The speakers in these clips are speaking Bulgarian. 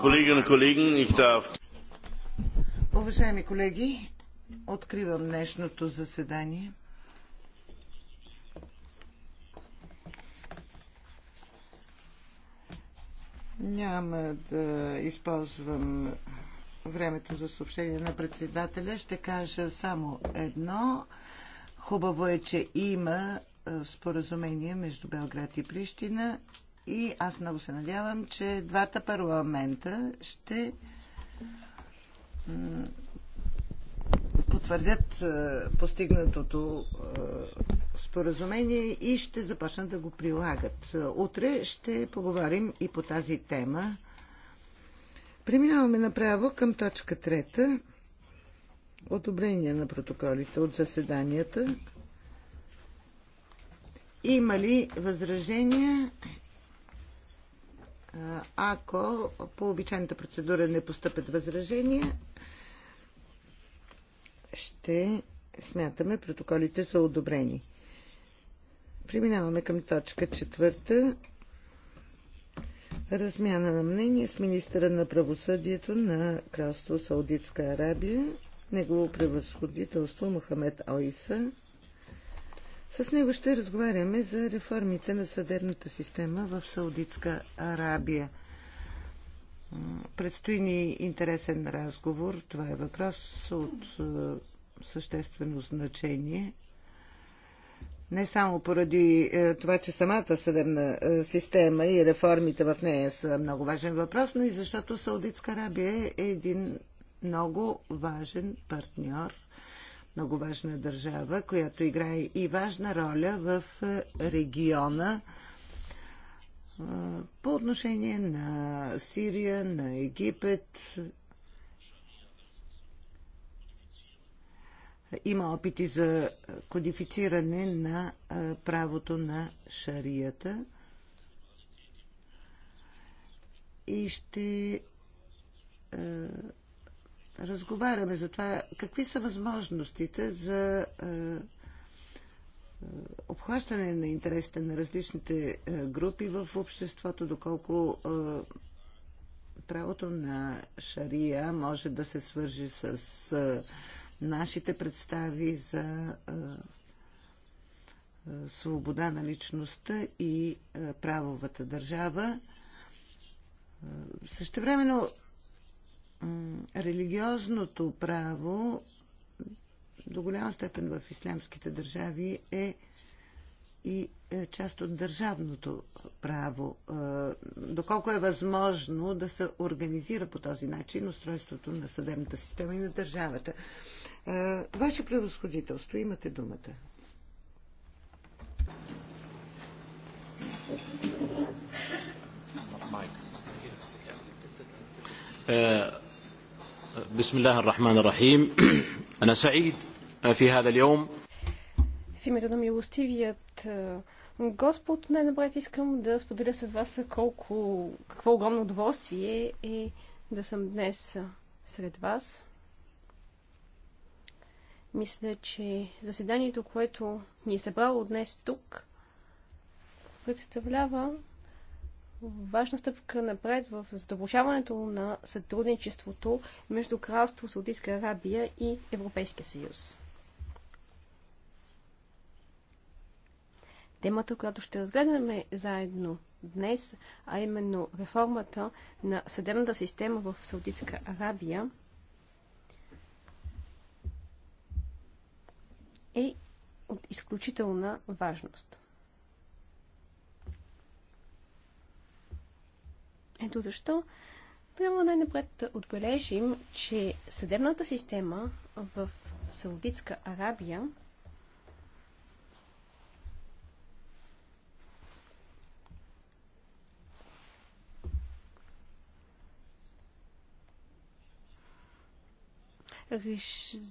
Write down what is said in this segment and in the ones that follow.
Колеги, darf... Уважаеми колеги, откривам днешното заседание. Няма да използвам времето за съобщение на председателя. Ще кажа само едно. Хубаво е, че има споразумение между Белград и Прищина и аз много се надявам, че двата парламента ще потвърдят е, постигнатото е, споразумение и ще започнат да го прилагат. Утре ще поговорим и по тази тема. Преминаваме направо към точка трета. Одобрение на протоколите от заседанията. Има ли възражения? ако по обичайната процедура не поступят възражения, ще смятаме протоколите за одобрени. Преминаваме към точка четвърта. Размяна на мнение с министъра на правосъдието на Кралство Саудитска Арабия, негово превъзходителство Мохамед Аиса, с него ще разговаряме за реформите на съдебната система в Саудитска Арабия. Предстои ни интересен разговор. Това е въпрос от е, съществено значение. Не само поради е, това, че самата съдебна е, система и реформите в нея са много важен въпрос, но и защото Саудитска Арабия е един много важен партньор много важна държава, която играе и важна роля в е, региона е, по отношение на Сирия, на Египет. Има опити за кодифициране на е, правото на шарията. И ще разговаряме за това какви са възможностите за е, е, обхващане на интересите на различните е, групи в обществото, доколко правото на шария може да се свържи с нашите представи за свобода на личността и правовата държава. Същевременно религиозното право до голяма степен в ислямските държави е и е част от държавното право. Е, доколко е възможно да се организира по този начин устройството на съдебната система и на държавата. Е, Ваше превъзходителство, имате думата. Uh, بسم الله الرحمن الرحيم أنا سعيد في هذا اليوم В името на милостивият е, Господ, най-напред искам да споделя с вас колко, какво огромно удоволствие е да съм днес е, сред вас. Мисля, че заседанието, което ни е събрало днес тук, представлява важна стъпка напред в задълбочаването на сътрудничеството между Кралство Саудитска Арабия и Европейския съюз. Темата, която ще разгледаме заедно днес, а именно реформата на съдебната система в Саудитска Арабия, е от изключителна важност. Ето защо трябва най-напред да отбележим, че съдебната система в Саудитска Арабия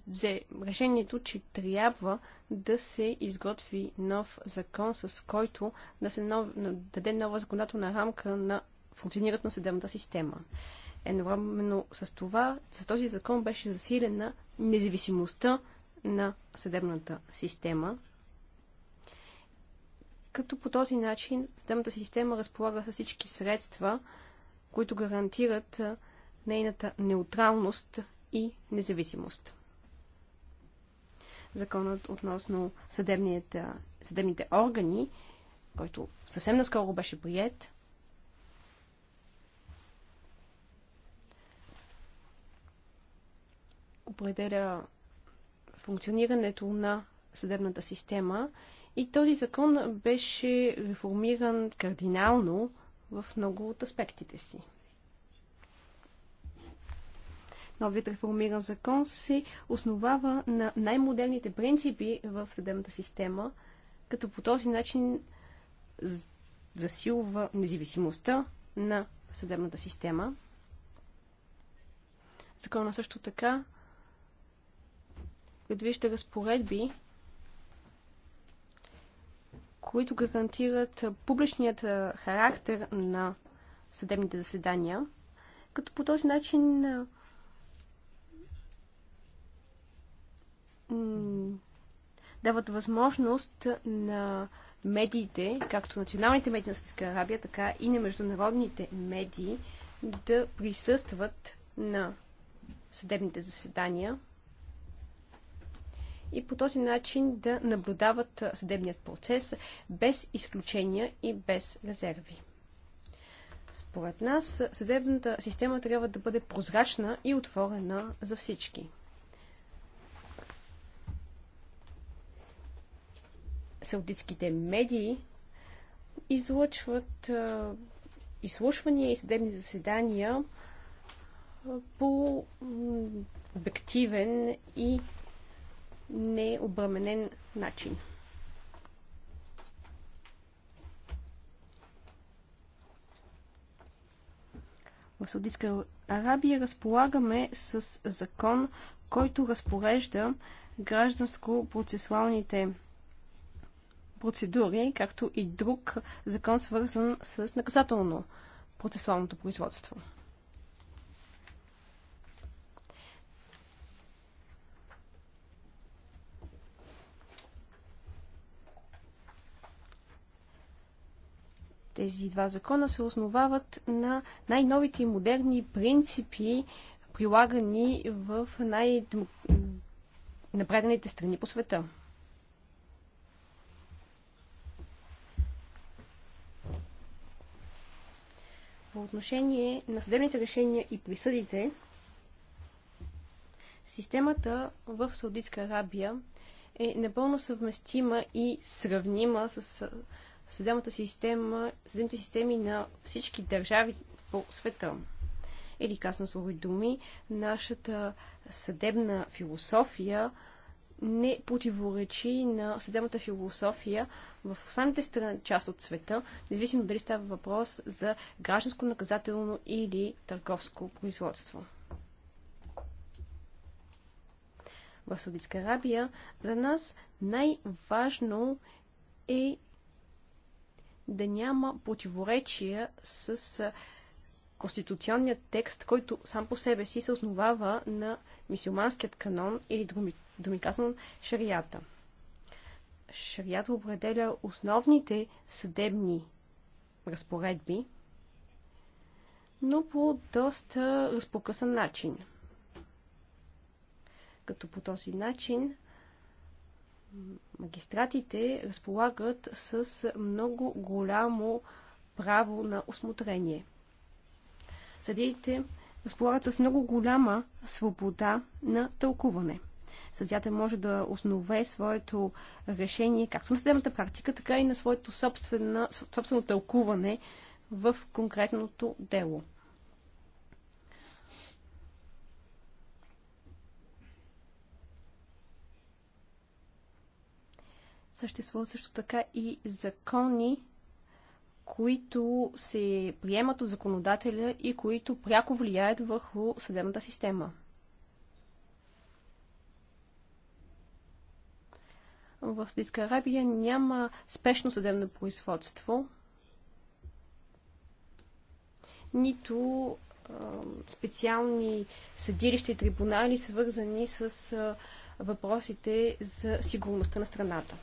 взе решението, че трябва да се изготви нов закон, с който да се нов, даде нова законодателна рамка на функционират на съдебната система. Едновременно с това, с този закон беше засилена независимостта на съдебната система, като по този начин съдебната система разполага с всички средства, които гарантират нейната неутралност и независимост. Законът относно съдебните органи, който съвсем наскоро беше прият, определя функционирането на съдебната система и този закон беше реформиран кардинално в много от аспектите си. Новият реформиран закон се основава на най-модерните принципи в съдебната система, като по този начин засилва независимостта на съдебната система. Закона също така предвижда разпоредби, които гарантират публичният характер на съдебните заседания, като по този начин дават възможност на медиите, както националните медии на Съдска Арабия, така и на международните медии да присъстват на съдебните заседания и по този начин да наблюдават съдебният процес без изключения и без резерви. Според нас съдебната система трябва да бъде прозрачна и отворена за всички. Саудитските медии излъчват изслушвания и съдебни заседания по обективен и необременен начин. В Саудитска Арабия разполагаме с закон, който разпорежда гражданско-процесуалните процедури, както и друг закон, свързан с наказателно процесуалното производство. Тези два закона се основават на най-новите и модерни принципи, прилагани в най-напредените страни по света. По отношение на съдебните решения и присъдите, системата в Саудитска Арабия е напълно съвместима и сравнима с съдебната система, съдебните системи на всички държави по света. Или казано с други думи, нашата съдебна философия не противоречи на съдебната философия в останалите страни част от света, независимо дали става въпрос за гражданско наказателно или търговско производство. В Саудитска Арабия за нас най-важно е да няма противоречия с конституционният текст, който сам по себе си се основава на мисюманският канон или думи, думи шарията. Шарията определя основните съдебни разпоредби, но по доста разпокъсан начин. Като по този начин магистратите разполагат с много голямо право на осмотрение. Съдиите разполагат с много голяма свобода на тълкуване. Съдята може да основе своето решение както на съдебната практика, така и на своето собствено тълкуване в конкретното дело. Съществуват също така и закони, които се приемат от законодателя и които пряко влияят върху съдебната система. В Саудитска Арабия няма спешно съдебно производство, нито специални съдилища и трибунали, свързани с въпросите за сигурността на страната.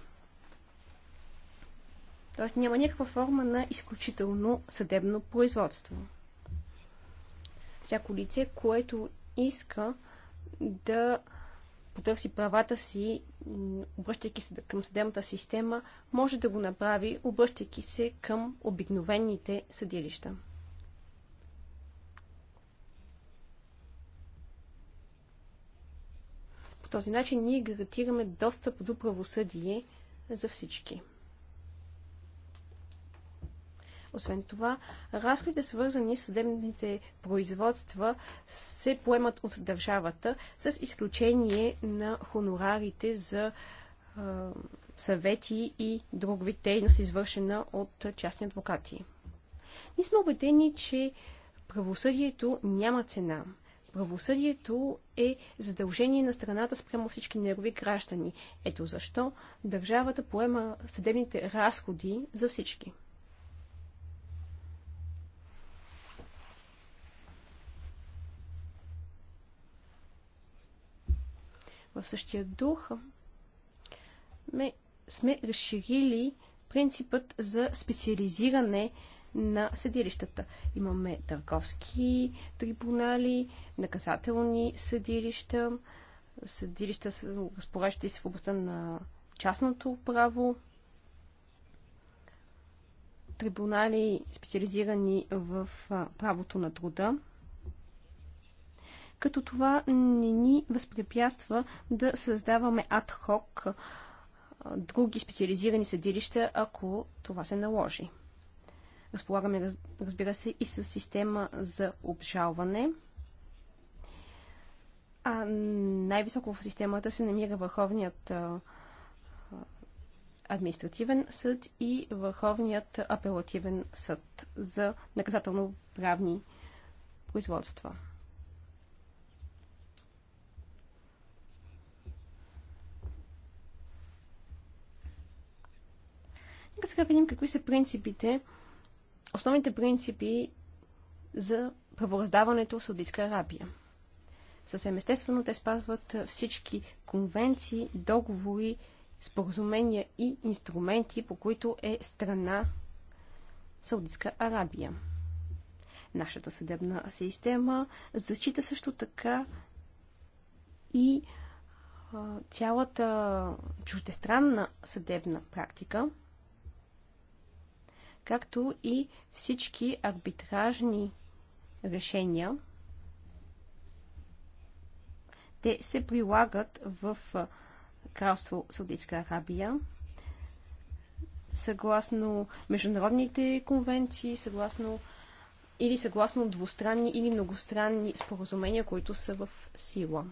Тоест няма някаква форма на изключително съдебно производство. Всяко лице, което иска да потърси правата си, обръщайки се към съдебната система, може да го направи, обръщайки се към обикновените съдилища. По този начин ние гарантираме достъп до правосъдие за всички. Освен това, разходите свързани с съдебните производства се поемат от държавата, с изключение на хонорарите за е, съвети и друг вид дейност, извършена от частни адвокати. Ние сме убедени, че правосъдието няма цена. Правосъдието е задължение на страната спрямо всички негови граждани. Ето защо държавата поема съдебните разходи за всички. В същия дух ме, сме разширили принципът за специализиране на съдилищата. Имаме търговски трибунали, наказателни съдилища, съдилища, разпореждащи се в областта на частното право, трибунали, специализирани в правото на труда като това не ни възпрепятства да създаваме адхок други специализирани съдилища, ако това се наложи. Разполагаме, разбира се, и с система за обжалване. А най-високо в системата се намира Върховният административен съд и Върховният апелативен съд за наказателно-правни производства. Нека сега видим какви са принципите, основните принципи за правораздаването в Саудитска Арабия. Съвсем естествено те спазват всички конвенции, договори, споразумения и инструменти, по които е страна Саудитска Арабия. Нашата съдебна система зачита също така и цялата чуждестранна съдебна практика – както и всички арбитражни решения. Те се прилагат в Кралство Саудитска Арабия съгласно международните конвенции, съгласно или съгласно двустранни или многостранни споразумения, които са в сила.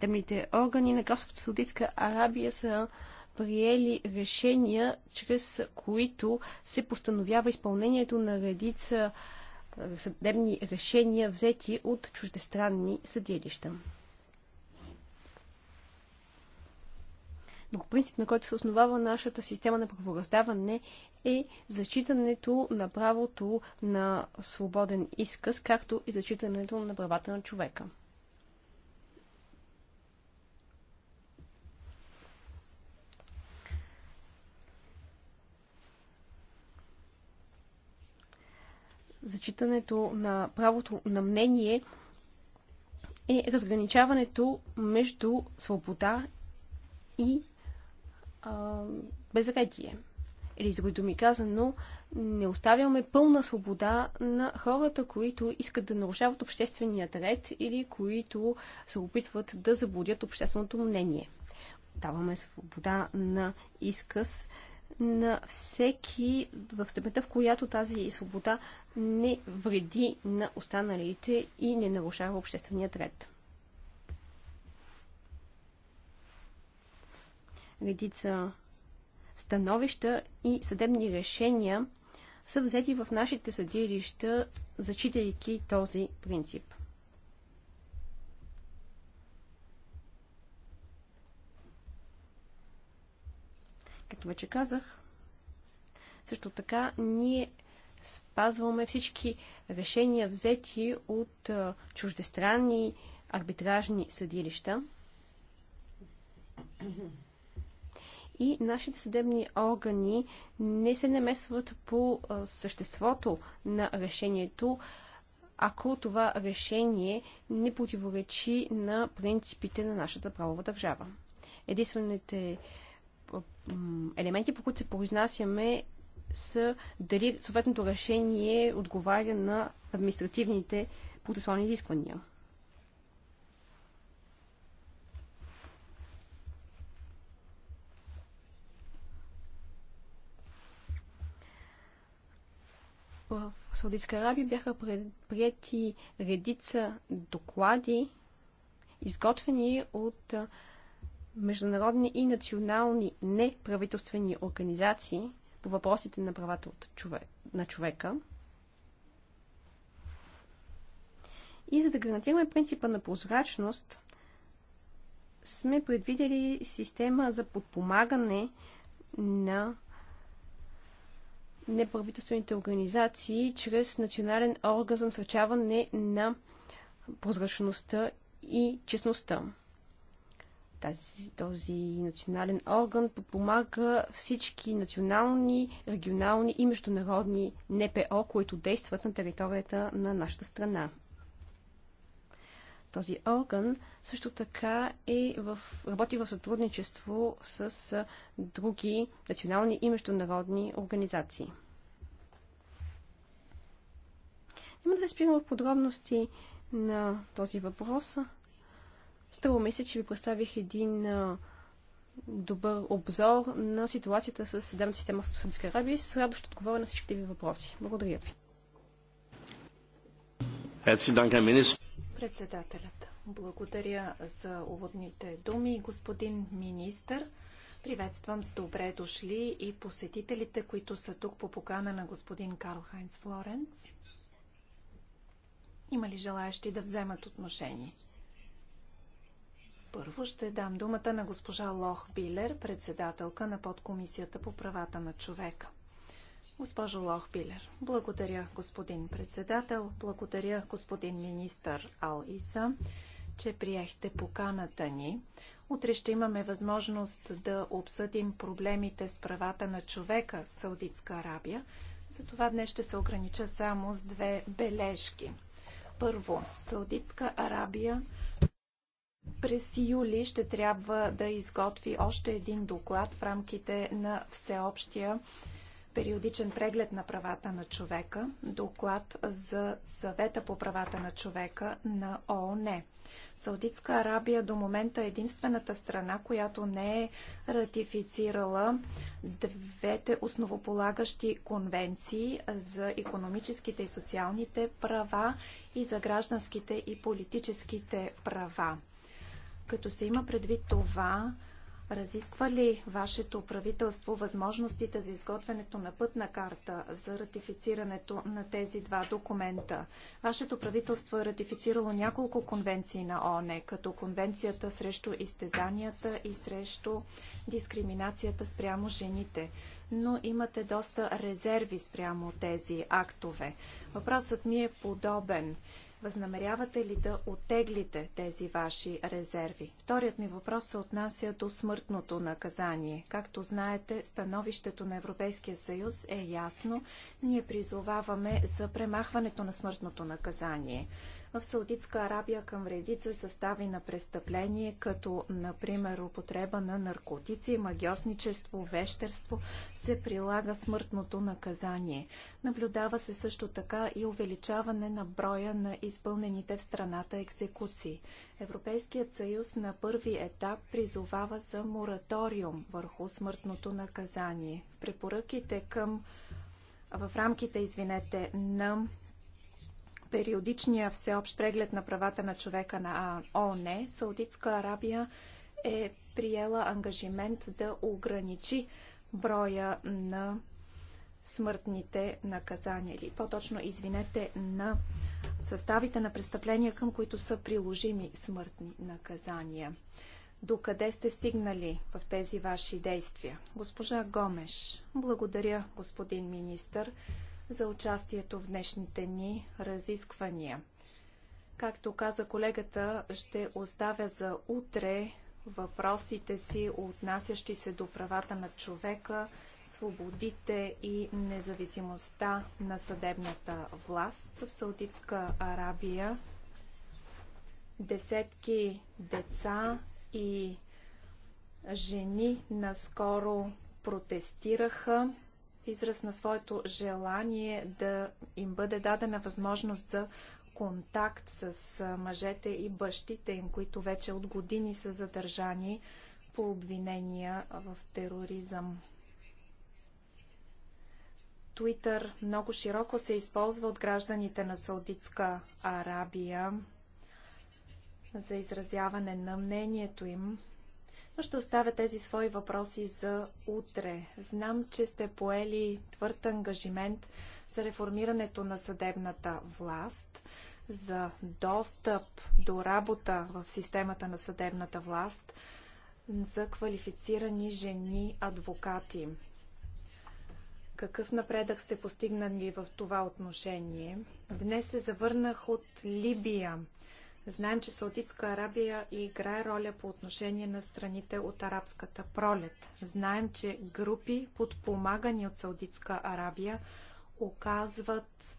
съдебните органи на Кралството Саудитска Арабия са приели решения, чрез които се постановява изпълнението на редица е, съдебни решения, взети от чуждестранни съдилища. Но принцип, на който се основава нашата система на правораздаване е зачитането на правото на свободен изказ, както и зачитането на правата на човека. зачитането на правото на мнение е разграничаването между свобода и а, безредие. Или, с които ми казано, не оставяме пълна свобода на хората, които искат да нарушават общественият ред или които се опитват да заблудят общественото мнение. Даваме свобода на изказ на всеки в степента, в която тази свобода не вреди на останалите и не нарушава обществения ред. Редица становища и съдебни решения са взети в нашите съдилища, зачитайки този принцип. Както вече казах, също така ние спазваме всички решения взети от чуждестранни арбитражни съдилища. И нашите съдебни органи не се намесват по съществото на решението, ако това решение не противоречи на принципите на нашата правова държава. Единствените елементи, по които се произнасяме, са дали съответното решение отговаря на административните процесуални изисквания. в Саудитска Арабия бяха прияти редица доклади, изготвени от международни и национални неправителствени организации по въпросите на правата от човек, на човека. И за да гарантираме принципа на прозрачност, сме предвидели система за подпомагане на неправителствените организации чрез национален орган за насърчаване на прозрачността и честността. Тази, този национален орган подпомага всички национални, регионални и международни НПО, които действат на територията на нашата страна. Този орган също така е в, работи в сътрудничество с други национални и международни организации. Няма да се спирам в подробности на този въпрос, Струва ми се, че ви представих един добър обзор на ситуацията с съдебната система в Саудитска Арабия и с радост ще отговоря на всичките ви въпроси. Благодаря ви. Председателят. Благодаря за уводните думи, господин министр. Приветствам с добре дошли и посетителите, които са тук по покана на господин Карл Хайнц Флоренц. Има ли желаящи да вземат отношение? Първо ще дам думата на госпожа Лох Билер, председателка на подкомисията по правата на човека. Госпожо Лох Билер, благодаря господин председател, благодаря господин министър Ал Иса, че приехте поканата ни. Утре ще имаме възможност да обсъдим проблемите с правата на човека в Саудитска Арабия. Затова днес ще се огранича само с две бележки. Първо, Саудитска Арабия през юли ще трябва да изготви още един доклад в рамките на всеобщия периодичен преглед на правата на човека, доклад за съвета по правата на човека на ООН. Саудитска Арабия до момента е единствената страна, която не е ратифицирала двете основополагащи конвенции за економическите и социалните права и за гражданските и политическите права. Като се има предвид това, разисква ли вашето правителство възможностите за изготвянето на пътна карта за ратифицирането на тези два документа? Вашето правителство е ратифицирало няколко конвенции на ОНЕ, като конвенцията срещу изтезанията и срещу дискриминацията спрямо жените но имате доста резерви спрямо тези актове. Въпросът ми е подобен. Възнамерявате ли да отеглите тези ваши резерви? Вторият ми въпрос се отнася до смъртното наказание. Както знаете, становището на Европейския съюз е ясно. Ние призоваваме за премахването на смъртното наказание в Саудитска Арабия към редица състави на престъпление, като например употреба на наркотици, магиосничество, вещерство, се прилага смъртното наказание. Наблюдава се също така и увеличаване на броя на изпълнените в страната екзекуции. Европейският съюз на първи етап призовава за мораториум върху смъртното наказание. В препоръките към в рамките, извинете, на периодичния всеобщ преглед на правата на човека на ООН, Саудитска Арабия е приела ангажимент да ограничи броя на смъртните наказания или по-точно, извинете, на съставите на престъпления, към които са приложими смъртни наказания. Докъде сте стигнали в тези ваши действия? Госпожа Гомеш, благодаря, господин министър за участието в днешните ни разисквания. Както каза колегата, ще оставя за утре въпросите си, отнасящи се до правата на човека, свободите и независимостта на съдебната власт в Саудитска Арабия. Десетки деца и жени наскоро протестираха израз на своето желание да им бъде дадена възможност за контакт с мъжете и бащите им, които вече от години са задържани по обвинения в тероризъм. Твитър много широко се използва от гражданите на Саудитска Арабия за изразяване на мнението им. Но ще оставя тези свои въпроси за утре. Знам, че сте поели твърд ангажимент за реформирането на съдебната власт, за достъп до работа в системата на съдебната власт, за квалифицирани жени адвокати. Какъв напредък сте постигнали в това отношение? Днес се завърнах от Либия. Знаем, че Саудитска Арабия играе роля по отношение на страните от арабската пролет. Знаем, че групи, подпомагани от Саудитска Арабия, оказват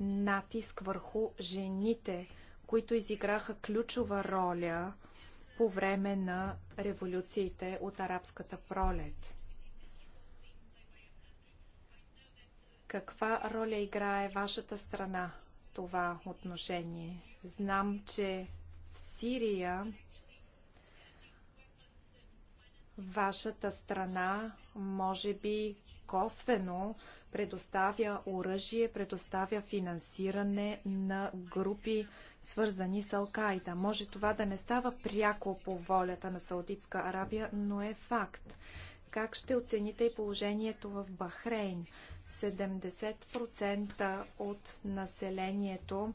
натиск върху жените, които изиграха ключова роля по време на революциите от арабската пролет. Каква роля играе вашата страна това отношение. Знам, че в Сирия вашата страна може би косвено предоставя оръжие, предоставя финансиране на групи, свързани с Алкайда. Може това да не става пряко по волята на Саудитска Арабия, но е факт. Как ще оцените и положението в Бахрейн? 70% от населението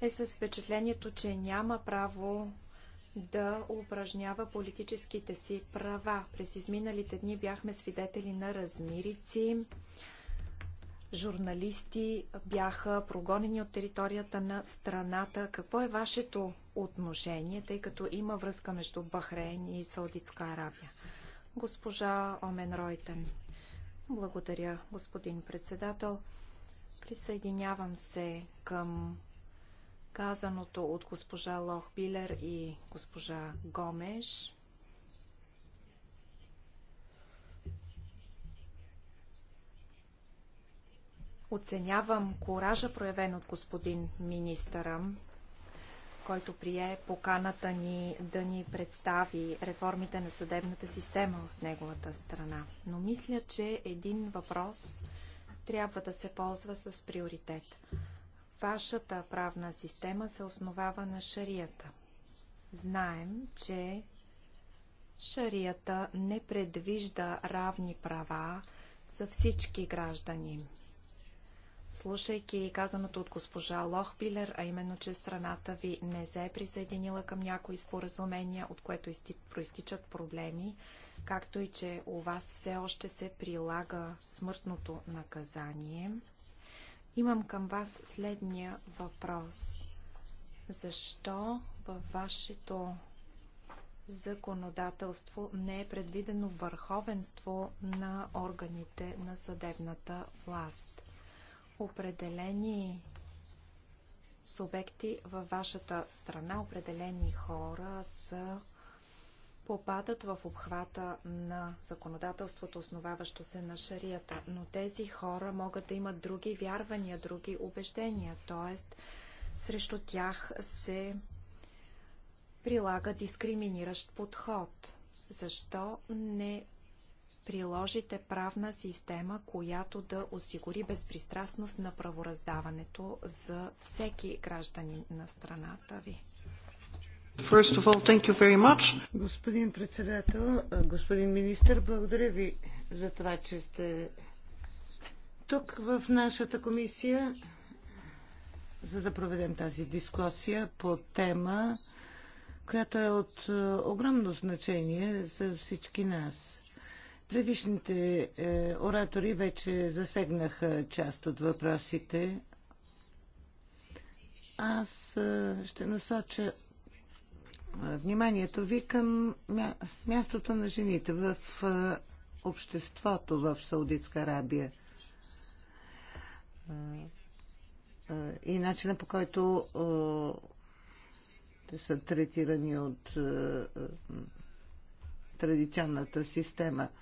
е с впечатлението, че няма право да упражнява политическите си права. През изминалите дни бяхме свидетели на размирици. Журналисти бяха прогонени от територията на страната. Какво е вашето отношение, тъй като има връзка между Бахрейн и Саудитска Арабия? Госпожа Омен Ройтен. Благодаря, господин председател. Присъединявам се към казаното от госпожа Лохбилер и госпожа Гомеш. Оценявам коража, проявен от господин министъра който прие поканата ни да ни представи реформите на съдебната система в неговата страна. Но мисля, че един въпрос трябва да се ползва с приоритет. Вашата правна система се основава на шарията. Знаем, че шарията не предвижда равни права за всички граждани. Слушайки казаното от госпожа Лохпилер, а именно, че страната ви не се е присъединила към някои споразумения, от което проистичат проблеми, както и че у вас все още се прилага смъртното наказание, имам към вас следния въпрос. Защо във вашето законодателство не е предвидено върховенство на органите на съдебната власт? определени субекти във вашата страна, определени хора са попадат в обхвата на законодателството, основаващо се на шарията, но тези хора могат да имат други вярвания, други убеждения, т.е. срещу тях се прилага дискриминиращ подход. Защо не приложите правна система, която да осигури безпристрастност на правораздаването за всеки гражданин на страната ви. All, господин председател, господин министр, благодаря ви за това, че сте тук в нашата комисия, за да проведем тази дискусия по тема, която е от е, огромно значение за всички нас. Предишните е, оратори вече засегнаха част от въпросите. Аз е, ще насоча е, вниманието ви към мя... мястото на жените в е, обществото в Саудитска Арабия е, е, и начина по който те са третирани от традиционната система –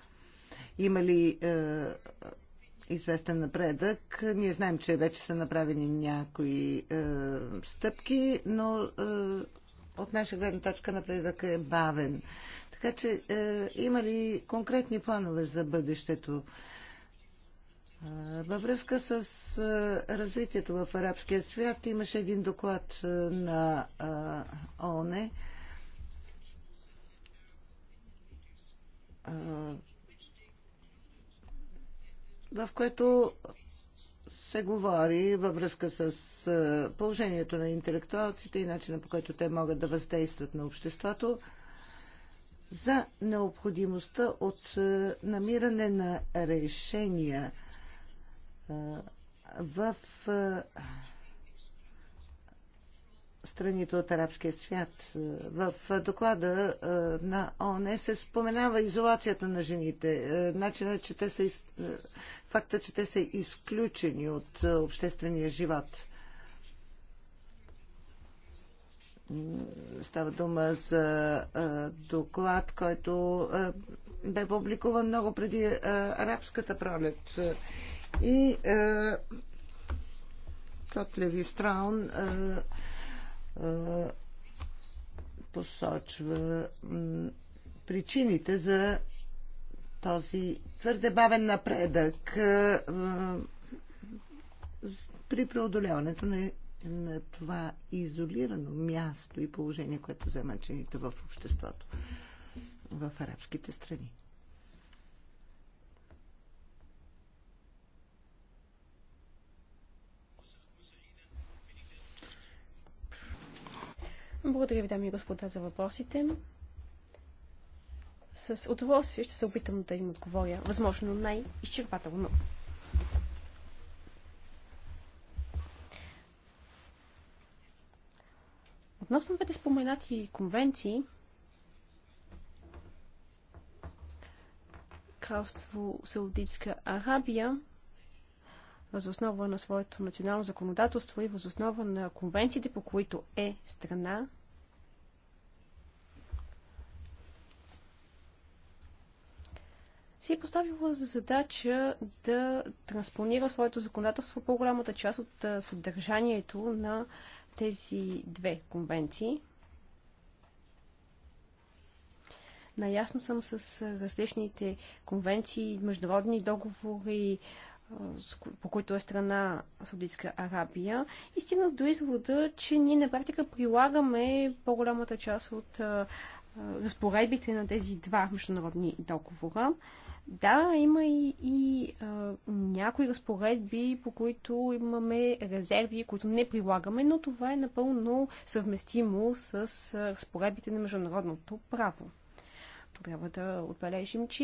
има ли е, известен напредък? Ние знаем, че вече са направени някои е, стъпки, но е, от наша гледна точка напредък е бавен. Така че е, има ли конкретни планове за бъдещето? Е, във връзка с е, развитието в арабския свят имаше един доклад е, на ОНЕ, в което се говори във връзка с положението на интелектуалците и начина по който те могат да въздействат на обществото, за необходимостта от намиране на решения в страните от арабския свят. В доклада на ООН се споменава изолацията на жените, начина, че те са, факта, че те са изключени от обществения живот. Става дума за доклад, който бе публикуван много преди арабската пролет. И Клод Леви Страун посочва причините за този твърде бавен напредък при преодоляването на, на това изолирано място и положение, което взема жените в обществото в арабските страни. Благодаря ви, дами и господа, за въпросите. С удоволствие ще се опитам да им отговоря, възможно най-изчерпателно. Относно двете споменати конвенции, Кралство Саудитска Арабия възоснова на своето национално законодателство и възоснова на конвенциите, по които е страна. си е поставила за задача да транспонира своето законодателство по-голямата част от съдържанието на тези две конвенции. Наясно съм с различните конвенции, международни договори, по които е страна Саудитска Арабия, и стигна до извода, че ние на практика прилагаме по-голямата част от разпоредбите на тези два международни договора. Да, има и, и а, някои разпоредби, по които имаме резерви, които не прилагаме, но това е напълно съвместимо с а, разпоредбите на международното право. Трябва да отбележим, че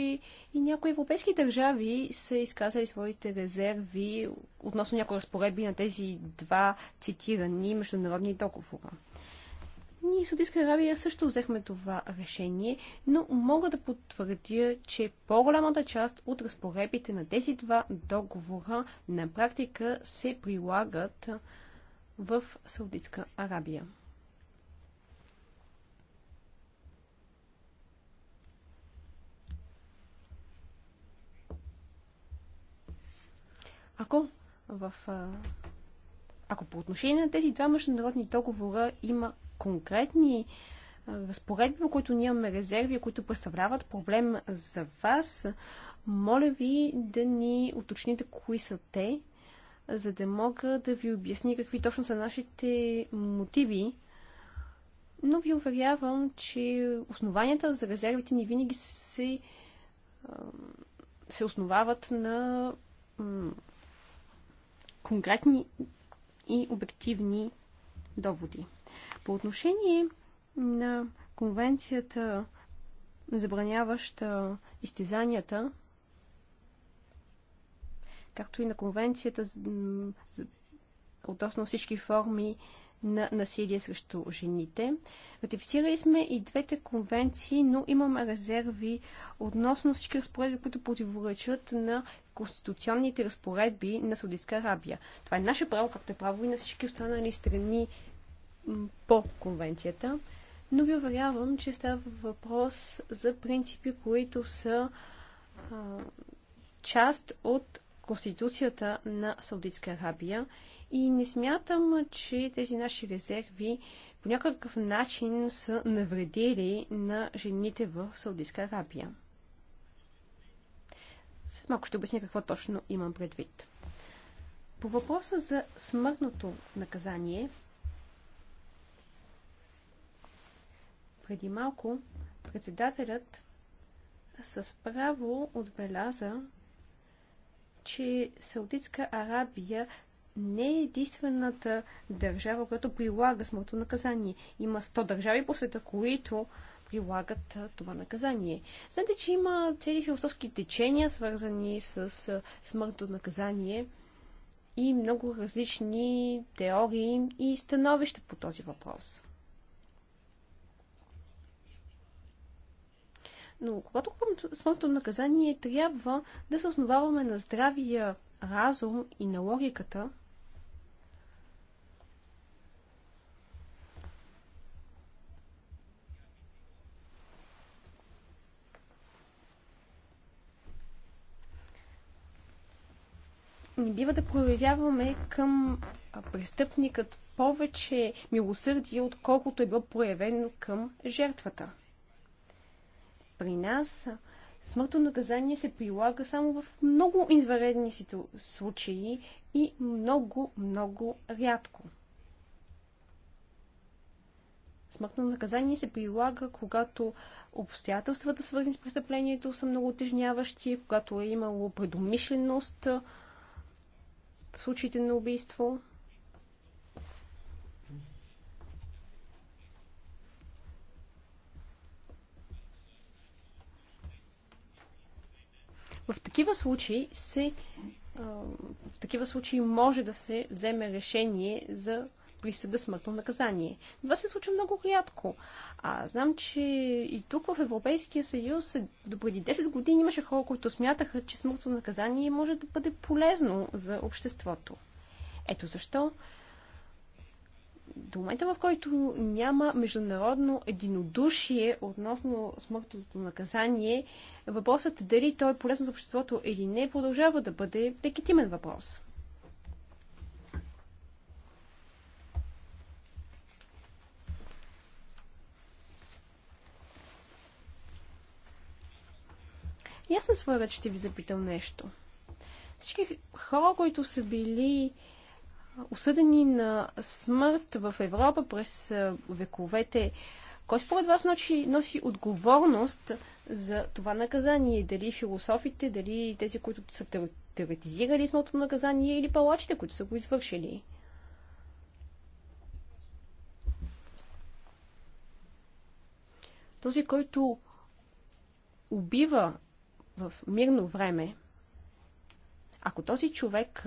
и някои европейски държави са изказали своите резерви относно някои разпоредби на тези два цитирани международни договора. Ние Судийска Арабия също взехме това решение, но мога да потвърдя, че по-голямата част от разпоредбите на тези два договора на практика се прилагат в Саудитска Арабия. Ако в ако по отношение на тези два международни договора има конкретни разпоредби, по които ние имаме резерви, които представляват проблем за вас, моля ви да ни уточните кои са те, за да мога да ви обясня какви точно са нашите мотиви. Но ви уверявам, че основанията за резервите ни винаги се, се основават на конкретни и обективни доводи. По отношение на конвенцията, забраняваща изтезанията, както и на конвенцията относно всички форми на насилие срещу жените. Ратифицирали сме и двете конвенции, но имаме резерви относно всички разпоредби, които противоречат на конституционните разпоредби на Саудитска Арабия. Това е наше право, както е право и на всички останали страни по конвенцията. Но ви уверявам, че става въпрос за принципи, които са а, част от Конституцията на Саудитска Арабия и не смятам, че тези наши резерви по някакъв начин са навредили на жените в Саудитска Арабия. След малко ще обясня какво точно имам предвид. По въпроса за смъртното наказание, преди малко председателят с право отбеляза, че Саудитска Арабия не е единствената държава, която прилага смъртно наказание. Има 100 държави по света, които прилагат това наказание. Знаете, че има цели философски течения, свързани с смъртно наказание и много различни теории и становища по този въпрос. Но когато говорим смъртно наказание, трябва да се основаваме на здравия разум и на логиката – не бива да проявяваме към престъпникът повече милосърдие, отколкото е било проявено към жертвата. При нас смъртно наказание се прилага само в много изваредни случаи и много, много рядко. Смъртно наказание се прилага, когато обстоятелствата, свързани с престъплението, са много отежняващи, когато е имало предумишленост, в случаите на убийство. В такива случаи се в такива случаи може да се вземе решение за присъда смъртно наказание. Това се случва много рядко. А знам, че и тук в Европейския съюз е- до преди 10 години имаше хора, които смятаха, че смъртно наказание може да бъде полезно за обществото. Ето защо до момента, в който няма международно единодушие относно смъртното наказание, въпросът дали то е полезно за обществото или не продължава да бъде легитимен въпрос. И аз на своя ред ще ви запитам нещо. Всички хора, които са били осъдени на смърт в Европа през вековете, кой според вас носи, носи отговорност за това наказание? Дали философите, дали тези, които са теоретизирали смъртното наказание или палачите, които са го извършили? Този, който убива в мирно време, ако този човек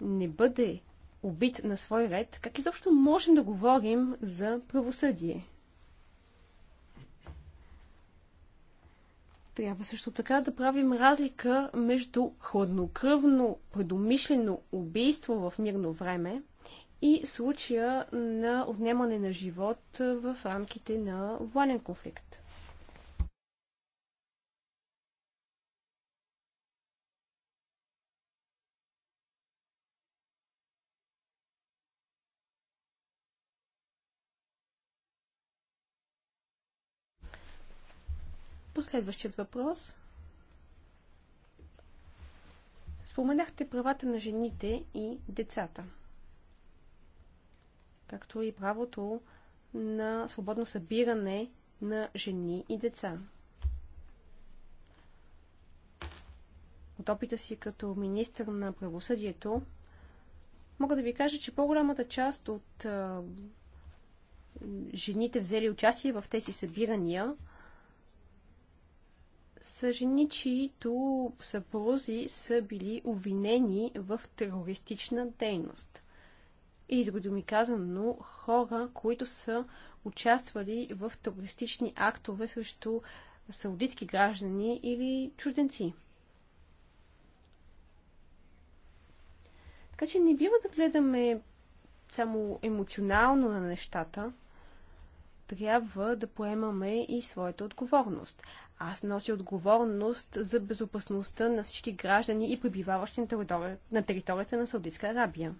не бъде убит на свой ред, как изобщо можем да говорим за правосъдие? Трябва също така да правим разлика между хладнокръвно, предумишлено убийство в мирно време и случая на отнемане на живот в рамките на военен конфликт. последващият следващият въпрос. Споменахте правата на жените и децата, както и правото на свободно събиране на жени и деца. От опита си като министър на правосъдието, мога да ви кажа, че по-голямата част от жените взели участие в тези събирания са жени, чието съпрузи са били обвинени в терористична дейност. И изгодо ми казано, хора, които са участвали в терористични актове срещу саудитски граждани или чужденци. Така че не бива да гледаме само емоционално на нещата, трябва да поемаме и своята отговорност. Аз нося отговорност за безопасността на всички граждани и пребиваващи на, територи... на територията на Саудитска Арабия.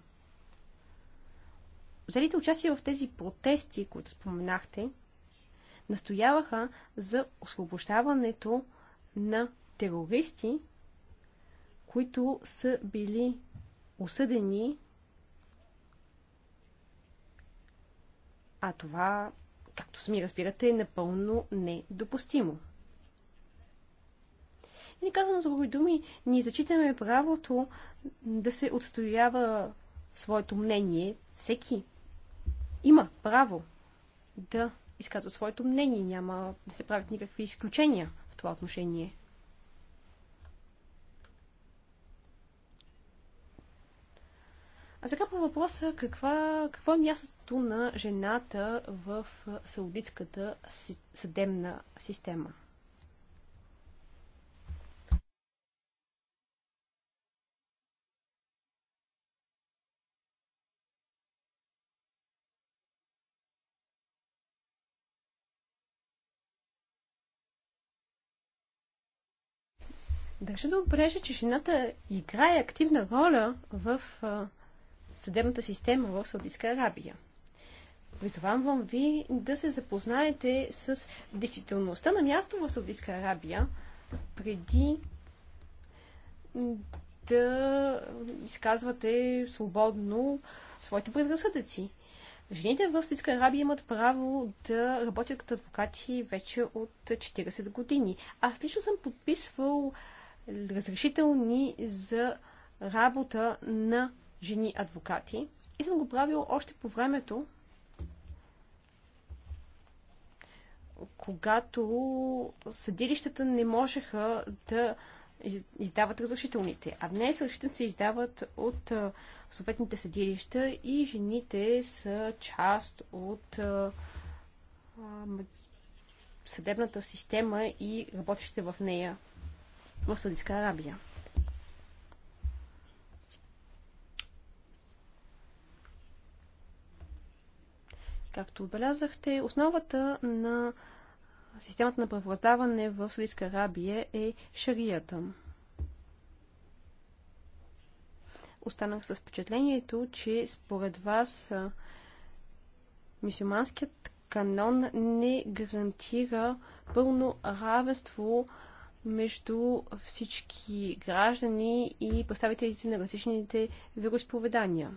Взелите участие в тези протести, които споменахте, настояваха за освобождаването на терористи, които са били осъдени, а това, както сами разбирате, е напълно недопустимо. Или казано с други думи, ние зачитаме правото да се отстоява своето мнение. Всеки има право да изказва своето мнение. Няма да се правят никакви изключения в това отношение. А сега по въпроса каква, какво е мястото на жената в саудитската съдебна система? Държа да отбележа, че жената играе активна роля в съдебната система в Саудитска Арабия. Призовавам ви да се запознаете с действителността на място в Саудитска Арабия преди да изказвате свободно своите предразсъдъци. Жените в Саудитска Арабия имат право да работят като адвокати вече от 40 години. Аз лично съм подписвал разрешителни за работа на жени адвокати. И съм го правил още по времето, когато съдилищата не можеха да издават разрешителните. А днес разрешителните се издават от съответните съдилища и жените са част от съдебната система и работещите в нея в Саудитска Арабия. Както отбелязахте, основата на системата на правораздаване в Саудитска Арабия е шарията. Останах с впечатлението, че според вас мисюманският канон не гарантира пълно равенство между всички граждани и представителите на различните вероисповедания.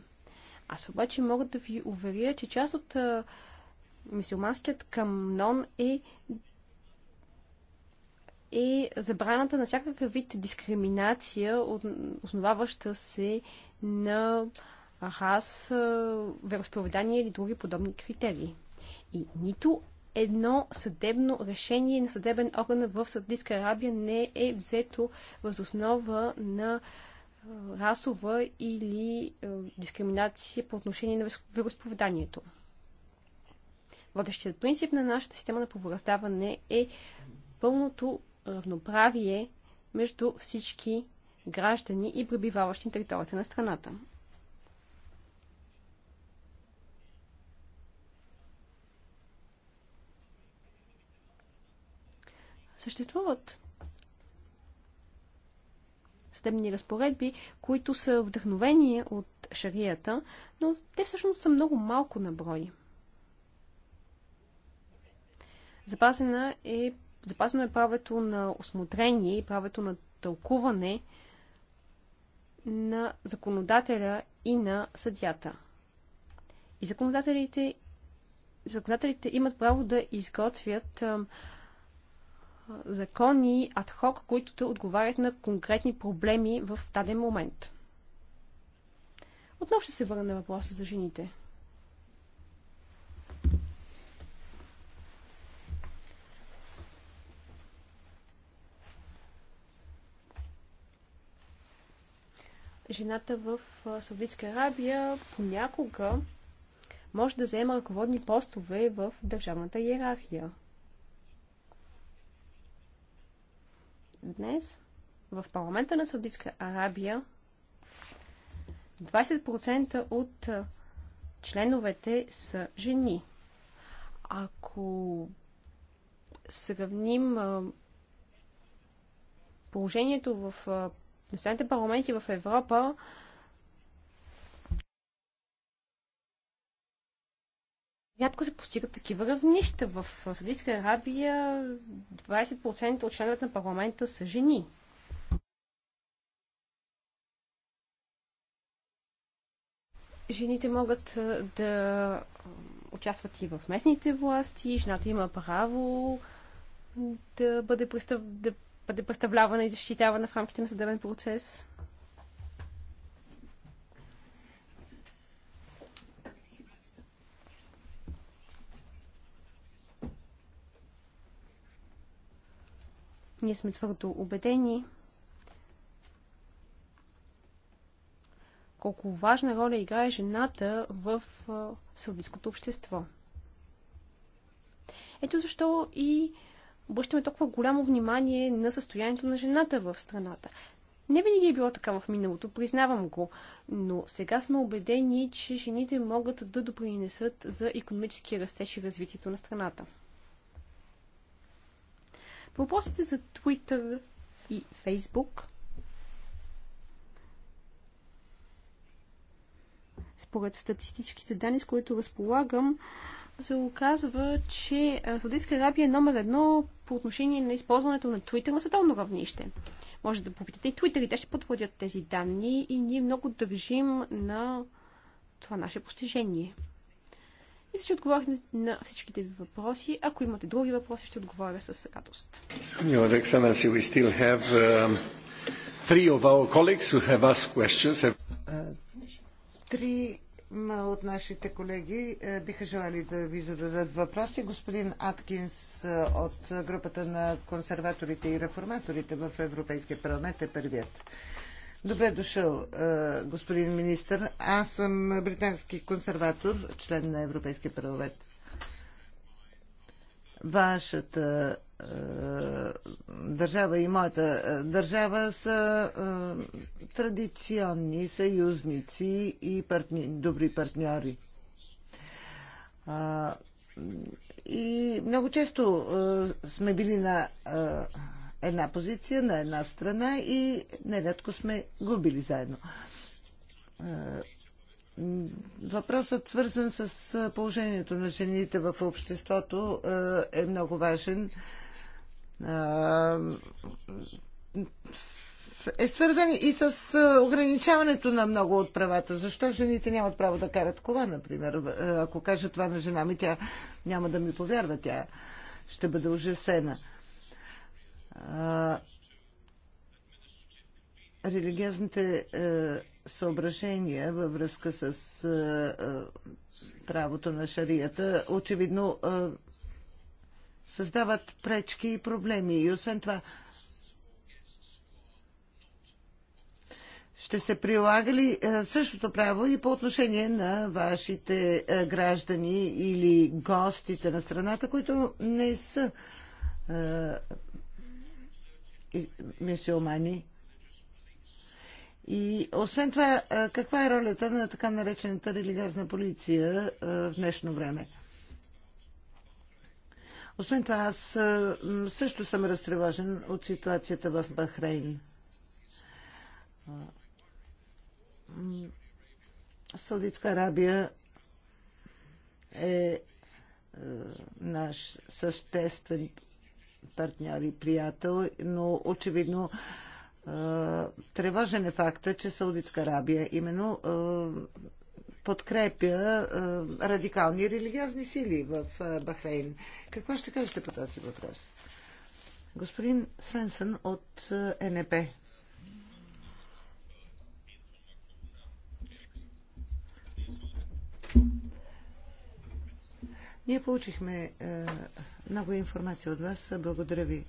Аз обаче мога да ви уверя, че част от мисиоманският камнон е е забраната на всякакъв вид дискриминация, основаваща се на рас, вероисповедание или други подобни критерии. И нито едно съдебно решение на съдебен орган в Саудитска Арабия не е взето възоснова на расова или дискриминация по отношение на вероисповеданието. Водещият принцип на нашата система на повръздаване е пълното равноправие между всички граждани и пребиваващи на територията на страната. Съществуват съдебни разпоредби, които са вдъхновени от шарията, но те всъщност са много малко на брой. Запазена е, запазено е правото на осмотрение и правото на тълкуване на законодателя и на съдята. И законодателите, законодателите имат право да изготвят закони адхок, които да отговарят на конкретни проблеми в даден момент. Отново ще се върна на въпроса за жените. Жената в Саудитска Арабия понякога може да заема ръководни постове в държавната иерархия. Днес в парламента на Саудитска Арабия 20% от членовете са жени. Ако сравним положението в националните парламенти в Европа, рядко се постигат такива равнища. В Саудитска Арабия 20% от членовете на парламента са жени. Жените могат да участват и в местните власти, жената има право да бъде, представ... да бъде представлявана и защитавана в рамките на съдебен процес. Ние сме твърдо убедени колко важна роля играе жената в саудитското общество. Ето защо и обръщаме толкова голямо внимание на състоянието на жената в страната. Не винаги е било така в миналото, признавам го, но сега сме убедени, че жените могат да допринесат за економически растеж и развитието на страната. Въпросите за Twitter и Facebook според статистическите данни, с които разполагам, се оказва, че Саудитска Арабия е номер едно по отношение на използването на Twitter на световно равнище. Може да попитате и Twitter и те ще потвърдят тези данни и ние много държим на това наше постижение. Мисля, че отговорих на всичките ви въпроси. Ако имате други въпроси, ще отговоря с радост. Your Excellency, we still have um, three of our colleagues who have asked questions. Have... Три от нашите колеги е, биха желали да ви зададат въпроси. Господин Аткинс е, от групата на консерваторите и реформаторите в Европейския парламент е първият. Добре дошъл, е, господин министр. Аз съм британски консерватор, член на Европейския парламент. Вашата е, държава и моята е, държава са традиционни съюзници и партни, добри партньори. И много често сме били на една позиция на една страна и нередко сме губили заедно. Е, въпросът, свързан с е, положението на жените в обществото, е, е много важен е свързан и с ограничаването на много от правата. Защо жените нямат право да карат кола, например? Ако кажа това на жена ми, тя няма да ми повярва, тя ще бъде ужасена религиозните е, съображения във връзка с е, е, правото на шарията очевидно е, създават пречки и проблеми. И освен това, ще се прилага ли е, същото право и по отношение на вашите е, граждани или гостите на страната, които не са е, мюсюлмани. И освен това, каква е ролята на така наречената религиозна полиция в днешно време? Освен това, аз също съм разтревожен от ситуацията в Бахрейн. Саудитска Арабия е наш съществен партньор и приятел, но очевидно е, тревожен е факта, че Саудитска Арабия именно е, подкрепя е, радикални религиозни сили в Бахрейн. Какво ще кажете по този въпрос? Господин Свенсън от НП. Ние получихме много е информация от вас. Благодаря ви.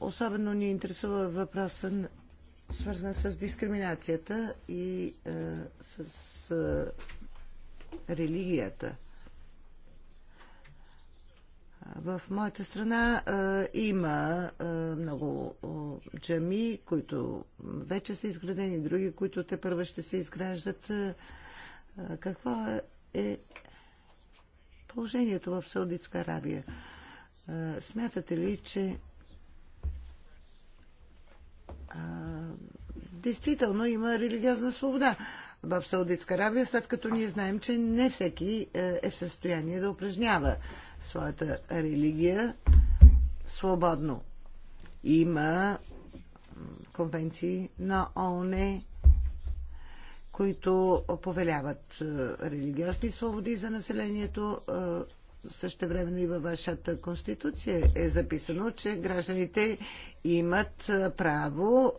Особено ни интересува въпроса, свързан с дискриминацията и е, с е, религията. В моята страна е, има е, много е, джами, които вече са изградени, други, които те първа ще се изграждат. Е, какво е положението в Саудитска Арабия. Смятате ли, че действително има религиозна свобода в Саудитска Аравия, след като ние знаем, че не всеки е в състояние да упражнява своята религия свободно. Има конвенции на ООН, които повеляват е, религиозни свободи за населението. Е, Също времено и във вашата конституция е записано, че гражданите имат е, право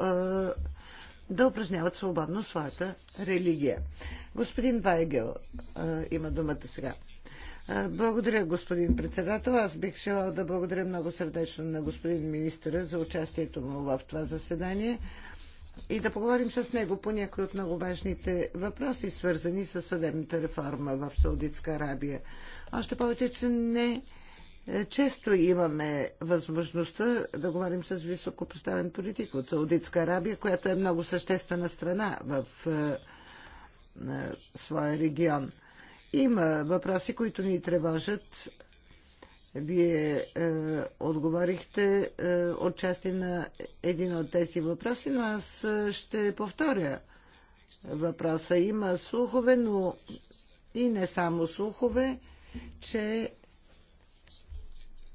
да упражняват свободно своята религия. Господин Вайгел има думата сега. Благодаря, господин председател. Аз бих желал да благодаря много сърдечно на господин министъра за участието му в това заседание и да поговорим с него по някои от много важните въпроси, свързани с съдебната реформа в Саудитска Арабия. Още повече, че не е, често имаме възможността да говорим с високопоставен политик от Саудитска Арабия, която е много съществена страна в е, е, своя регион. Има въпроси, които ни тревожат вие е, отговорихте е, отчасти на един от тези въпроси, но аз е, ще повторя въпроса. Има слухове, но и не само слухове, че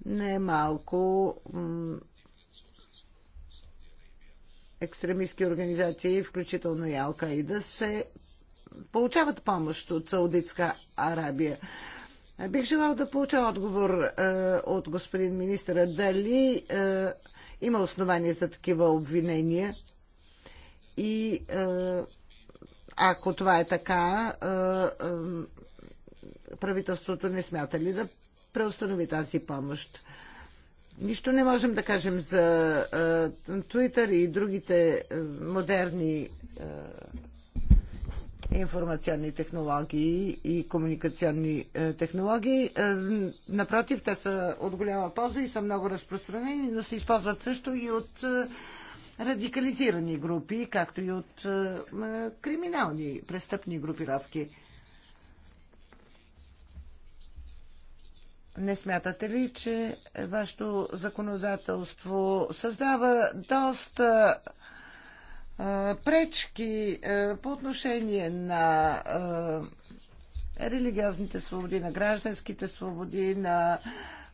не е малко екстремистски организации, включително и Алкаида, се получават помощ от Саудитска Арабия. Е, бих желал да получа отговор е, от господин министра дали е, има основание за такива обвинения и е, ако това е така, е, е, правителството не смята ли да преустанови тази помощ? Нищо не можем да кажем за е, Twitter и другите е, модерни е, информационни технологии и комуникационни е, технологии. Е, напротив, те са от голяма полза и са много разпространени, но се използват също и от е, радикализирани групи, както и от криминални престъпни групировки. Не смятате ли, че вашето законодателство създава доста пречки по отношение на религиозните свободи, на гражданските свободи, на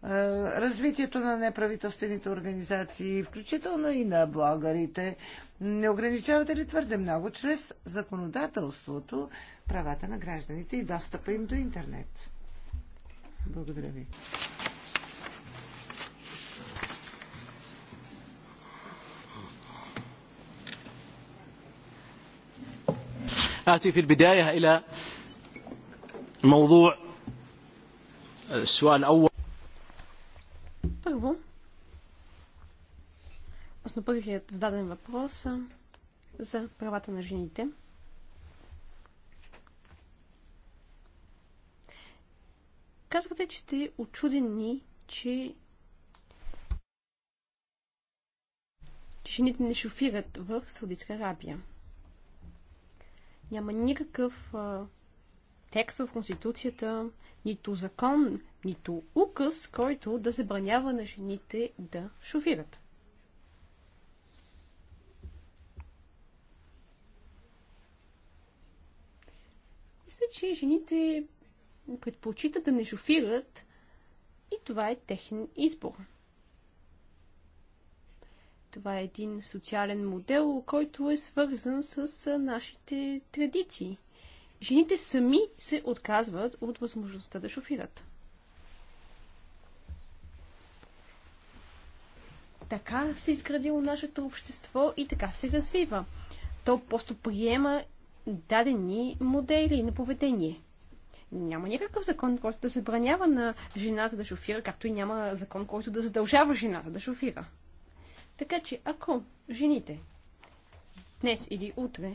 развитието на неправителствените организации, включително и на блогарите, Не ограничавате ли твърде много чрез законодателството правата на гражданите и достъпа им до интернет? Благодаря ви. آتي في البداية إلى موضوع السؤال الأول Първо, основпървият зададен въпрос за правата на жените. Казвате, че сте очудени, че че жените не шофират в Саудитска Арабия. Няма никакъв а, текст в Конституцията, нито закон, нито указ, който да забранява на жените да шофират. Мисля, че жените предпочитат да не шофират и това е техен избор. Това е един социален модел, който е свързан с нашите традиции. Жените сами се отказват от възможността да шофират. Така се изградило нашето общество и така се развива. То просто приема дадени модели на поведение. Няма никакъв закон, който да забранява на жената да шофира, както и няма закон, който да задължава жената да шофира. Така че, ако жените днес или утре,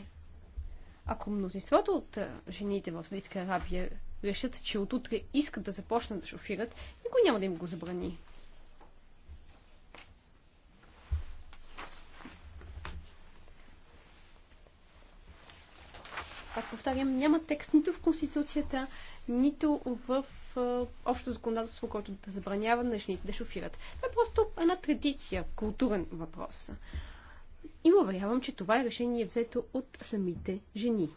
ако мнозинството от жените в Саудитска Арабия решат, че от утре искат да започнат да шофират, никой няма да им го забрани. Пак повтарям, няма текст нито в Конституцията, нито в общо законодателство, което да забранява на жените да шофират. Това е просто една традиция, културен въпрос. И уверявам, че това е решение взето от самите жени.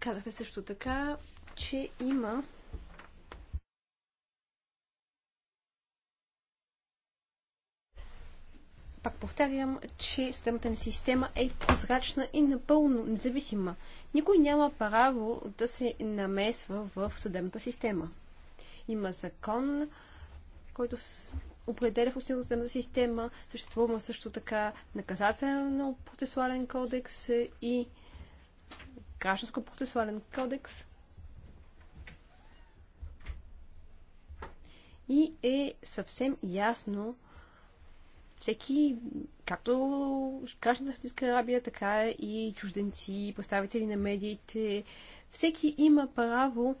Казахте също така, че има Пак повтарям, че съдебната ни система е прозрачна и напълно независима. Никой няма право да се намесва в съдебната система. Има закон, който определя в функционалната съдебната система, съществува също така наказателно-процесуален кодекс и гражданско-процесуален кодекс. И е съвсем ясно, всеки, както гражданите в Саудитска Арабия, така и чужденци, представители на медиите, всеки има право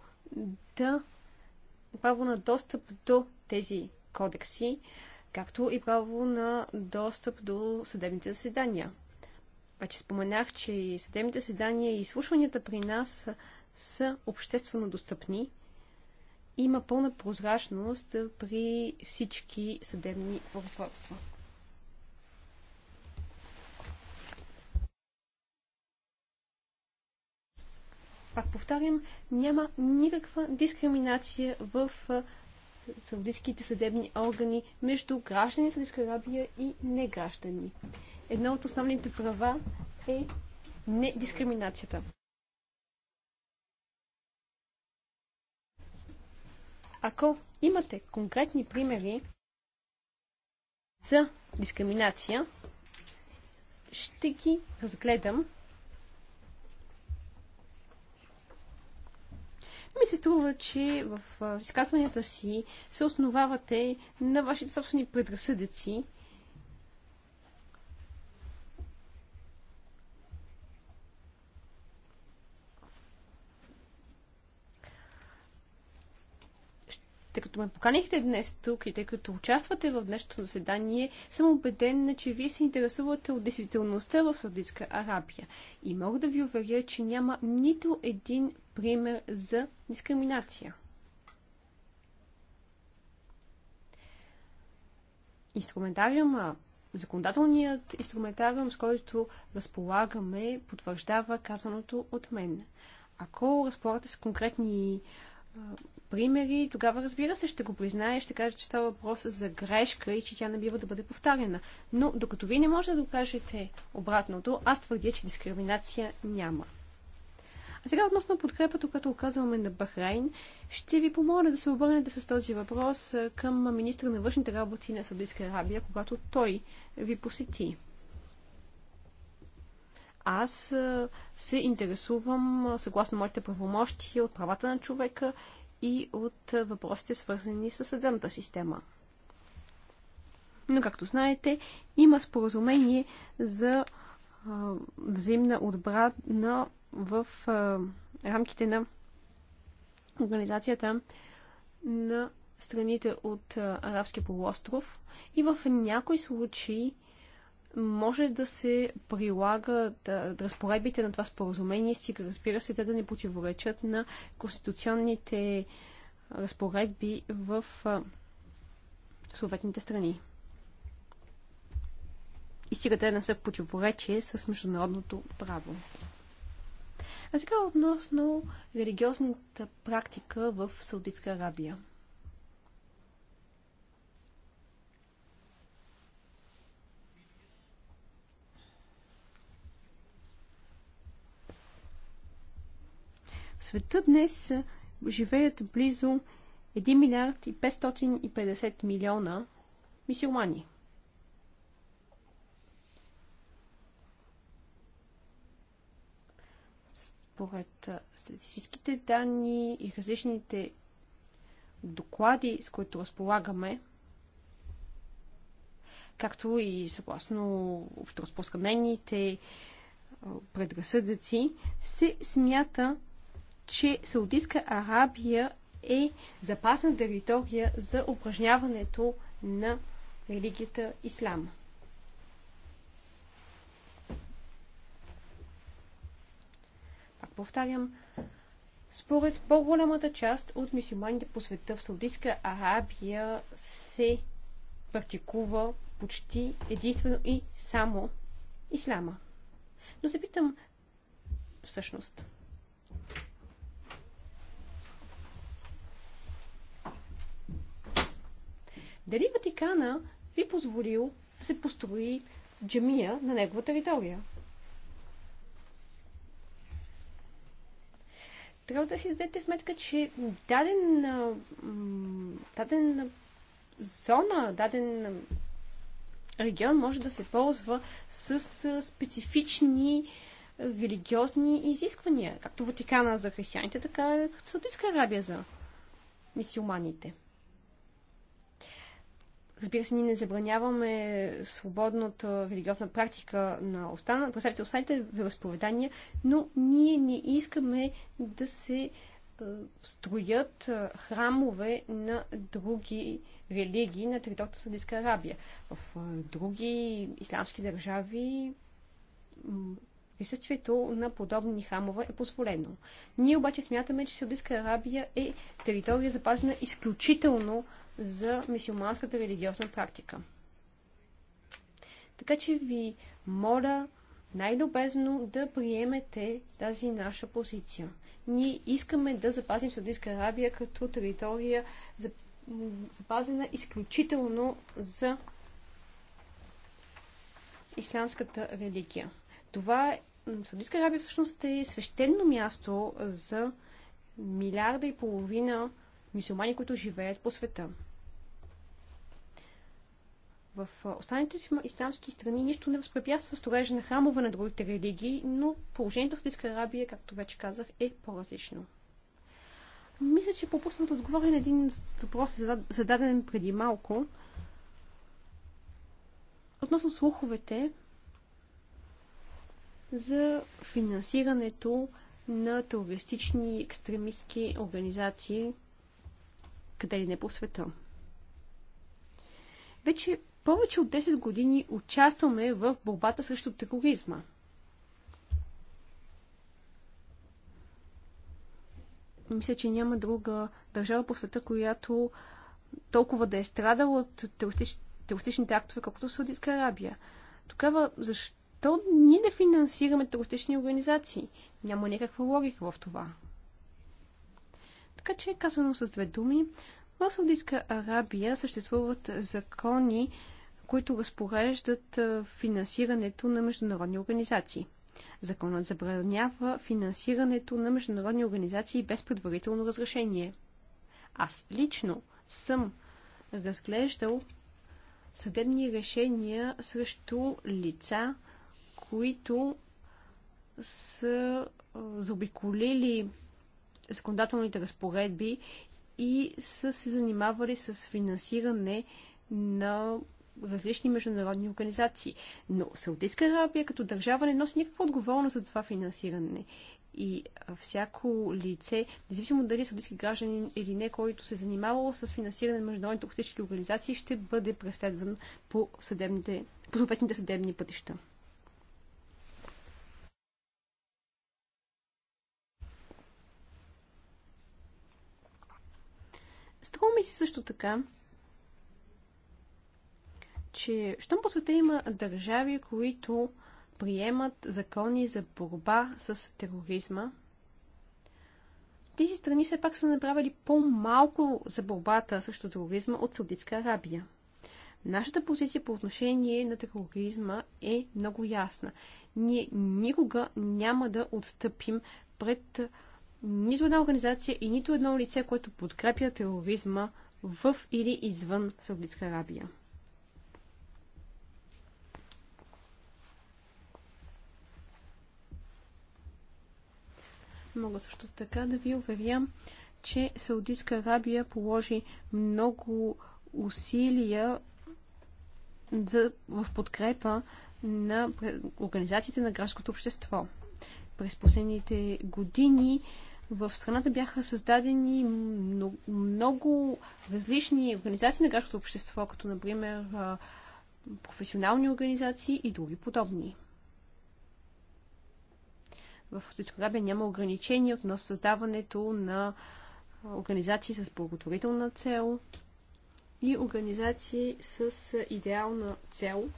да право на достъп до тези кодекси, както и право на достъп до съдебните заседания. Вече споменах, че и съдебните заседания и изслушванията при нас са, са обществено достъпни. Има пълна прозрачност при всички съдебни производства. пак повтарям, няма никаква дискриминация в саудитските съдебни органи между граждани Саудитска Арабия и неграждани. Едно от основните права е недискриминацията. Ако имате конкретни примери за дискриминация, ще ги разгледам ми се струва, че в изказванията си се основавате на вашите собствени предразсъдъци тъй като ме поканихте днес тук и тъй като участвате в днешното заседание, съм убеден, че вие се интересувате от действителността в Саудитска Арабия. И мога да ви уверя, че няма нито един пример за дискриминация. Инструментариума, законодателният инструментариум, с който разполагаме, потвърждава казаното от мен. Ако разполагате с конкретни примери, тогава разбира се ще го признае, ще каже, че става въпрос за грешка и че тя не бива да бъде повтаряна. Но докато вие не можете да докажете обратното, аз твърдя, че дискриминация няма. А сега относно подкрепата, която оказваме на Бахрайн, ще ви помоля да се обърнете с този въпрос към министра на външните работи на Саудитска Арабия, когато той ви посети. Аз се интересувам, съгласно моите правомощи, от правата на човека и от въпросите свързани с съдебната система. Но, както знаете, има споразумение за а, взаимна отбрана в а, рамките на Организацията на страните от Арабския полуостров и в някои случаи може да се прилагат да, да разпоредбите на това споразумение, си, разбира се, те да не противоречат на конституционните разпоредби в съответните страни. И стига те не са противоречие с международното право. А сега относно религиозната практика в Саудитска Арабия. В света днес живеят близо 1 милиард и 550 милиона мисилмани. Според статистическите данни и различните доклади, с които разполагаме, както и съгласно общо разпространените предразсъдъци, се смята, че Саудитска Арабия е запасна територия за упражняването на религията Ислам. Пак повтарям, според по-голямата част от мисиманите по света в Саудитска Арабия се практикува почти единствено и само ислама. Но се питам всъщност, Дали Ватикана би позволил да се построи джамия на негова територия? Трябва да си дадете сметка, че даден, даден зона, даден регион може да се ползва с специфични религиозни изисквания, както Ватикана за християните, така и Саудитска Арабия за мисиоманите. Разбира се, ние не забраняваме свободната религиозна практика на остана, представите останалите вероисповедания, но ние не искаме да се е, строят е, храмове на други религии на територията на Саудитска Арабия. В е, други исламски държави присъствието на подобни храмове е позволено. Ние обаче смятаме, че Саудитска Арабия е територия запазена изключително за мисюлманската религиозна практика. Така че ви моля най-любезно да приемете тази наша позиция. Ние искаме да запазим Саудитска Арабия като територия, запазена изключително за исламската религия. Това е Саудитска Арабия всъщност е свещено място за милиарда и половина мисюлмани, които живеят по света. В останалите исламски страни нищо не възпрепятства строежа на храмове на другите религии, но положението в Тиска Арабия, както вече казах, е по-различно. Мисля, че е пропуснат отговоря на един въпрос, зададен преди малко. Относно слуховете за финансирането на терористични екстремистски организации, къде ли не по света. Вече повече от 10 години участваме в борбата срещу тероризма. Мисля, че няма друга държава по света, която толкова да е страдала от терористич... терористичните актове, колкото Саудитска Арабия. Тогава защо ние да финансираме терористични организации? Няма някаква логика в това. Така че, казвам с две думи, в Саудитска Арабия съществуват закони, които разпореждат финансирането на международни организации. Законът забранява финансирането на международни организации без предварително разрешение. Аз лично съм разглеждал съдебни решения срещу лица, които са заобиколили законодателните разпоредби и са се занимавали с финансиране на различни международни организации. Но Саудитска Арабия като държава не носи никаква отговорност за това финансиране. И всяко лице, независимо дали е саудитски гражданин или не, който се е занимава с финансиране на международни туристически организации, ще бъде преследван по, съдебните, по съответните съдебни пътища. Струва ми се също така, че щом по света има държави, които приемат закони за борба с тероризма, тези страни все пак са направили по-малко за борбата срещу тероризма от Саудитска Арабия. Нашата позиция по отношение на тероризма е много ясна. Ние никога няма да отстъпим пред нито една организация и нито едно лице, което подкрепя тероризма в или извън Саудитска Арабия. Мога също така да ви уверям, че Саудитска Арабия положи много усилия за, в подкрепа на организациите на гражданското общество. През последните години в страната бяха създадени много различни организации на гражданското общество, като например професионални организации и други подобни в Саудитска Арабия няма ограничения относно създаването на организации с благотворителна цел и организации с идеална цел.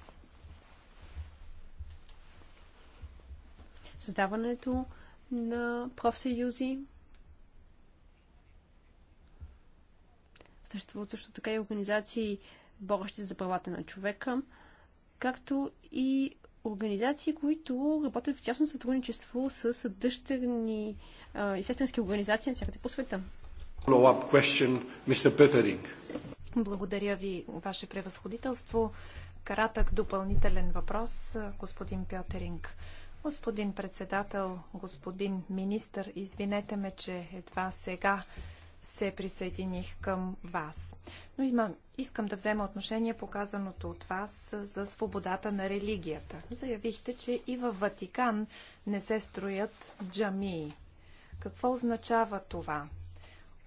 Създаването на профсъюзи. Съществуват също така и организации, борещи за правата на човека, както и организации, които работят в тясно сътрудничество с дъщерни естественски организации на всякъде по света. Благодаря ви, Ваше превъзходителство. Кратък допълнителен въпрос, господин Пьотеринг. Господин председател, господин министр, извинете ме, че едва сега се присъединих към вас. Но имам, искам да взема отношение показаното от вас за свободата на религията. Заявихте, че и във Ватикан не се строят джамии. Какво означава това?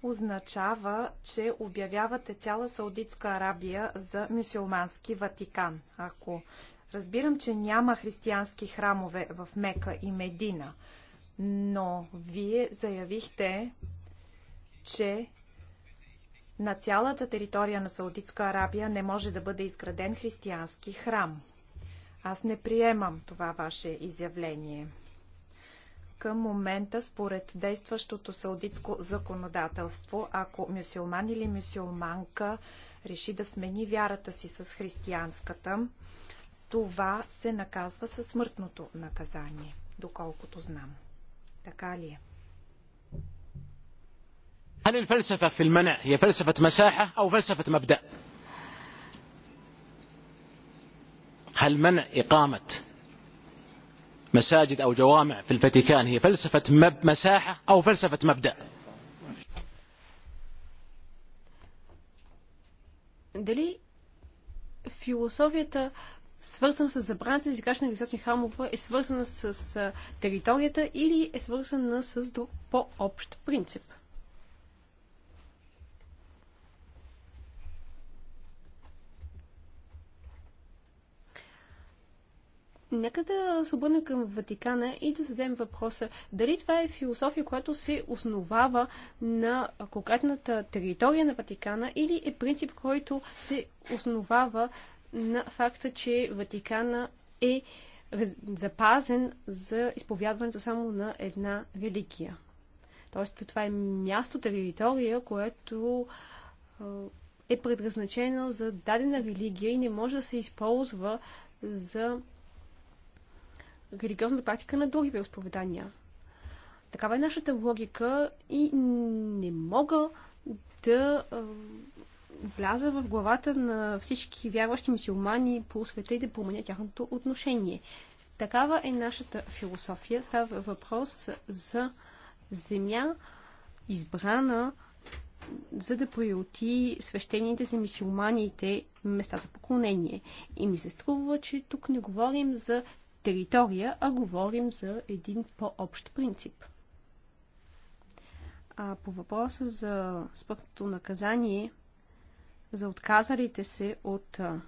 Означава, че обявявате цяла Саудитска Арабия за мюсюлмански Ватикан. Ако разбирам, че няма християнски храмове в Мека и Медина, но вие заявихте че на цялата територия на Саудитска Арабия не може да бъде изграден християнски храм. Аз не приемам това ваше изявление. Към момента, според действащото саудитско законодателство, ако мюсюлман или мюсюлманка реши да смени вярата си с християнската, това се наказва със смъртното наказание, доколкото знам. Така ли е? هل الفلسفة في المنع هي فلسفة مساحة أو فلسفة مبدأ هل منع إقامة مساجد أو جوامع في الفاتيكان هي فلسفة مب مساحة أو فلسفة مبدأ дали философията, свързана с забраната за изграждане на височни храмове, е свързана с територията или е свързана с друг по-общ принцип? Нека да се обърнем към Ватикана и да зададем въпроса дали това е философия, която се основава на конкретната територия на Ватикана или е принцип, който се основава на факта, че Ватикана е запазен за изповядването само на една религия. Тоест, това е място, територия, което е предназначено за дадена религия и не може да се използва за религиозната практика на други вероисповедания. Такава е нашата логика и не мога да вляза в главата на всички вярващи мусулмани по света и да променя тяхното отношение. Такава е нашата философия. Става въпрос за земя, избрана за да приоти свещените за мисиоманите места за поклонение. И ми се струва, че тук не говорим за територия, а говорим за един по-общ принцип. А по въпроса за смъртното наказание за отказалите се от а,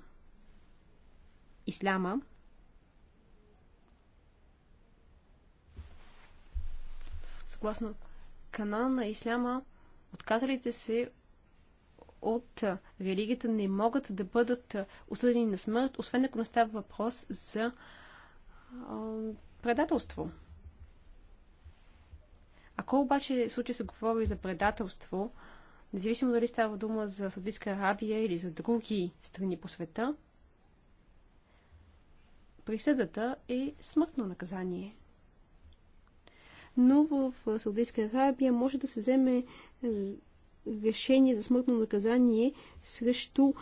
исляма, съгласно канона на исляма, отказалите се от религията не могат да бъдат осъдени на смърт, освен ако не става въпрос за предателство. Ако обаче в случай се говори за предателство, независимо дали става дума за Саудитска Арабия или за други страни по света, присъдата е смъртно наказание. Но в Саудитска Арабия може да се вземе е, решение за смъртно наказание срещу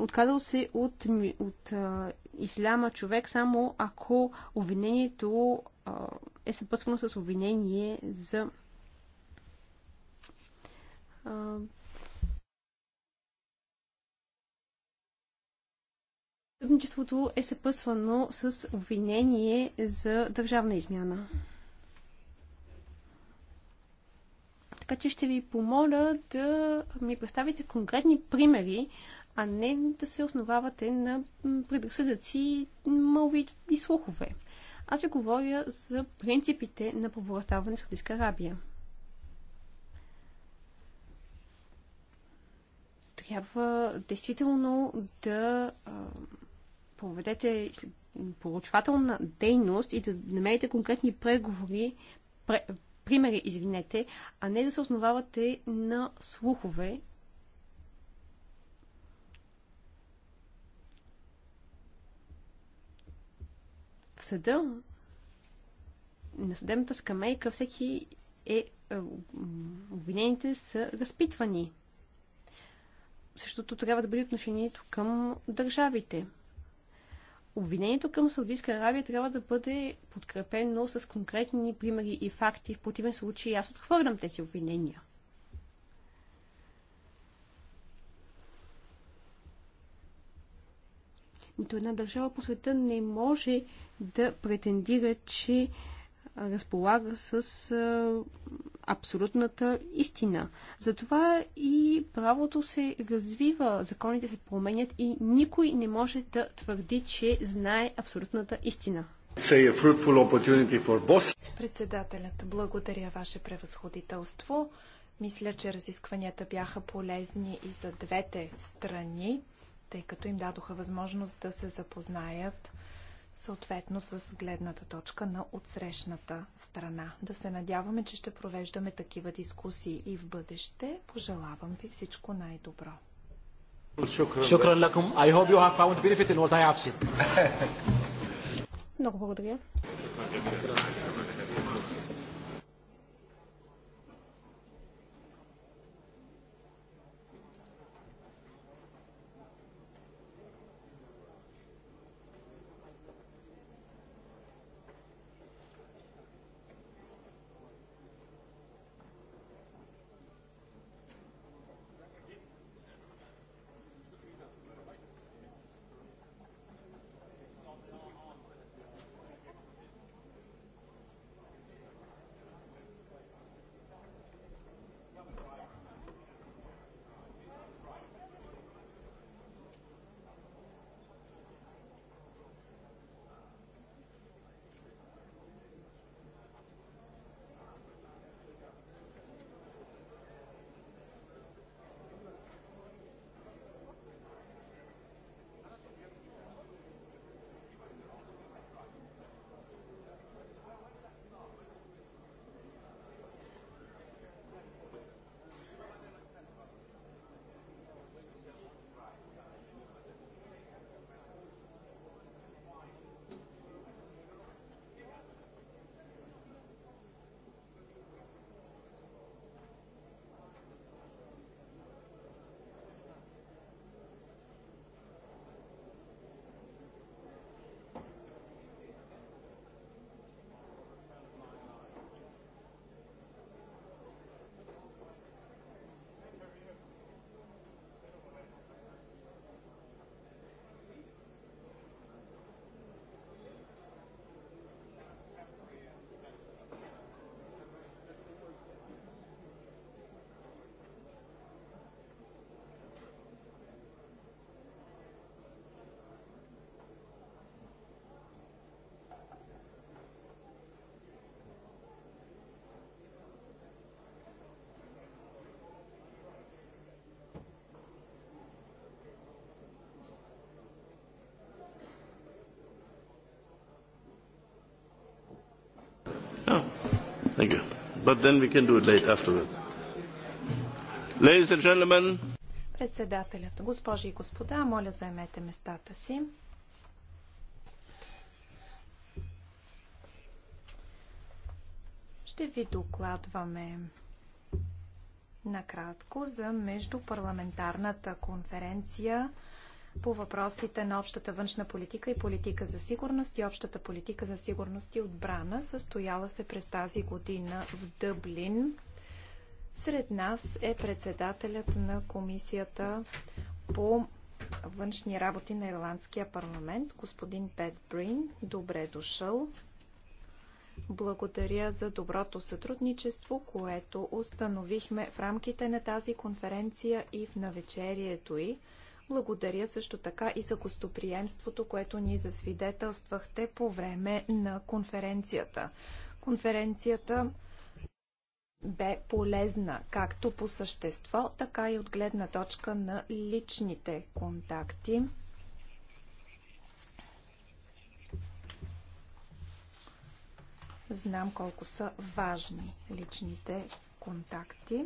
отказал се от, от а, исляма човек само ако обвинението а, е съпътствано с обвинение за Съдничеството е съпътствано с обвинение за държавна измяна. Така че ще ви помоля да ми представите конкретни примери а не да се основавате на предразсъдъци, мълви и слухове. Аз ви говоря за принципите на правораздаване в Саудитска Арабия. Трябва действително да а, проведете поручвателна дейност и да намерите конкретни преговори, пре, примери, извинете, а не да се основавате на слухове съда, на съдебната скамейка, всеки е, е, обвинените са разпитвани. Същото трябва да бъде отношението към държавите. Обвинението към Саудитска Аравия трябва да бъде подкрепено с конкретни примери и факти. В противен случай аз отхвърлям тези обвинения. Нито една държава по света не може да претендира, че разполага с абсолютната истина. Затова и правото се развива, законите се променят и никой не може да твърди, че знае абсолютната истина. Председателят, благодаря ваше превъзходителство. Мисля, че разискванията бяха полезни и за двете страни, тъй като им дадоха възможност да се запознаят съответно с гледната точка на отсрещната страна. Да се надяваме, че ще провеждаме такива дискусии и в бъдеще. Пожелавам ви всичко най-добро. Много благодаря. Oh. thank you. But then we can do it late afterwards. Ladies and gentlemen. Председателят, госпожи и господа, моля заемете местата си. Ще ви докладваме накратко за междупарламентарната конференция по въпросите на общата външна политика и политика за сигурност и общата политика за сигурност и отбрана, състояла се през тази година в Дъблин. Сред нас е председателят на комисията по външни работи на Ирландския парламент, господин Пет Брин. Добре дошъл. Благодаря за доброто сътрудничество, което установихме в рамките на тази конференция и в навечерието й. Благодаря също така и за гостоприемството, което ни засвидетелствахте по време на конференцията. Конференцията бе полезна както по същество, така и от гледна точка на личните контакти. Знам колко са важни личните контакти.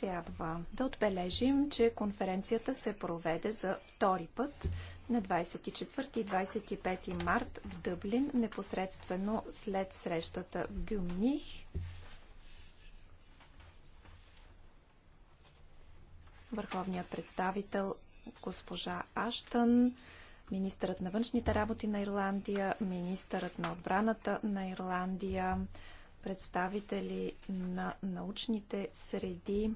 Трябва да отбележим, че конференцията се проведе за втори път на 24 и 25 март в Дъблин, непосредствено след срещата в Гюмних. Върховният представител госпожа Аштън, министърът на външните работи на Ирландия, министърът на отбраната на Ирландия, представители на научните среди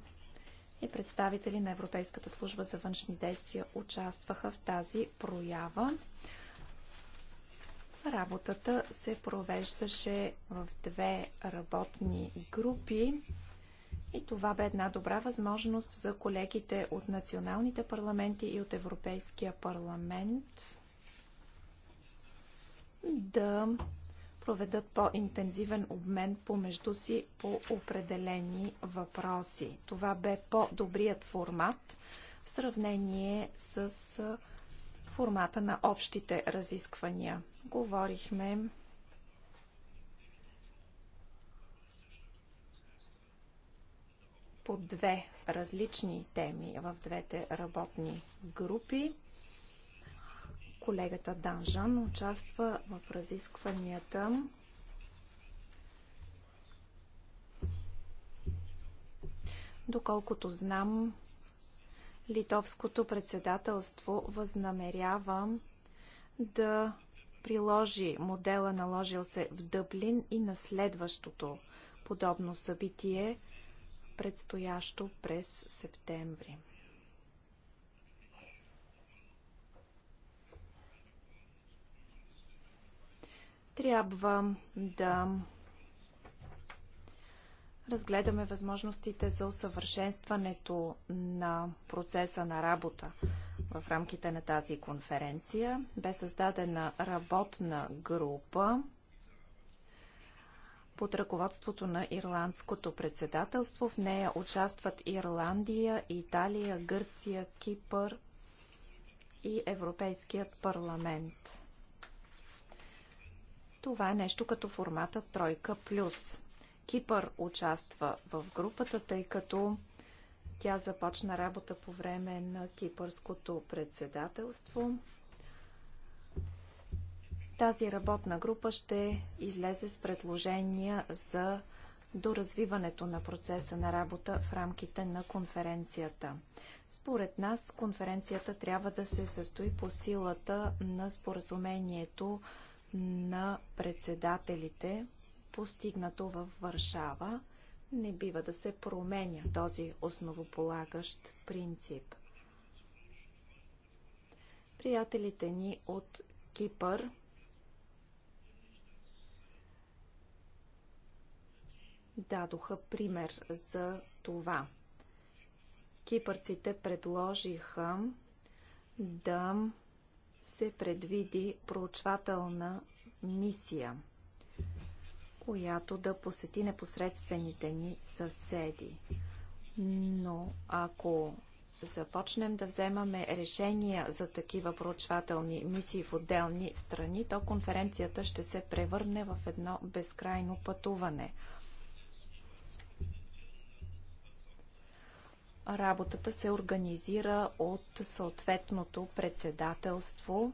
и представители на Европейската служба за външни действия участваха в тази проява. Работата се провеждаше в две работни групи и това бе една добра възможност за колегите от националните парламенти и от Европейския парламент да проведат по-интензивен обмен помежду си по определени въпроси. Това бе по-добрият формат в сравнение с формата на общите разисквания. Говорихме по две различни теми в двете работни групи. Колегата Данжан участва в разискванията Доколкото знам, литовското председателство възнамерява да приложи модела наложил се в Дъблин и на следващото подобно събитие, предстоящо през септември. Трябва да разгледаме възможностите за усъвършенстването на процеса на работа в рамките на тази конференция. Бе създадена работна група под ръководството на Ирландското председателство. В нея участват Ирландия, Италия, Гърция, Кипър и Европейският парламент. Това е нещо като формата Тройка Плюс. Кипър участва в групата, тъй като тя започна работа по време на кипърското председателство. Тази работна група ще излезе с предложения за доразвиването на процеса на работа в рамките на конференцията. Според нас конференцията трябва да се състои по силата на споразумението на председателите, постигнато в Варшава, не бива да се променя този основополагащ принцип. Приятелите ни от Кипър дадоха пример за това. Кипърците предложиха да се предвиди проучвателна мисия, която да посети непосредствените ни съседи. Но ако започнем да вземаме решения за такива проучвателни мисии в отделни страни, то конференцията ще се превърне в едно безкрайно пътуване – работата се организира от съответното председателство.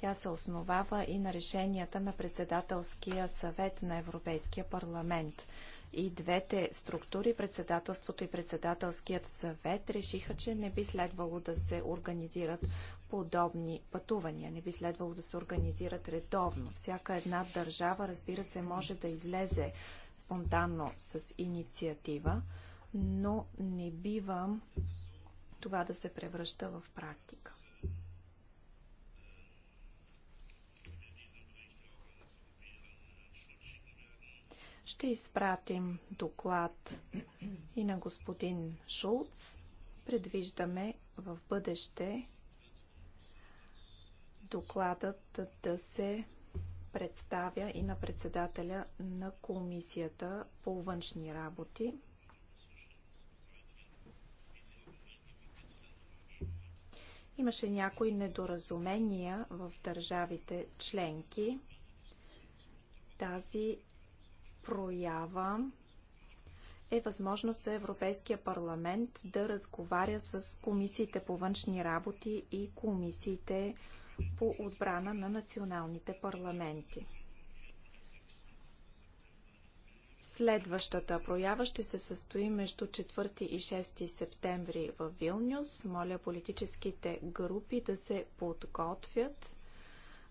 Тя се основава и на решенията на председателския съвет на Европейския парламент. И двете структури, председателството и председателският съвет, решиха, че не би следвало да се организират подобни пътувания. Не би следвало да се организират редовно. Всяка една държава, разбира се, може да излезе спонтанно с инициатива, но не бива това да се превръща в практика. Ще изпратим доклад и на господин Шулц. Предвиждаме в бъдеще докладът да се представя и на председателя на Комисията по външни работи. Имаше някои недоразумения в държавите членки. Тази проява е възможност за Европейския парламент да разговаря с комисиите по външни работи и комисиите по отбрана на националните парламенти. Следващата проява ще се състои между 4 и 6 септември в Вилнюс. Моля политическите групи да се подготвят.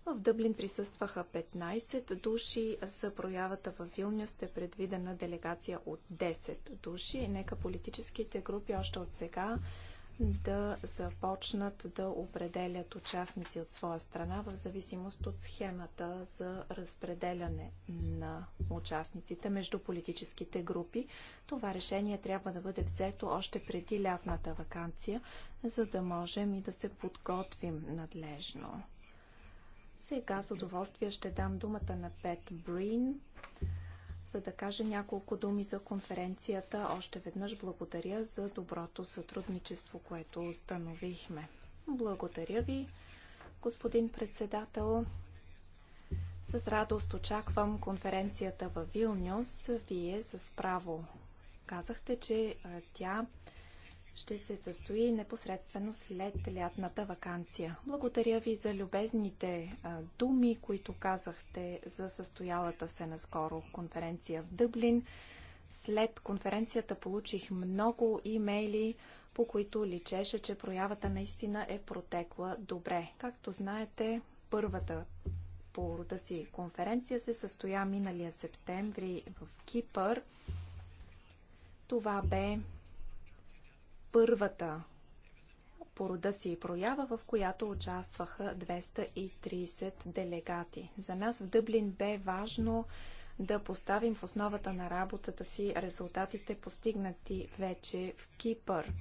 В Дъблин присъстваха 15 души, за проявата в Вилнюс е предвидена делегация от 10 души. Нека политическите групи още от сега да започнат да определят участници от своя страна в зависимост от схемата за разпределяне на участниците между политическите групи. Това решение трябва да бъде взето още преди лятната вакансия, за да можем и да се подготвим надлежно. Сега с удоволствие ще дам думата на Пет Брин за да каже няколко думи за конференцията. Още веднъж благодаря за доброто сътрудничество, което установихме. Благодаря ви, господин председател. С радост очаквам конференцията във Вилнюс. Вие с право казахте, че тя ще се състои непосредствено след лятната вакансия. Благодаря ви за любезните думи, които казахте за състоялата се наскоро конференция в Дъблин. След конференцията получих много имейли, по които личеше, че проявата наистина е протекла добре. Както знаете, първата по рода си конференция се състоя миналия септември в Кипър. Това бе първата по рода си проява, в която участваха 230 делегати. За нас в Дъблин бе важно да поставим в основата на работата си резултатите, постигнати вече в Кипър.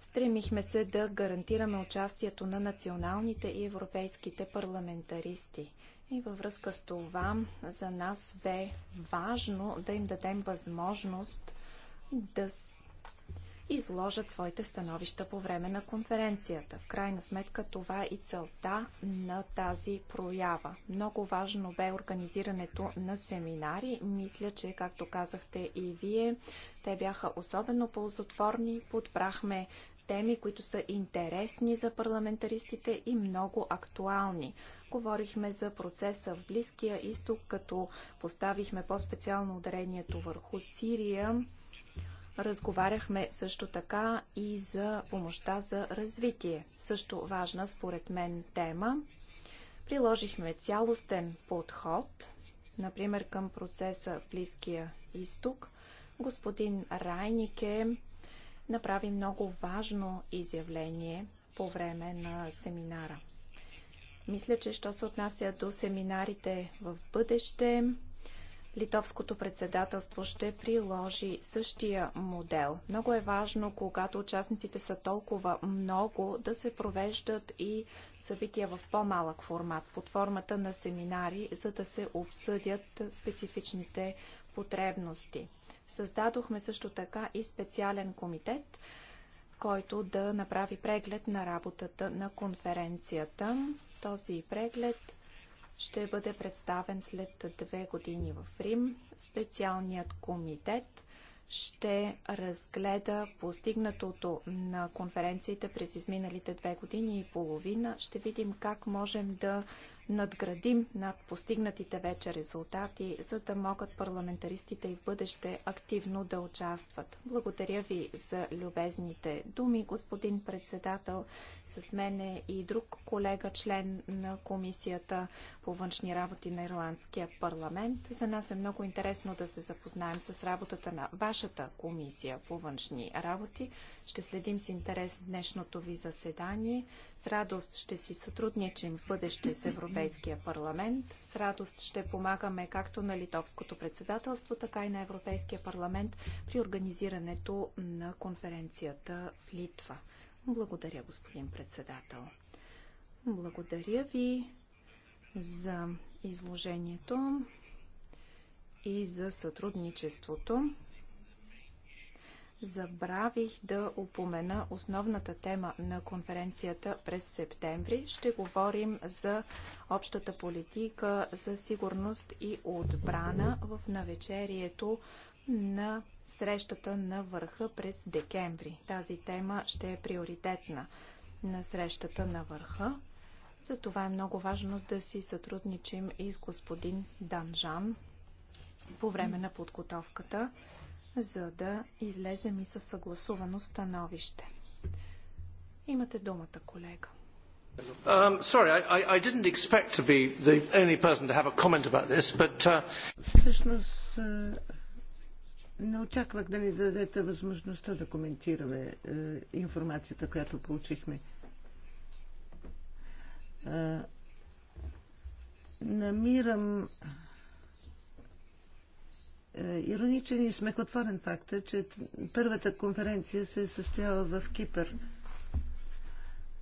Стремихме се да гарантираме участието на националните и европейските парламентаристи. И във връзка с това за нас бе важно да им дадем възможност да изложат своите становища по време на конференцията. В крайна сметка това е и целта на тази проява. Много важно бе организирането на семинари. Мисля, че, както казахте и вие, те бяха особено ползотворни. Подбрахме теми, които са интересни за парламентаристите и много актуални. Говорихме за процеса в Близкия изток, като поставихме по-специално ударението върху Сирия Разговаряхме също така и за помощта за развитие. Също важна според мен тема. Приложихме цялостен подход, например към процеса в Близкия изток. Господин Райнике направи много важно изявление по време на семинара. Мисля, че що се отнася до семинарите в бъдеще, Литовското председателство ще приложи същия модел. Много е важно, когато участниците са толкова много, да се провеждат и събития в по-малък формат, под формата на семинари, за да се обсъдят специфичните потребности. Създадохме също така и специален комитет, който да направи преглед на работата на конференцията. Този преглед ще бъде представен след две години в Рим. Специалният комитет ще разгледа постигнатото на конференциите през изминалите две години и половина. Ще видим как можем да надградим над постигнатите вече резултати, за да могат парламентаристите и в бъдеще активно да участват. Благодаря ви за любезните думи, господин председател. С мен е и друг колега, член на Комисията по външни работи на Ирландския парламент. За нас е много интересно да се запознаем с работата на вашата комисия по външни работи. Ще следим с интерес днешното ви заседание. С радост ще си сътрудничим в бъдеще с Европейския парламент. С радост ще помагаме както на литовското председателство, така и на Европейския парламент при организирането на конференцията в Литва. Благодаря, господин председател. Благодаря ви за изложението и за сътрудничеството. Забравих да упомена основната тема на конференцията през септември. Ще говорим за общата политика за сигурност и отбрана в навечерието на срещата на върха през декември. Тази тема ще е приоритетна на срещата на върха. Затова е много важно да си сътрудничим и с господин Данжан по време на подготовката за да излезем и със съгласувано становище. Имате думата, колега. Um, sorry, I, I didn't expect to be the only person to have a comment about this, but... Uh... Всъщност, е, не очаквах да ни дадете възможността да коментираме е, информацията, която получихме. Е, намирам Ироничен и смехотворен факт е, че първата конференция се е състояла в Кипър.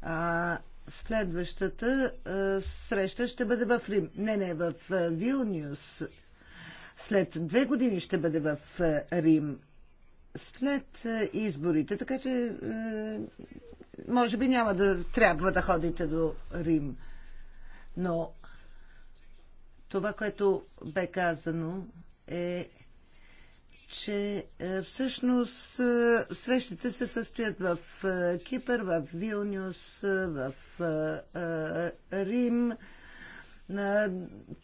А следващата а, среща ще бъде в Рим. Не, не, в Вилниус. След две години ще бъде в Рим. След изборите, така че а, може би няма да трябва да ходите до Рим. Но това, което бе казано, е че е, всъщност е, срещите се състоят в е, Кипър, в Вилнюс, в Рим.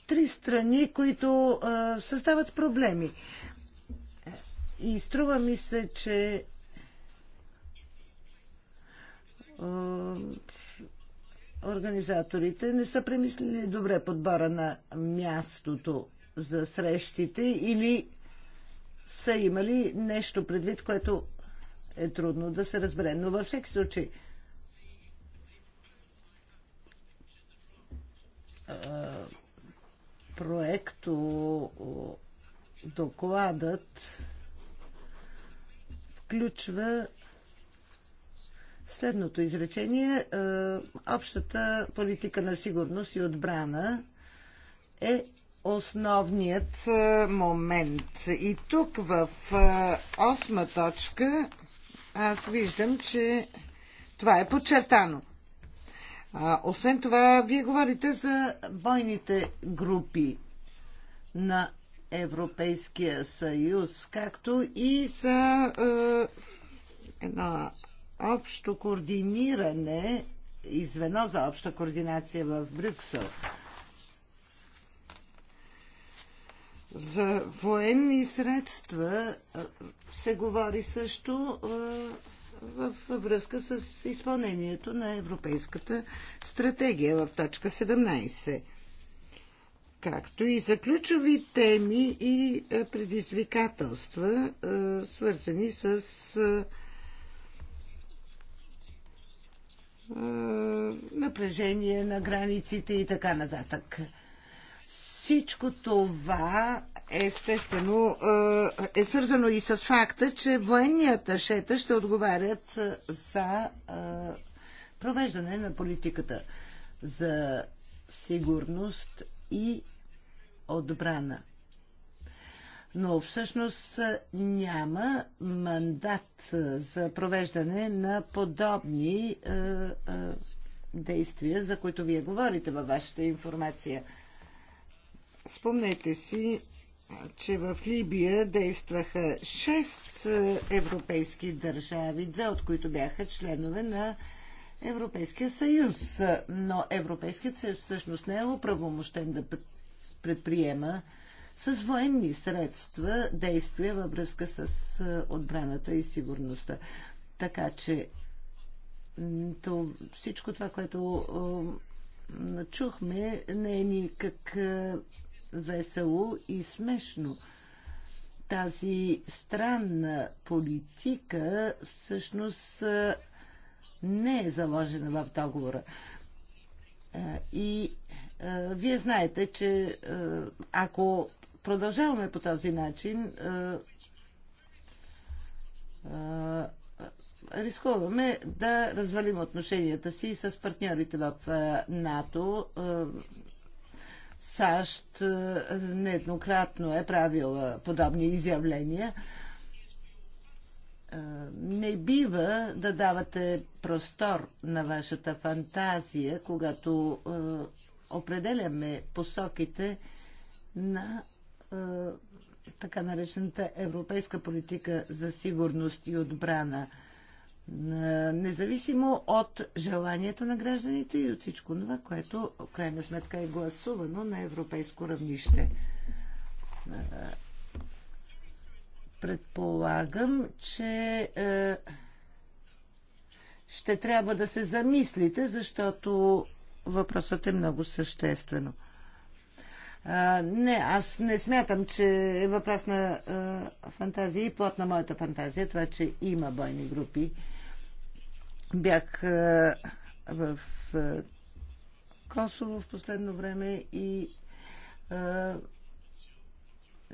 Три страни, които състават проблеми. И струва ми се, че организаторите не са премислили добре подбора на мястото за срещите или са имали нещо предвид, което е трудно да се разбере. Но във всеки случай, проекто докладът включва следното изречение. Общата политика на сигурност и отбрана е основният е, момент. И тук в е, осма точка аз виждам, че това е подчертано. А, освен това, вие говорите за бойните групи на Европейския съюз, както и за е, едно общо координиране и звено за обща координация в Брюксел. За военни средства се говори също във връзка с изпълнението на Европейската стратегия в точка 17 както и за ключови теми и предизвикателства, свързани с напрежение на границите и така нататък. Всичко това естествено е, е свързано и с факта, че военният шета ще отговарят за е, провеждане на политиката за сигурност и отбрана. Но всъщност няма мандат за провеждане на подобни е, е, действия, за които вие говорите във вашата информация – Спомнете си, че в Либия действаха 6 е, европейски държави, две от които бяха членове на Европейския съюз. Но Европейският съюз всъщност не е оправомощен да предприема с военни средства действия във връзка с е, отбраната и сигурността. Така че то, всичко това, което е, чухме, не е никак весело и смешно. Тази странна политика всъщност не е заложена в договора. И вие знаете, че ако продължаваме по този начин, рискуваме да развалим отношенията си с партньорите в НАТО. САЩ е, нееднократно е правила подобни изявления. Е, не бива да давате простор на вашата фантазия, когато е, определяме посоките на така наречената европейска политика за сигурност и отбрана – независимо от желанието на гражданите и от всичко това, което в крайна сметка е гласувано на европейско равнище. Предполагам, че е, ще трябва да се замислите, защото въпросът е много съществено. А, не, аз не смятам, че е въпрос на а, е, фантазия и плод на моята фантазия, това, че има бойни групи. А, Бях в Косово в последно време и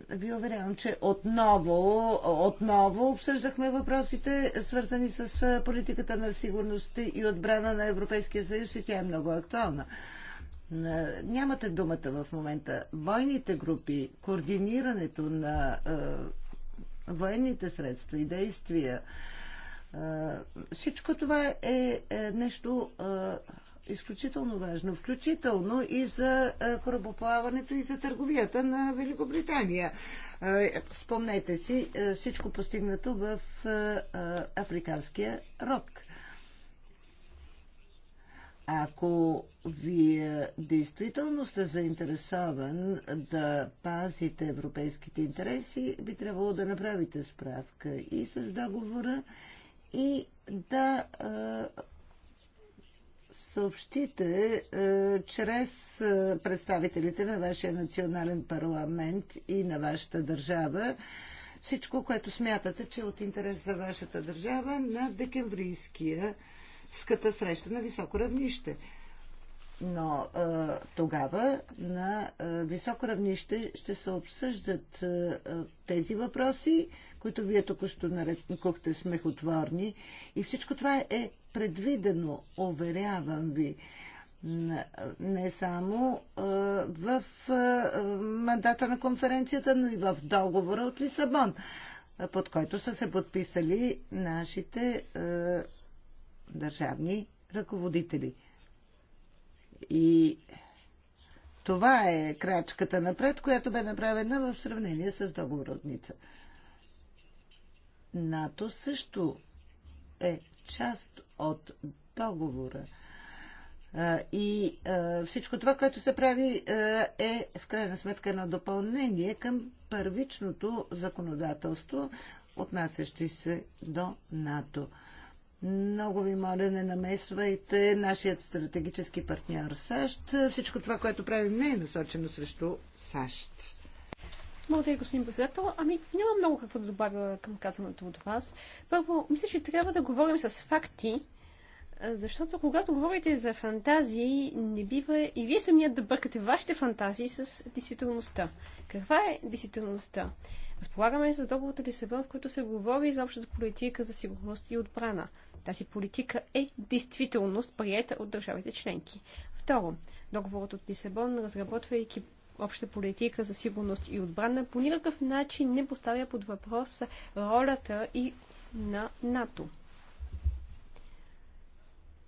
ви уверявам, че отново, отново обсъждахме въпросите, свързани с политиката на сигурност и отбрана на Европейския съюз и тя е много актуална. Нямате думата в момента. Бойните групи, координирането на военните средства и действия, всичко това е, е нещо изключително важно, включително и за корабоплаването и за търговията на Великобритания. Спомнете си всичко постигнато в африканския рок. Ако вие действително сте заинтересован да пазите европейските интереси, би трябвало да направите справка и с договора, и да съобщите чрез представителите на вашия национален парламент и на вашата държава всичко, което смятате, че е от интерес за вашата държава на декемврийския ската среща на високо равнище. Но тогава на високо равнище ще се обсъждат тези въпроси, които вие току-що нарекохте смехотворни. И всичко това е предвидено, уверявам ви не само в мандата на конференцията, но и в договора от Лисабон, под който са се подписали нашите държавни ръководители. И това е крачката напред, която бе направена в сравнение с договора от Ница. НАТО също е част от договора. И всичко това, което се прави, е в крайна сметка едно допълнение към първичното законодателство, отнасящи се до НАТО. Много ви моля, не намесвайте нашият стратегически партньор САЩ. Всичко това, което правим, не е насочено срещу САЩ. Благодаря, господин председател. Ами, няма много какво да добавя към казаното от вас. Първо, мисля, че трябва да говорим с факти, защото когато говорите за фантазии, не бива и вие самият да бъркате вашите фантазии с действителността. Каква е действителността? Разполагаме с договорът от Лисабон, в който се говори за общата политика за сигурност и отбрана. Тази политика е действителност, приета от държавите членки. Второ, договорът от Лисабон, разработвайки обща политика за сигурност и отбрана по никакъв начин не поставя под въпрос ролята и на НАТО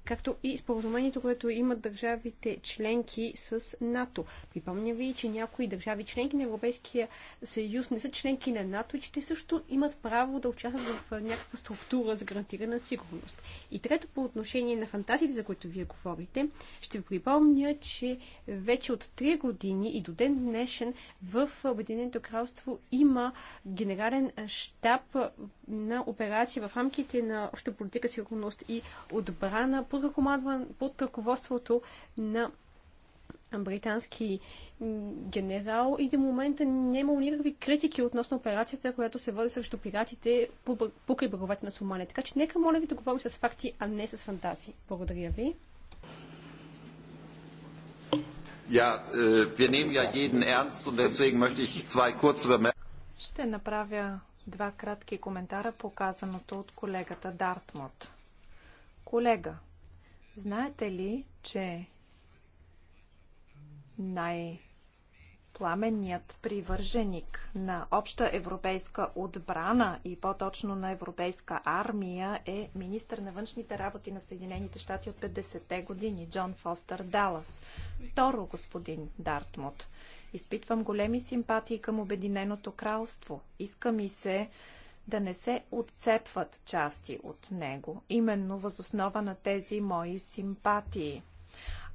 както и споразумението, което имат държавите членки с НАТО. Припомня ви, че някои държави членки на Европейския съюз не са членки на НАТО и че те също имат право да участват в някаква структура за гарантирана сигурност. И трето, по отношение на фантазиите, за които вие говорите, ще ви припомня, че вече от 3 години и до ден днешен в Обединеното кралство има генерален щаб на операция в рамките на обща политика, сигурност и отбрана по под, под ръководството на британски генерал и до момента не е никакви критики относно операцията, която се води срещу пиратите покрай бреговете на Сомалия. Така че нека моля ви да говорим с факти, а не с фантазии. Благодаря ви. Ja, е, wir nehmen ja jeden ernst und deswegen möchte ich zwei kurze Ще направя два кратки коментара по казаното от колегата Дартмут. Колега, Знаете ли, че най-пламенният привърженик на обща европейска отбрана и по-точно на европейска армия е министър на външните работи на Съединените щати от 50-те години Джон Фостер Далас. Второ, господин Дартмут. Изпитвам големи симпатии към Обединеното кралство. Иска ми се да не се отцепват части от него, именно възоснова на тези мои симпатии.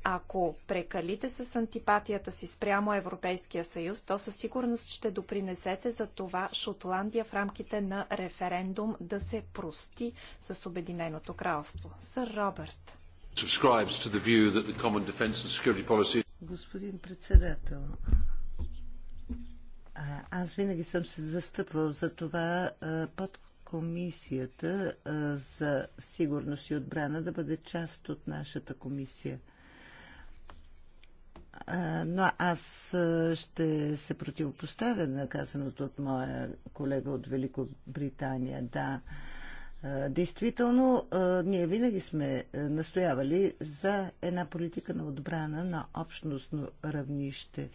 Ако прекалите с антипатията си спрямо Европейския съюз, то със сигурност ще допринесете за това Шотландия в рамките на референдум да се прости с Обединеното кралство. Сър Робърт. Господин председател, аз винаги съм се застъпвал за това под комисията за сигурност и отбрана да бъде част от нашата комисия. Но аз ще се противопоставя на казаното от моя колега от Великобритания. Да, Действително, ние винаги сме настоявали за една политика на отбрана на общностно равнище.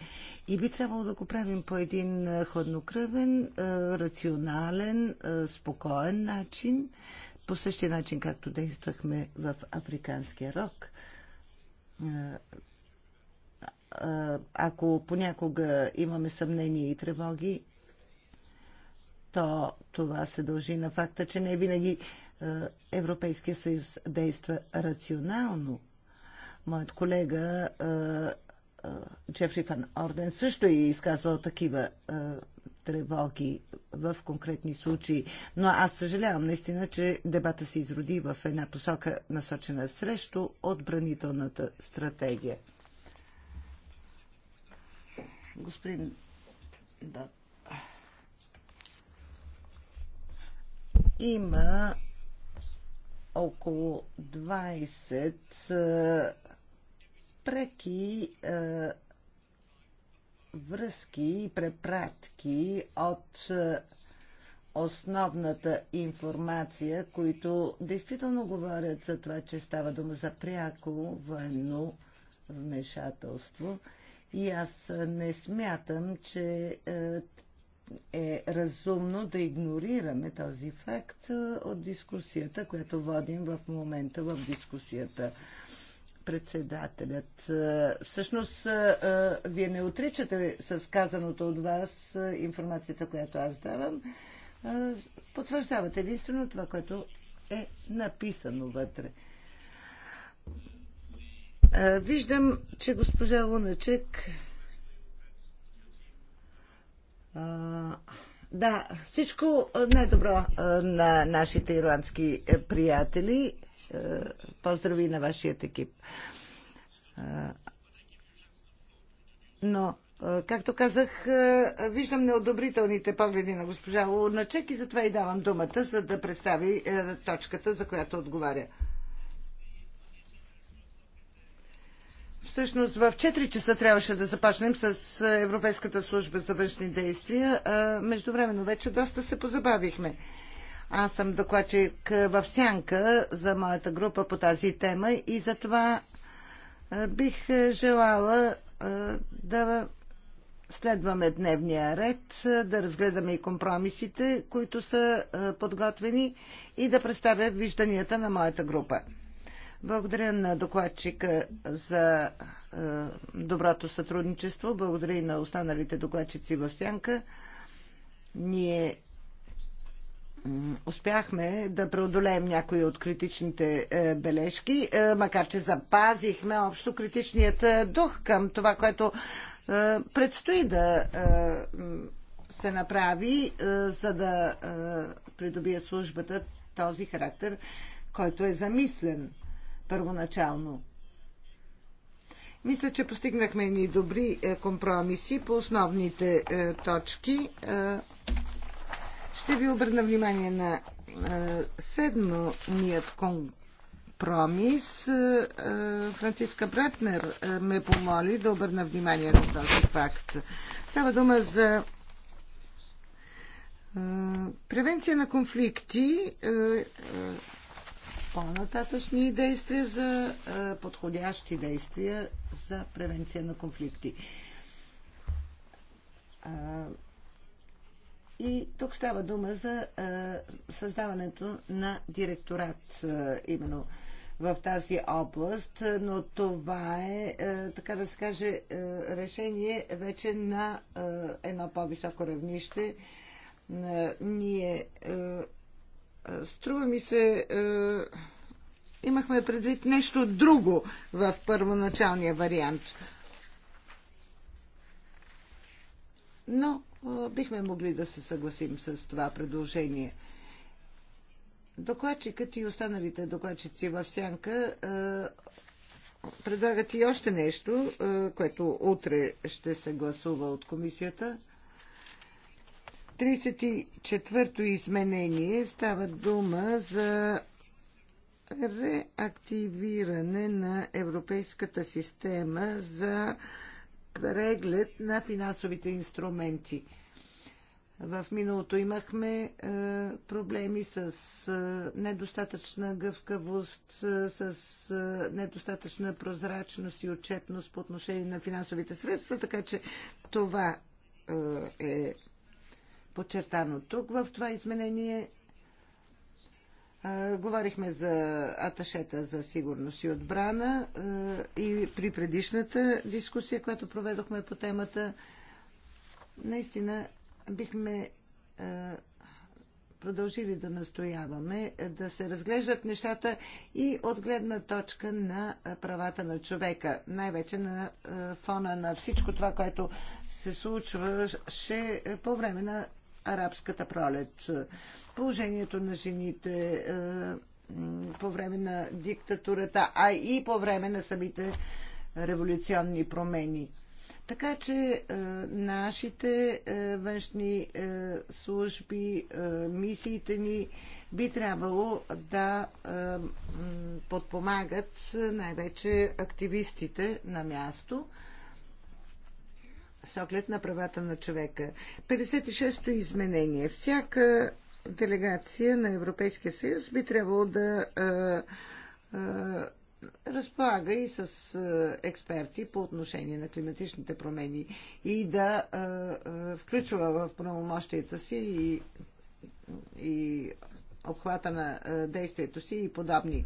И би трябвало да го правим по един хладнокръвен, рационален, спокоен начин, по същия начин, както действахме в Африканския рок ако понякога имаме съмнения и тревоги, то това се дължи на факта, че не винаги е, Европейския съюз действа рационално. Моят колега е, е, Джефри Фан Орден също е изказвал такива тревоги в конкретни случаи. Но аз съжалявам наистина, че дебата се изроди в една посока насочена срещу отбранителната стратегия. Господин Дот. Има около 20 преки връзки и препратки от основната информация, които действително говорят за това, че става дума за пряко военно вмешателство. И аз не смятам, че е разумно да игнорираме този факт от дискусията, която водим в момента в дискусията. Председателят. Всъщност, вие не отричате с казаното от вас информацията, която аз давам. Потвърждавате единствено това, което е написано вътре. Виждам, че госпожа Луначек да, всичко най-добро на нашите ирландски е, приятели. Поздрави на вашият екип. Но, както казах, виждам неодобрителните погледи на госпожа Луначек и затова и давам думата, за да представи точката, за която отговаря. Всъщност в 4 часа трябваше да започнем с е, Европейската служба за външни действия. Междувременно вече доста се позабавихме. Аз съм докладчик е, в сянка за моята група по тази тема и затова е, бих желала да следваме дневния ред, да разгледаме и компромисите, които са подготвени и да представя вижданията на моята група. Благодаря на докладчика за е, доброто сътрудничество. Благодаря и на останалите докладчици в Сянка. Ние успяхме да преодолеем някои от критичните е, бележки, е, макар че запазихме общо критичният е, дух към това, което предстои да се направи, за да придобие службата този характер, който е замислен първоначално. Мисля, че постигнахме ни добри е, компромиси по основните е, точки. Е, ще ви обърна внимание на седмият компромис. Франциска Бретнер ме помоли да обърна внимание на този факт. Става дума за превенция на конфликти по-нататъчни действия за подходящи действия за превенция на конфликти. И тук става дума за създаването на директорат именно в тази област, но това е, така да се каже, решение вече на едно по-високо равнище. Ние Струва ми се, е, имахме предвид нещо друго в първоначалния вариант. Но е, бихме могли да се съгласим с това предложение. Докладчикът и останалите докладчици в Сянка е, предлагат и още нещо, което утре ще се гласува от комисията. 34-то изменение става дума за реактивиране на Европейската система за преглед на финансовите инструменти. В миналото имахме е, проблеми с е, недостатъчна гъвкавост, е, с е, недостатъчна прозрачност и отчетност по отношение на финансовите средства, така че това е, е подчертано тук в това изменение. Говорихме за аташета за сигурност и отбрана и при предишната дискусия, която проведохме по темата, наистина бихме продължили да настояваме да се разглеждат нещата и от гледна точка на правата на човека, най-вече на фона на всичко това, което се случваше по време на арабската пролет. Положението на жените е, по време на диктатурата, а и по време на самите революционни промени. Така че е, нашите е, външни е, служби, е, мисиите ни би трябвало да е, подпомагат най-вече активистите на място с оглед на правата на човека. 56-то изменение. Всяка делегация на Европейския съюз би трябвало да а, а, разполага и с а, експерти по отношение на климатичните промени и да а, а, включва в правомощията си и, и обхвата на а, действието си и подобни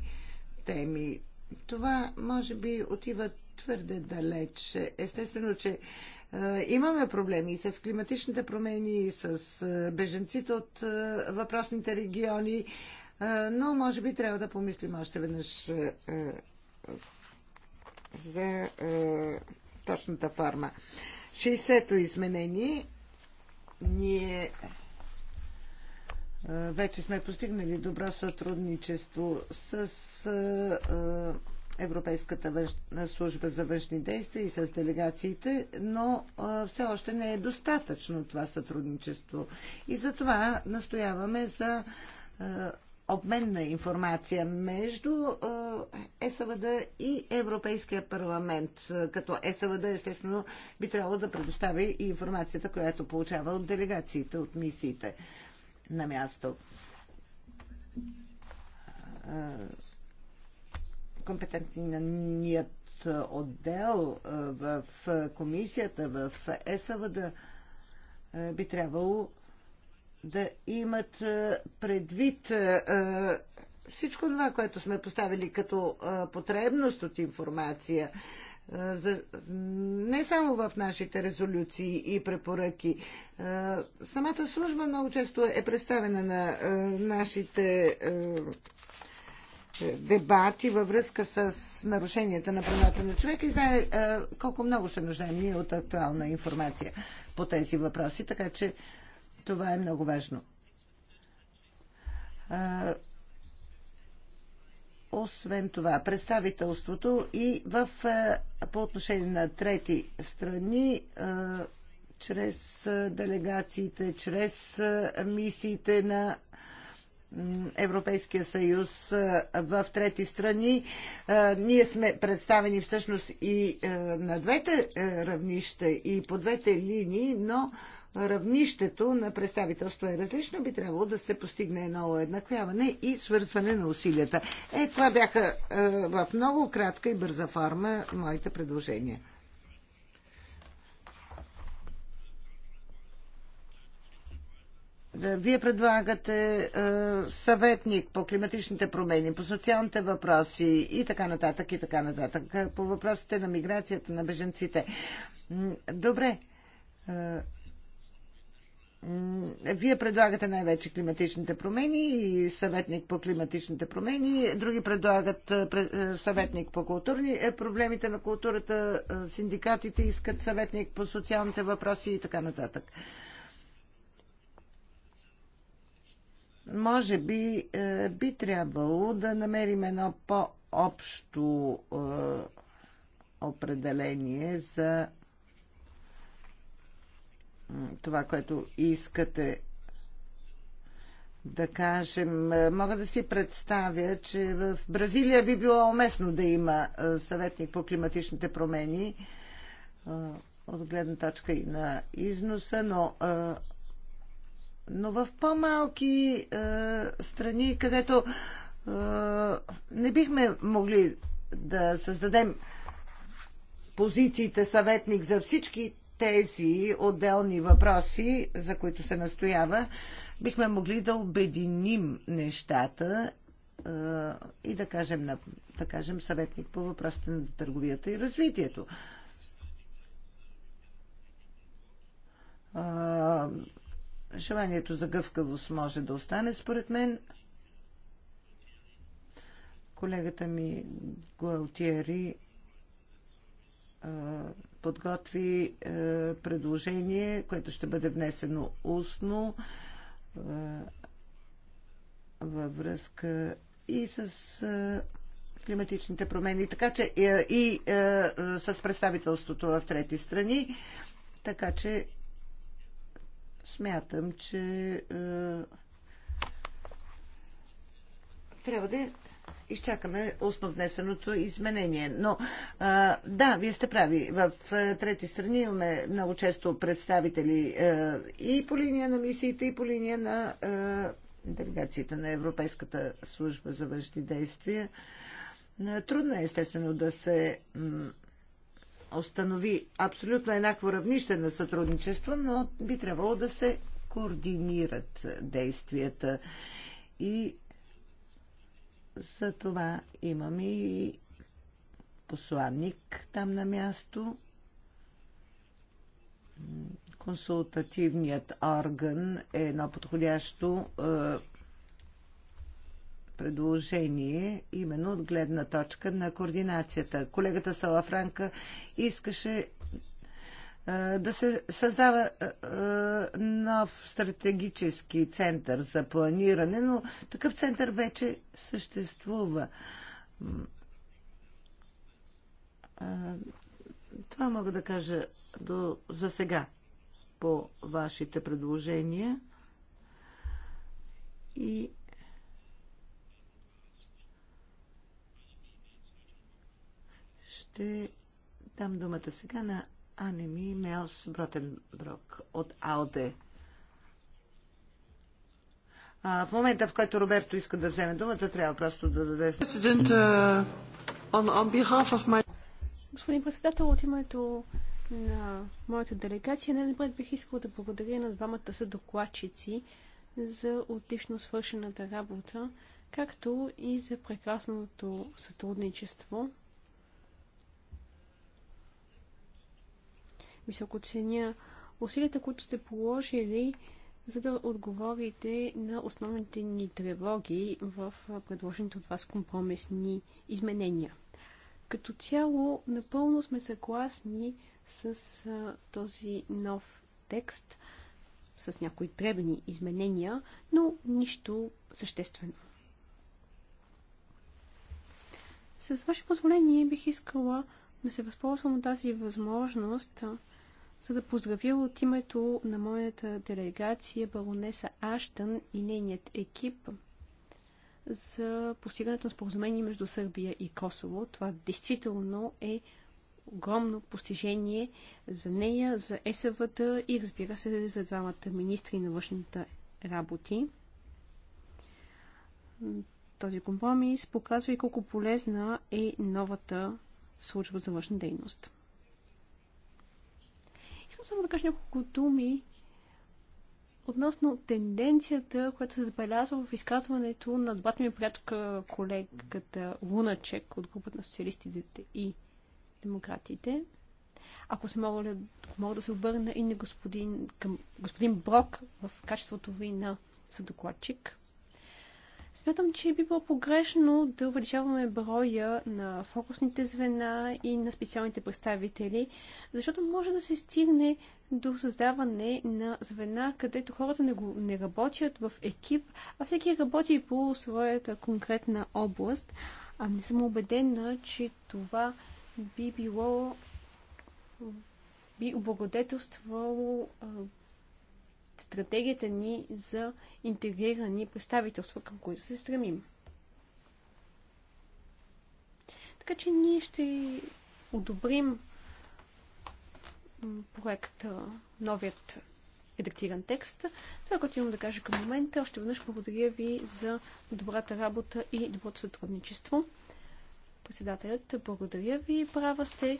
теми. Това може би отива твърде далеч. Естествено, че е, имаме проблеми и с климатичните промени, и с е, беженците от е, въпросните региони, но може би трябва да помислим още веднъж за точната форма. 60-то изменение ние вече сме постигнали добро сътрудничество с Европейската служба за външни действия и с делегациите, но все още не е достатъчно това сътрудничество. И затова настояваме за обмен на информация между ЕСВД и Европейския парламент, като ЕСВД естествено би трябвало да предостави и информацията, която получава от делегациите, от мисиите на място компетентният отдел в комисията, в да би трябвало да имат предвид всичко това, което сме поставили като потребност от информация, за, не само в нашите резолюции и препоръки. Самата служба много често е представена на нашите е, дебати във връзка с нарушенията на правата на човека и знае е, колко много се нуждаем ние от актуална информация по тези въпроси, така че това е много важно. Е, освен това, представителството и в, по отношение на трети страни, чрез делегациите, чрез мисиите на Европейския съюз в трети страни. Ние сме представени всъщност и на двете равнища и по двете линии, но равнището на представителство е различно, би трябвало да се постигне едно еднаквяване и свързване на усилията. Е, това бяха в много кратка и бърза форма моите предложения. Вие предлагате е, съветник по климатичните промени, по социалните въпроси и така нататък, и така нататък, е, по въпросите на миграцията, на беженците. Добре. Е, вие предлагате най-вече климатичните промени и съветник по климатичните промени. Други предлагат съветник по културни проблемите на културата, синдикатите искат съветник по социалните въпроси и така нататък. Може би е, би трябвало да намерим едно по-общо е, определение за това, което искате да кажем. Е, мога да си представя, че в Бразилия би било уместно да има съветник по климатичните промени от гледна точка и на износа, но но в по-малки е, страни, където е, не бихме могли да създадем позициите съветник за всички тези отделни въпроси, за които се настоява, бихме могли да обединим нещата е, и да кажем, на, да кажем съветник по въпросите на търговията и развитието. Е, Желанието за гъвкавост може да остане, според мен. Колегата ми Гуалтиери подготви предложение, което ще бъде внесено устно във връзка и с климатичните промени, така че и, и с представителството в трети страни. Така че смятам, че е, трябва да изчакаме основнесеното изменение. Но а, е, да, вие сте прави. В а, е, трети страни имаме много често представители а, е, и по линия на мисиите, и по линия на а, делегацията на Европейската служба за външни действия. Трудно е, естествено, да се установи абсолютно еднакво равнище на сътрудничество, но би трябвало да се координират действията. И за това имаме и посланник там на място. Консултативният орган е едно подходящо е, предложение, именно от гледна точка на координацията. Колегата Салафранка искаше да се създава нов стратегически център за планиране, но такъв център вече съществува. Това мога да кажа до, за сега по вашите предложения. И Ще дам думата сега на Анеми Мелс Бротенброк от АОДЕ. А, в момента, в който Роберто иска да вземе думата, трябва просто да даде... Uh, Господин председател, от името на моята делегация, най-напред бих искала да благодаря на двамата съдокладчици за отлично свършената работа, както и за прекрасното сътрудничество. високо ценя усилията, които сте положили, за да отговорите на основните ни тревоги в предложените от вас компромисни изменения. Като цяло, напълно сме съгласни с а, този нов текст, с някои дребни изменения, но нищо съществено. С ваше позволение бих искала да се възползвам от тази възможност за да поздравя от името на моята делегация баронеса Аштън и нейният екип за постигането на споразумение между Сърбия и Косово. Това действително е огромно постижение за нея, за есв и разбира се за двамата министри на външните работи. Този компромис показва и колко полезна е новата служба за външна дейност. Искам само да кажа няколко думи относно тенденцията, която се забелязва в изказването на двата ми приятелка колегата Луначек от групата на социалистите и демократите. Ако се мога, мога да се обърна и на господин, към господин Брок в качеството ви на съдокладчик. Смятам, че би било погрешно да увеличаваме броя на фокусните звена и на специалните представители, защото може да се стигне до създаване на звена, където хората не, го, не работят в екип, а всеки работи по своята конкретна област. А не съм убедена, че това би било би облагодетелствало стратегията ни за интегрирани представителства, към които се стремим. Така че ние ще одобрим проекта, новият редактиран текст. Това, което имам да кажа към момента, още веднъж благодаря ви за добрата работа и доброто сътрудничество. Председателят, благодаря ви, права сте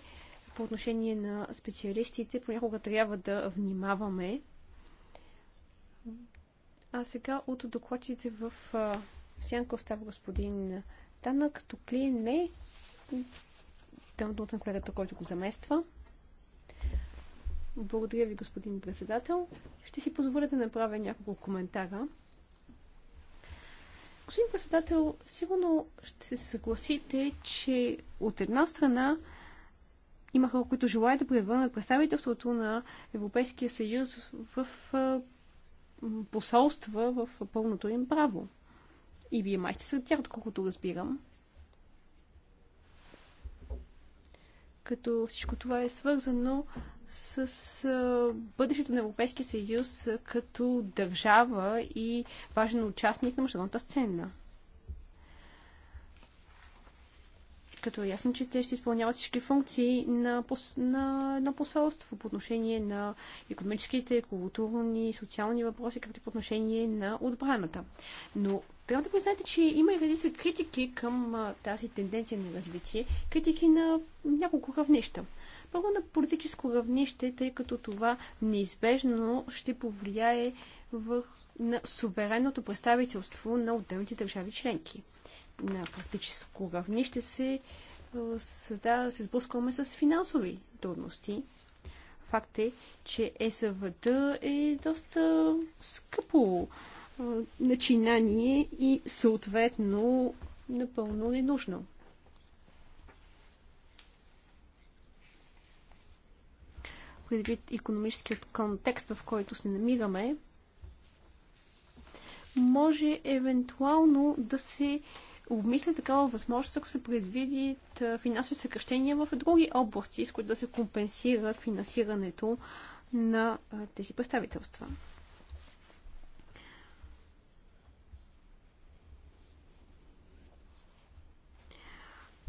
по отношение на специалистите. Понякога трябва да внимаваме, а сега от докладчите в сянка остава господин Танък. като ли е? не? Там на колегата, който го замества. Благодаря ви, господин председател. Ще си позволя да направя няколко коментара. Господин председател, сигурно ще се съгласите, че от една страна има хора, които желаят да превърнат представителството на Европейския съюз в посолства в пълното им право. И вие май сте сред тях, доколкото разбирам. Като всичко това е свързано с бъдещето на Европейския съюз като държава и важен участник на международната сцена. като е ясно, че те ще изпълняват всички функции на, на, на посолство по отношение на економическите, културни, социални въпроси, както и по отношение на отбраната. Но трябва да признаете, че има и редица критики към а, тази тенденция на развитие, критики на няколко равнища. Първо на политическо равнище, тъй като това неизбежно ще повлияе върху на суверенното представителство на отделните държави членки на практическо равнище се създава, се сблъскваме с финансови трудности. Факт е, че ЕСВД е доста скъпо начинание и съответно напълно ненужно. Предвид економическият контекст, в който се намираме, може евентуално да се обмисля такава възможност, ако се предвидят финансови съкръщения в други области, с които да се компенсира финансирането на тези представителства.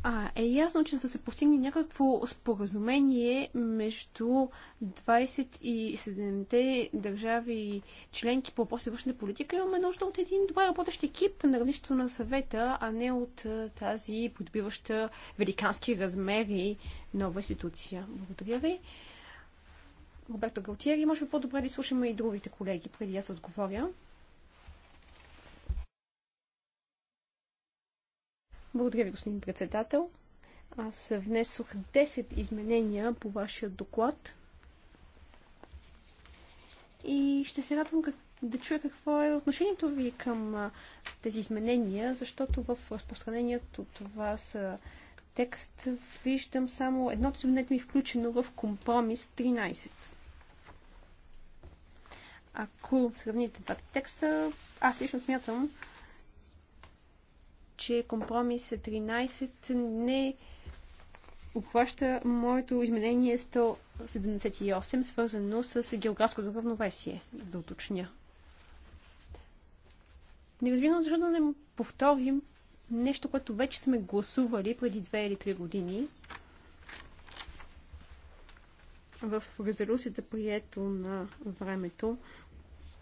А, е ясно, че за да се постигне някакво споразумение между 27-те държави членки по въпроси външната политика, имаме нужда от един добър работещ екип на равнището на съвета, а не от тази подбиваща великански размери нова институция. Благодаря ви. Роберто Галтиери, може би по-добре да изслушаме и другите колеги, преди аз отговоря. Благодаря ви, господин председател. Аз внесох 10 изменения по вашия доклад. И ще се радвам как, да чуя какво е отношението ви към а, тези изменения, защото в разпространението вас а, текст виждам само едното изменение ми е включено в компромис 13. Ако сравните двата текста, аз лично смятам, че компромис 13 не обхваща моето изменение 178, свързано с географското равновесие, за да уточня. Не разбирам защо да не повторим нещо, което вече сме гласували преди 2 или 3 години в резолюцията, прието на времето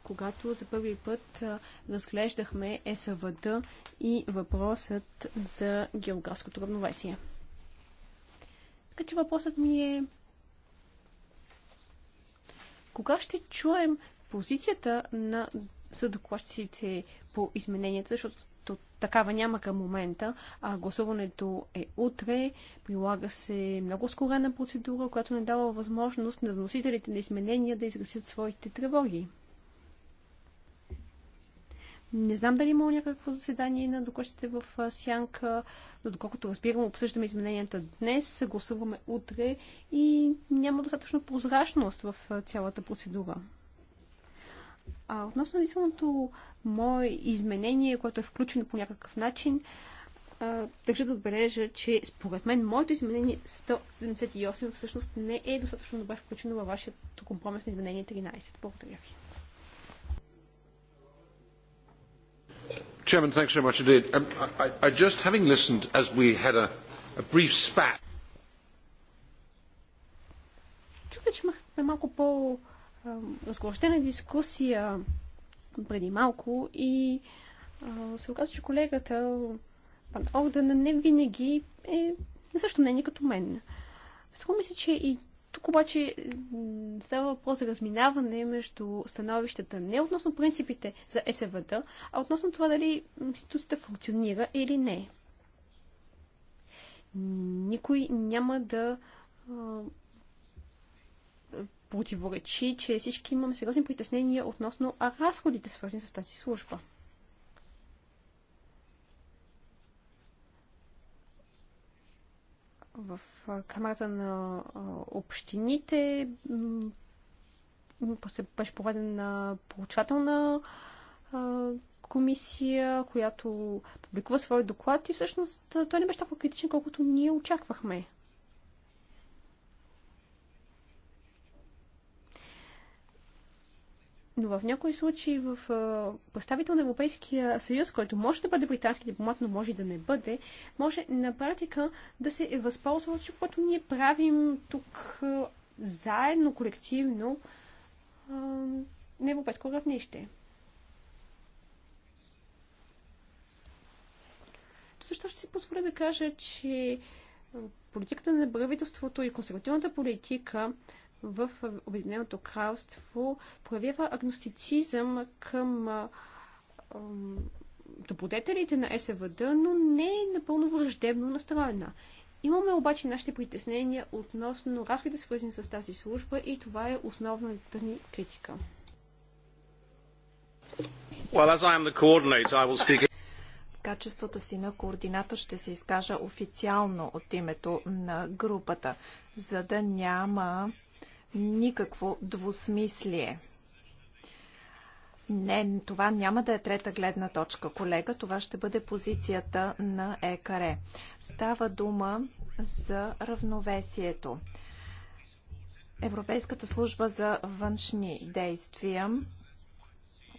когато за първи път разглеждахме СВД и въпросът за географското равновесие. Така че въпросът ми е кога ще чуем позицията на съдокладчиците по измененията, защото такава няма към момента, а гласуването е утре. Прилага се много скорена процедура, която не дава възможност на вносителите на изменения да изразят своите тревоги. Не знам дали е има някакво заседание на докучите в Сянка, но доколкото разбирам, обсъждаме измененията днес, гласуваме утре и няма достатъчно прозрачност в цялата процедура. А относно единственото мое изменение, което е включено по някакъв начин, държа да отбележа, че според мен моето изменение 178 всъщност не е достатъчно добре включено във вашето компромисно изменение 13. Благодаря ви. Chairman, thanks very much indeed. Um, I, I just, having listened as we had a, a brief spat. че имахме малко по дискусия преди малко и а, се оказа, че колегата Пан Орден не винаги е на същото мнение като мен. Струва ми се, че и тук обаче става въпрос за разминаване между становищата не относно принципите за СВД, а относно това дали институцията функционира или не. Никой няма да противоречи, че всички имаме сериозни притеснения относно разходите, свързани с тази служба. в Камерата на общините беше проведен на получателна комисия, която публикува своя доклад и всъщност той не беше толкова критичен, колкото ние очаквахме. Но в някои случаи в представител на Европейския съюз, който може да бъде британски дипломат, но може да не бъде, може на практика да се е възползва от което ние правим тук заедно, колективно на европейско равнище. Защо ще си позволя да кажа, че политиката на правителството и консервативната политика в Обединеното кралство проявява агностицизъм към добродетелите на СВД, но не е напълно враждебно настроена. Имаме обаче нашите притеснения относно разходите, свързани с тази служба и това е основната ни критика. Well, as I am the coordinator, I will speak качеството си на координатор ще се изкажа официално от името на групата, за да няма никакво двусмислие. Не, това няма да е трета гледна точка, колега. Това ще бъде позицията на ЕКАРЕ. Става дума за равновесието. Европейската служба за външни действия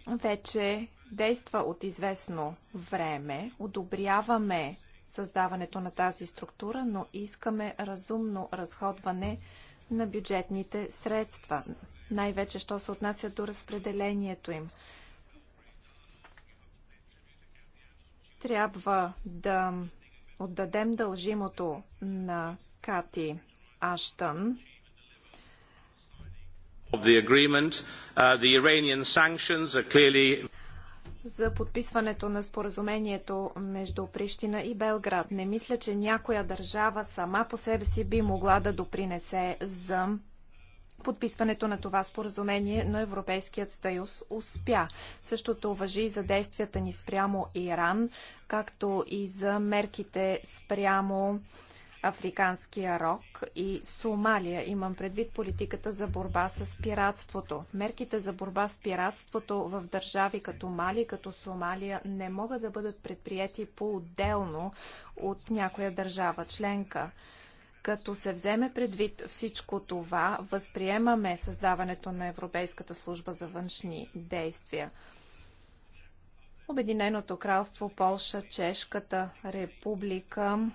вече действа от известно време. Одобряваме създаването на тази структура, но искаме разумно разходване на бюджетните средства, най-вече що се отнася до разпределението им. Трябва да отдадем дължимото на Кати Аштън. Of the agreement, uh, the Iranian sanctions are clearly за подписването на споразумението между Прищина и Белград. Не мисля, че някоя държава сама по себе си би могла да допринесе за подписването на това споразумение, но Европейският съюз успя. Същото въжи и за действията ни спрямо Иран, както и за мерките спрямо Африканския рок и Сомалия. Имам предвид политиката за борба с пиратството. Мерките за борба с пиратството в държави като Мали, като Сомалия не могат да бъдат предприяти по-отделно от някоя държава членка. Като се вземе предвид всичко това, възприемаме създаването на Европейската служба за външни действия. Обединеното кралство, Полша, Чешката република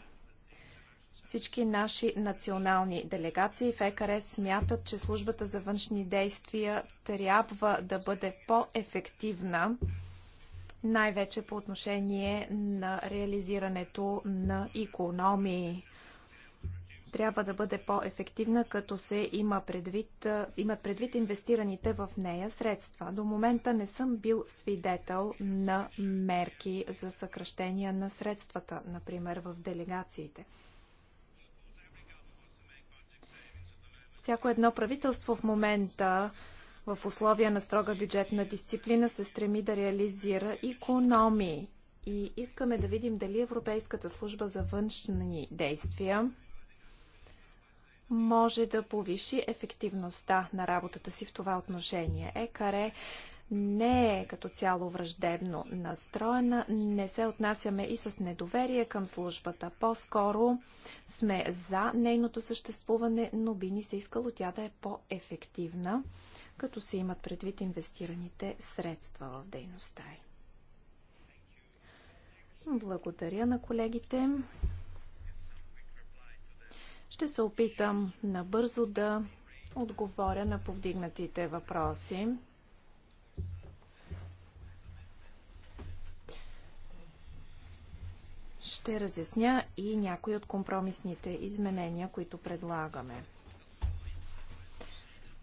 всички наши национални делегации в ЕКРС смятат, че службата за външни действия трябва да бъде по-ефективна, най-вече по отношение на реализирането на икономии трябва да бъде по-ефективна, като се има предвид, имат предвид инвестираните в нея средства. До момента не съм бил свидетел на мерки за съкръщения на средствата, например в делегациите. Всяко едно правителство в момента в условия на строга бюджетна дисциплина се стреми да реализира економии. И искаме да видим дали Европейската служба за външни действия може да повиши ефективността на работата си в това отношение. ЕКАРЕ не е като цяло враждебно настроена. Не се отнасяме и с недоверие към службата. По-скоро сме за нейното съществуване, но би ни се искало тя да е по-ефективна, като се имат предвид инвестираните средства в дейността й. Благодаря на колегите. Ще се опитам набързо да отговоря на повдигнатите въпроси. Ще разясня и някои от компромисните изменения, които предлагаме.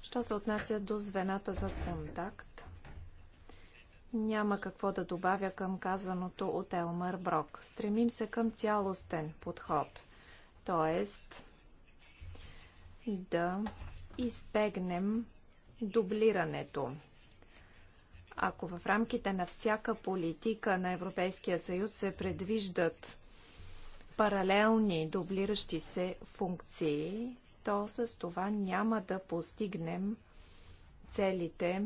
Що се отнася до звената за контакт, няма какво да добавя към казаното от Елмър Брок. Стремим се към цялостен подход, т.е. да избегнем дублирането. Ако в рамките на всяка политика на Европейския съюз се предвиждат паралелни, дублиращи се функции, то с това няма да постигнем целите,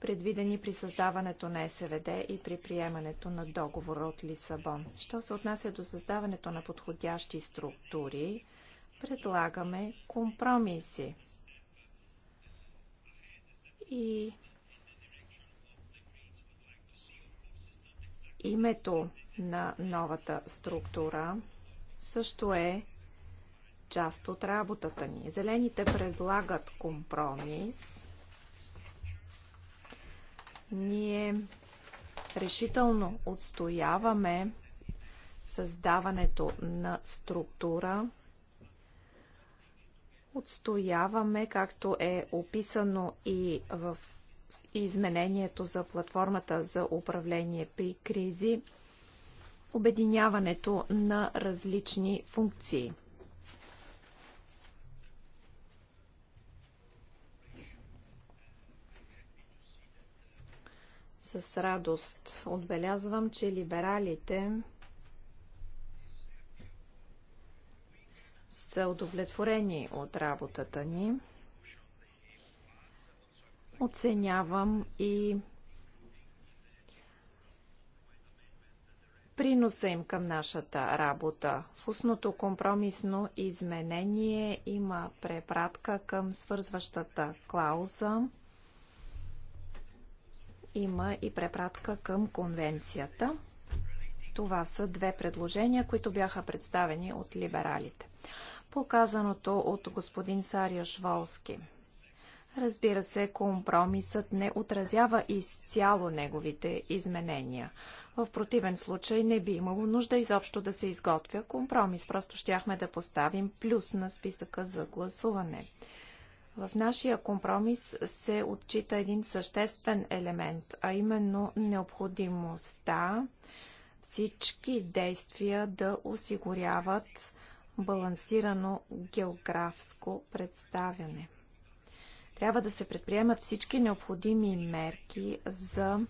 предвидени при създаването на СВД и при приемането на договора от Лисабон. Що се отнася до създаването на подходящи структури, предлагаме компромиси. И Името на новата структура също е част от работата ни. Зелените предлагат компромис. Ние решително отстояваме създаването на структура. Отстояваме, както е описано и в изменението за платформата за управление при кризи, обединяването на различни функции. С радост отбелязвам, че либералите са удовлетворени от работата ни. Оценявам и приноса им към нашата работа. В устното компромисно изменение има препратка към свързващата клауза. Има и препратка към конвенцията. Това са две предложения, които бяха представени от либералите. Показаното от господин Сариош Волски – Разбира се, компромисът не отразява изцяло неговите изменения. В противен случай не би имало нужда изобщо да се изготвя компромис. Просто щяхме да поставим плюс на списъка за гласуване. В нашия компромис се отчита един съществен елемент, а именно необходимостта всички действия да осигуряват балансирано географско представяне. Трябва да се предприемат всички необходими мерки за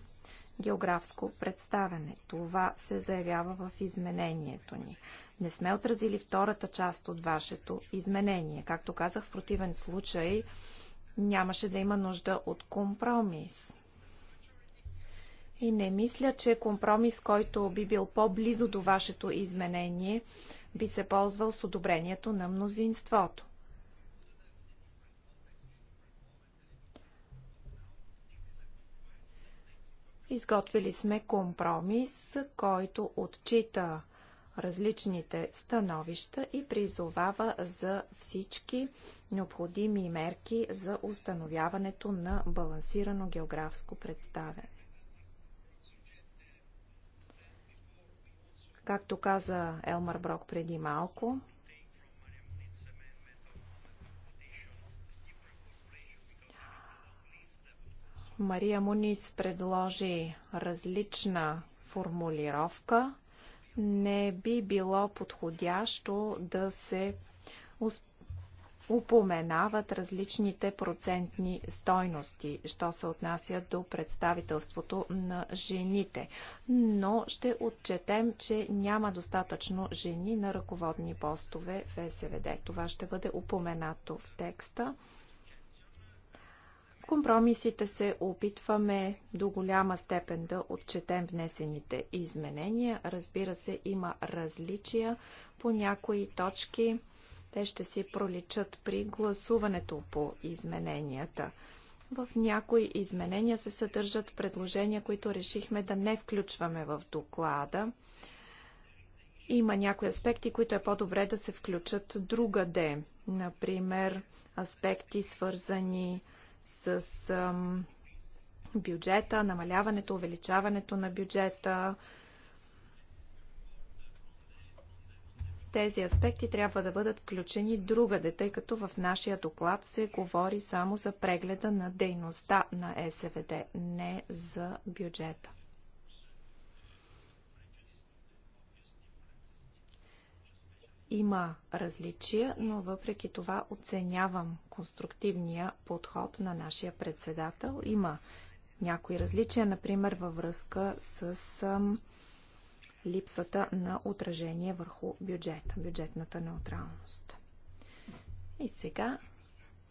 географско представяне. Това се заявява в изменението ни. Не сме отразили втората част от вашето изменение. Както казах, в противен случай нямаше да има нужда от компромис. И не мисля, че компромис, който би бил по-близо до вашето изменение, би се ползвал с одобрението на мнозинството. Изготвили сме компромис, който отчита различните становища и призовава за всички необходими мерки за установяването на балансирано географско представяне. Както каза Елмар Брок преди малко, Мария Мунис предложи различна формулировка. Не би било подходящо да се упоменават различните процентни стойности, що се отнася до представителството на жените. Но ще отчетем, че няма достатъчно жени на ръководни постове в СВД. Това ще бъде упоменато в текста компромисите се опитваме до голяма степен да отчетем внесените изменения. Разбира се, има различия по някои точки. Те ще си проличат при гласуването по измененията. В някои изменения се съдържат предложения, които решихме да не включваме в доклада. Има някои аспекти, които е по-добре да се включат другаде. Например, аспекти свързани с с бюджета, намаляването, увеличаването на бюджета. Тези аспекти трябва да бъдат включени другаде, тъй като в нашия доклад се говори само за прегледа на дейността на СВД, не за бюджета. Има различия, но въпреки това оценявам конструктивния подход на нашия председател. Има някои различия, например във връзка с липсата на отражение върху бюджета, бюджетната неутралност. И сега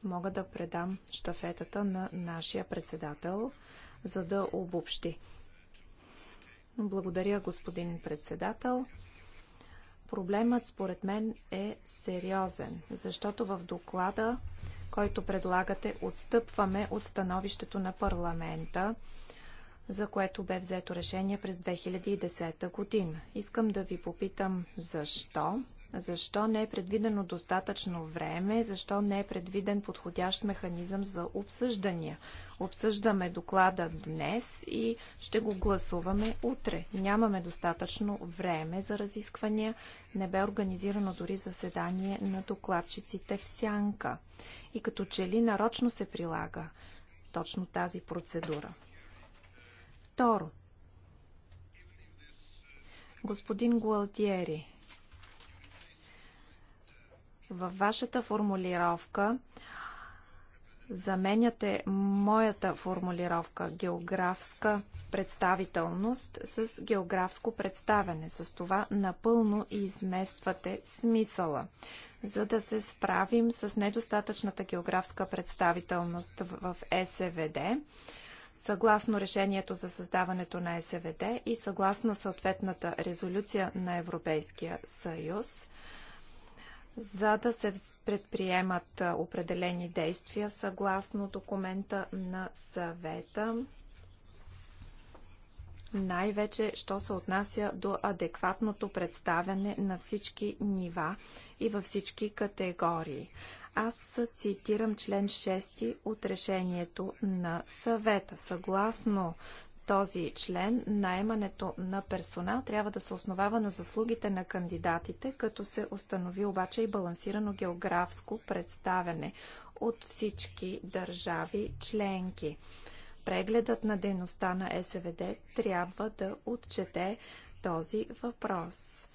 мога да предам штафетата на нашия председател, за да обобщи. Благодаря, господин председател. Проблемът според мен е сериозен, защото в доклада, който предлагате, отстъпваме от становището на парламента, за което бе взето решение през 2010 година. Искам да ви попитам защо защо не е предвидено достатъчно време? Защо не е предвиден подходящ механизъм за обсъждания? Обсъждаме доклада днес и ще го гласуваме утре. Нямаме достатъчно време за разисквания. Не бе организирано дори заседание на докладчиците в сянка. И като че ли нарочно се прилага точно тази процедура. Второ. Господин Гуалтиери, във вашата формулировка заменяте моята формулировка географска представителност с географско представяне. С това напълно измествате смисъла. За да се справим с недостатъчната географска представителност в СВД, съгласно решението за създаването на СВД и съгласно съответната резолюция на Европейския съюз, за да се предприемат определени действия съгласно документа на съвета, най-вече, що се отнася до адекватното представяне на всички нива и във всички категории. Аз цитирам член 6 от решението на съвета. Съгласно този член наемането на персонал трябва да се основава на заслугите на кандидатите, като се установи обаче и балансирано географско представяне от всички държави членки. Прегледът на дейността на СВД трябва да отчете този въпрос.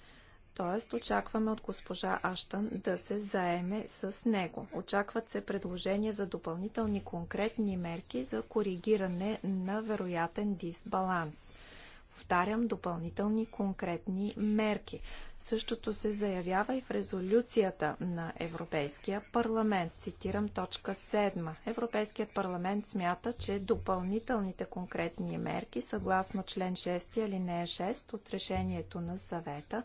Т.е. очакваме от госпожа Аштън да се заеме с него. Очакват се предложения за допълнителни конкретни мерки за коригиране на вероятен дисбаланс. Повтарям, допълнителни конкретни мерки. Същото се заявява и в резолюцията на Европейския парламент. Цитирам точка 7. Европейският парламент смята, че допълнителните конкретни мерки, съгласно член 6 алинея 6 от решението на съвета,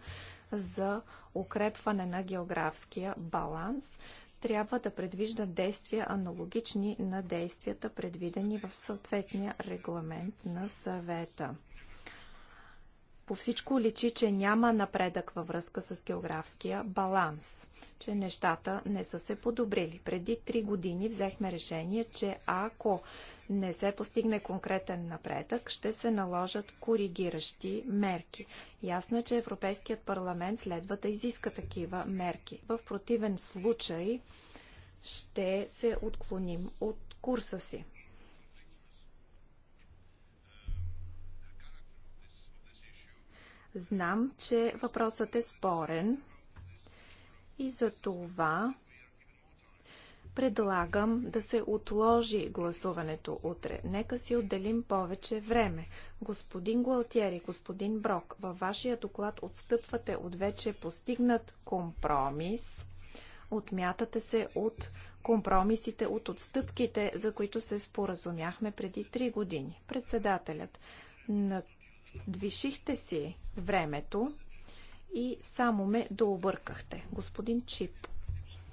за укрепване на географския баланс, трябва да предвижда действия аналогични на действията, предвидени в съответния регламент на съвета. По всичко личи, че няма напредък във връзка с географския баланс, че нещата не са се подобрили. Преди три години взехме решение, че ако не се постигне конкретен напредък, ще се наложат коригиращи мерки. Ясно е, че Европейският парламент следва да изиска такива мерки. В противен случай ще се отклоним от курса си. Знам, че въпросът е спорен и за това предлагам да се отложи гласуването утре. Нека си отделим повече време. Господин Гуалтиери, господин Брок, във вашия доклад отстъпвате от вече постигнат компромис. Отмятате се от компромисите, от отстъпките, за които се споразумяхме преди три години. Председателят, надвишихте си времето и само ме дообъркахте. Господин Чип.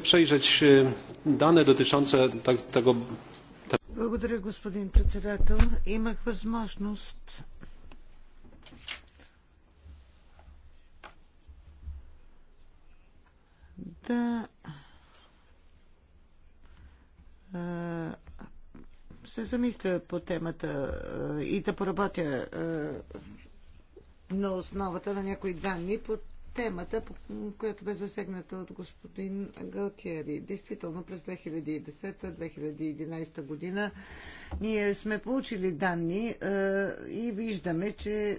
Przejrzeć dane dotyczące tego. Благодаря, господин председател. Имах възможност да се замисля по темата и да поработя на основата на някои данни под темата, която бе засегната от господин Галтиери. Действително през 2010-2011 година ние сме получили данни е, и виждаме, че е,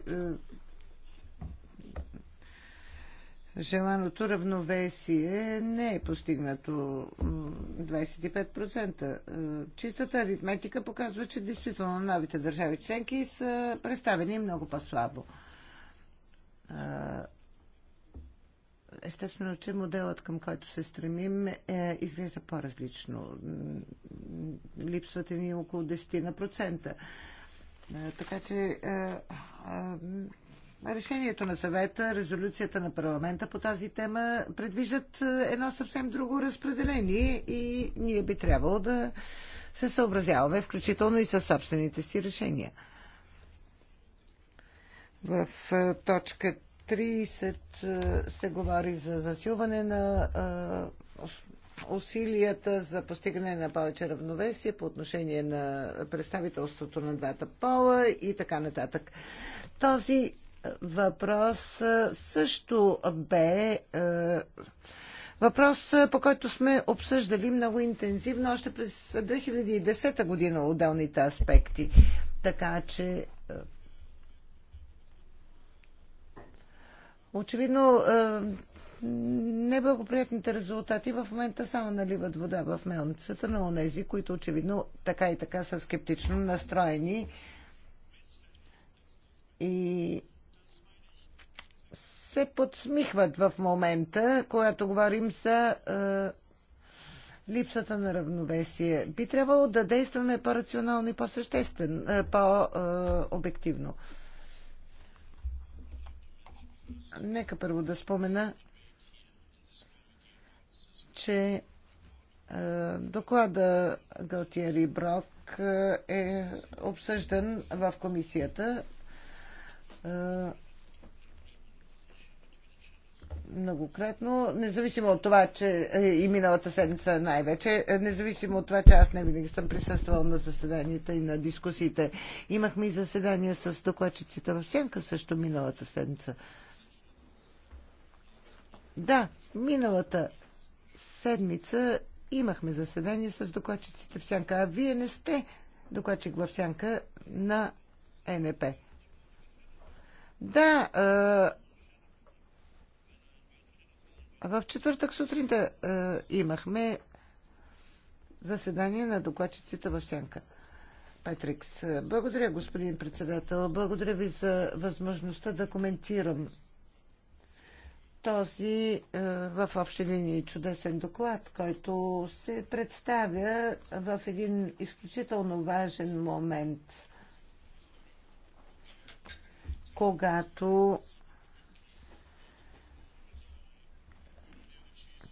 желаното равновесие не е постигнато 25%. Е, чистата аритметика показва, че действително новите държави членки са представени много по-слабо Естествено, че моделът, към който се стремим, е, изглежда по-различно. Липсвате ни около 10%. Е, така че е, е, решението на съвета, резолюцията на парламента по тази тема предвиждат е, едно съвсем друго разпределение и ние би трябвало да се съобразяваме, включително и със собствените си решения. В е, точка 30 е, се говори за засилване на е, усилията за постигане на повече равновесие по отношение на представителството на двата пола и така нататък. Този е, въпрос също бе въпрос, по който сме обсъждали много интензивно още през 2010 година отделните аспекти. Така че Очевидно, е, неблагоприятните резултати в момента само наливат вода в мелницата на онези, които очевидно така и така са скептично настроени и се подсмихват в момента, когато говорим за е, липсата на равновесие. Би трябвало да действаме по-рационално и по-съществено, по-обективно. Е, е Нека първо да спомена, че е, доклада Галтиери Брок е, е обсъждан в комисията е, многократно, независимо от това, че и миналата седмица най-вече, независимо от това, че аз не винаги съм присъствал на заседанията и на дискусиите. Имахме и заседания с докладчиците в Сянка също миналата седмица. Да, миналата седмица имахме заседание с докладчиците в Сянка, а вие не сте докладчик в Сянка на НП. Да, в четвъртък сутринта имахме заседание на докладчиците в Сянка. Петрикс, благодаря господин председател, благодаря ви за възможността да коментирам този е, в общи линии чудесен доклад, който се представя в един изключително важен момент, когато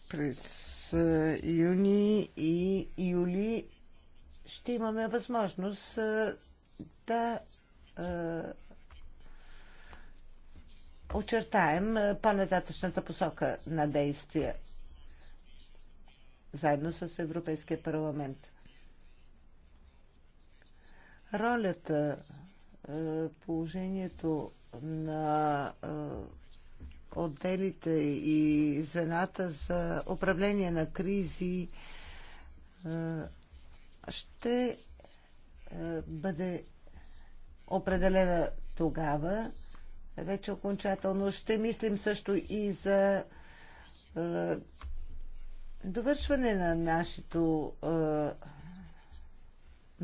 през е, юни и юли ще имаме възможност е, да очертаем е, по-нататъчната посока на действия заедно с Европейския парламент. Ролята, е, положението на е, отделите и звената за управление на кризи ще бъде определена тогава, вече окончателно. Ще мислим също и за е, довършване на нашето е,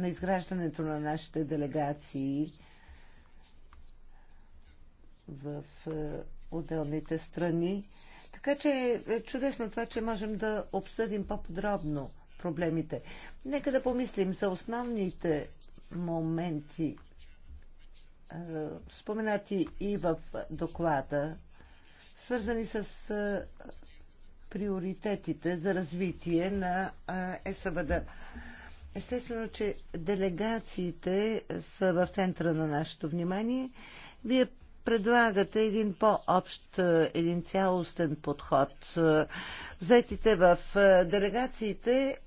на изграждането на нашите делегации в е, отделните страни. Така че е чудесно това, че можем да обсъдим по-подробно проблемите. Нека да помислим за основните моменти е, споменати и в доклада, свързани с е, приоритетите за развитие на е, ЕСВД. Естествено, че делегациите са в центъра на нашето внимание. Вие предлагате един по-общ, е, един цялостен подход. Е, заетите в е, делегациите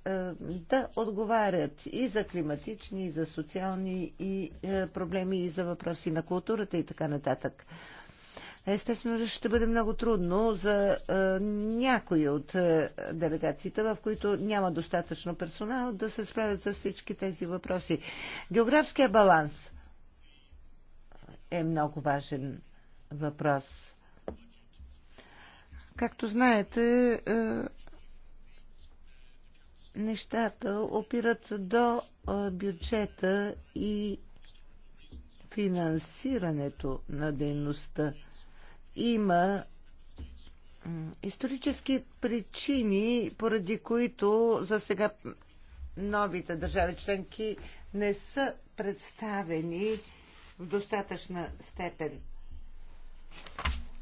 да отговарят и за климатични, и за социални и проблеми, и за въпроси на културата и така нататък. Естествено, ще бъде много трудно за е, някои от е, делегациите, в които няма достатъчно персонал, да се справят с всички тези въпроси. Географския баланс е много важен въпрос. Както знаете, е, нещата опират до е, бюджета и финансирането на дейността. Има исторически причини, поради които за сега новите държави членки не са представени в достатъчна степен,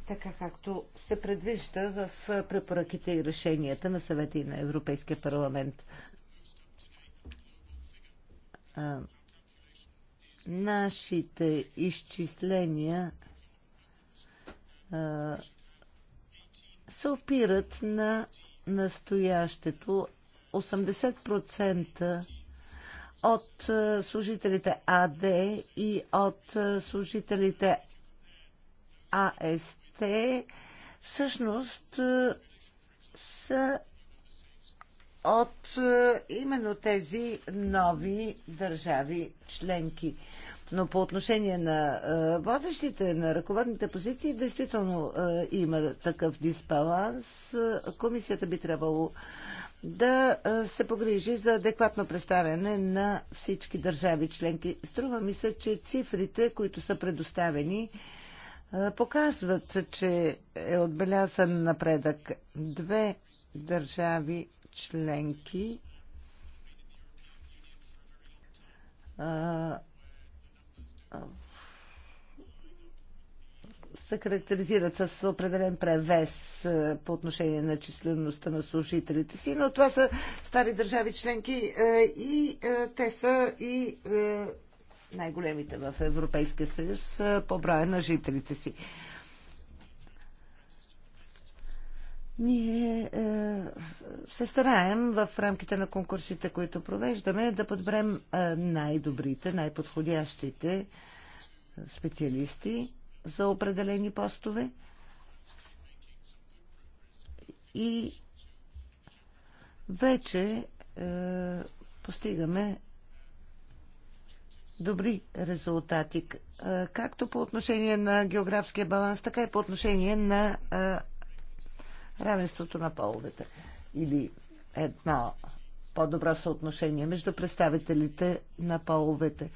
така както се предвижда в препоръките и решенията на съвета и на Европейския парламент. Нашите изчисления се опират на настоящето 80% от е, служителите АД и от е, служителите АСТ всъщност е, са от именно тези нови държави членки. Но по отношение на водещите, на ръководните позиции, действително има такъв дисбаланс. Комисията би трябвало да се погрижи за адекватно представяне на всички държави членки. Струва ми се, че цифрите, които са предоставени, показват, че е отбелязан напредък. Две държави членки се характеризират с определен превес е, по отношение на числеността на служителите си, но това са стари държави членки е, и е, те са и най-големите в Европейския съюз по броя на жителите си. Ние е, се стараем в рамките на конкурсите, които провеждаме, да подберем е, най-добрите, най-подходящите специалисти за определени постове и вече е, постигаме добри резултати, е, както по отношение на географския баланс, така и по отношение на е, равенството на половете или едно по-добро съотношение между представителите на половете.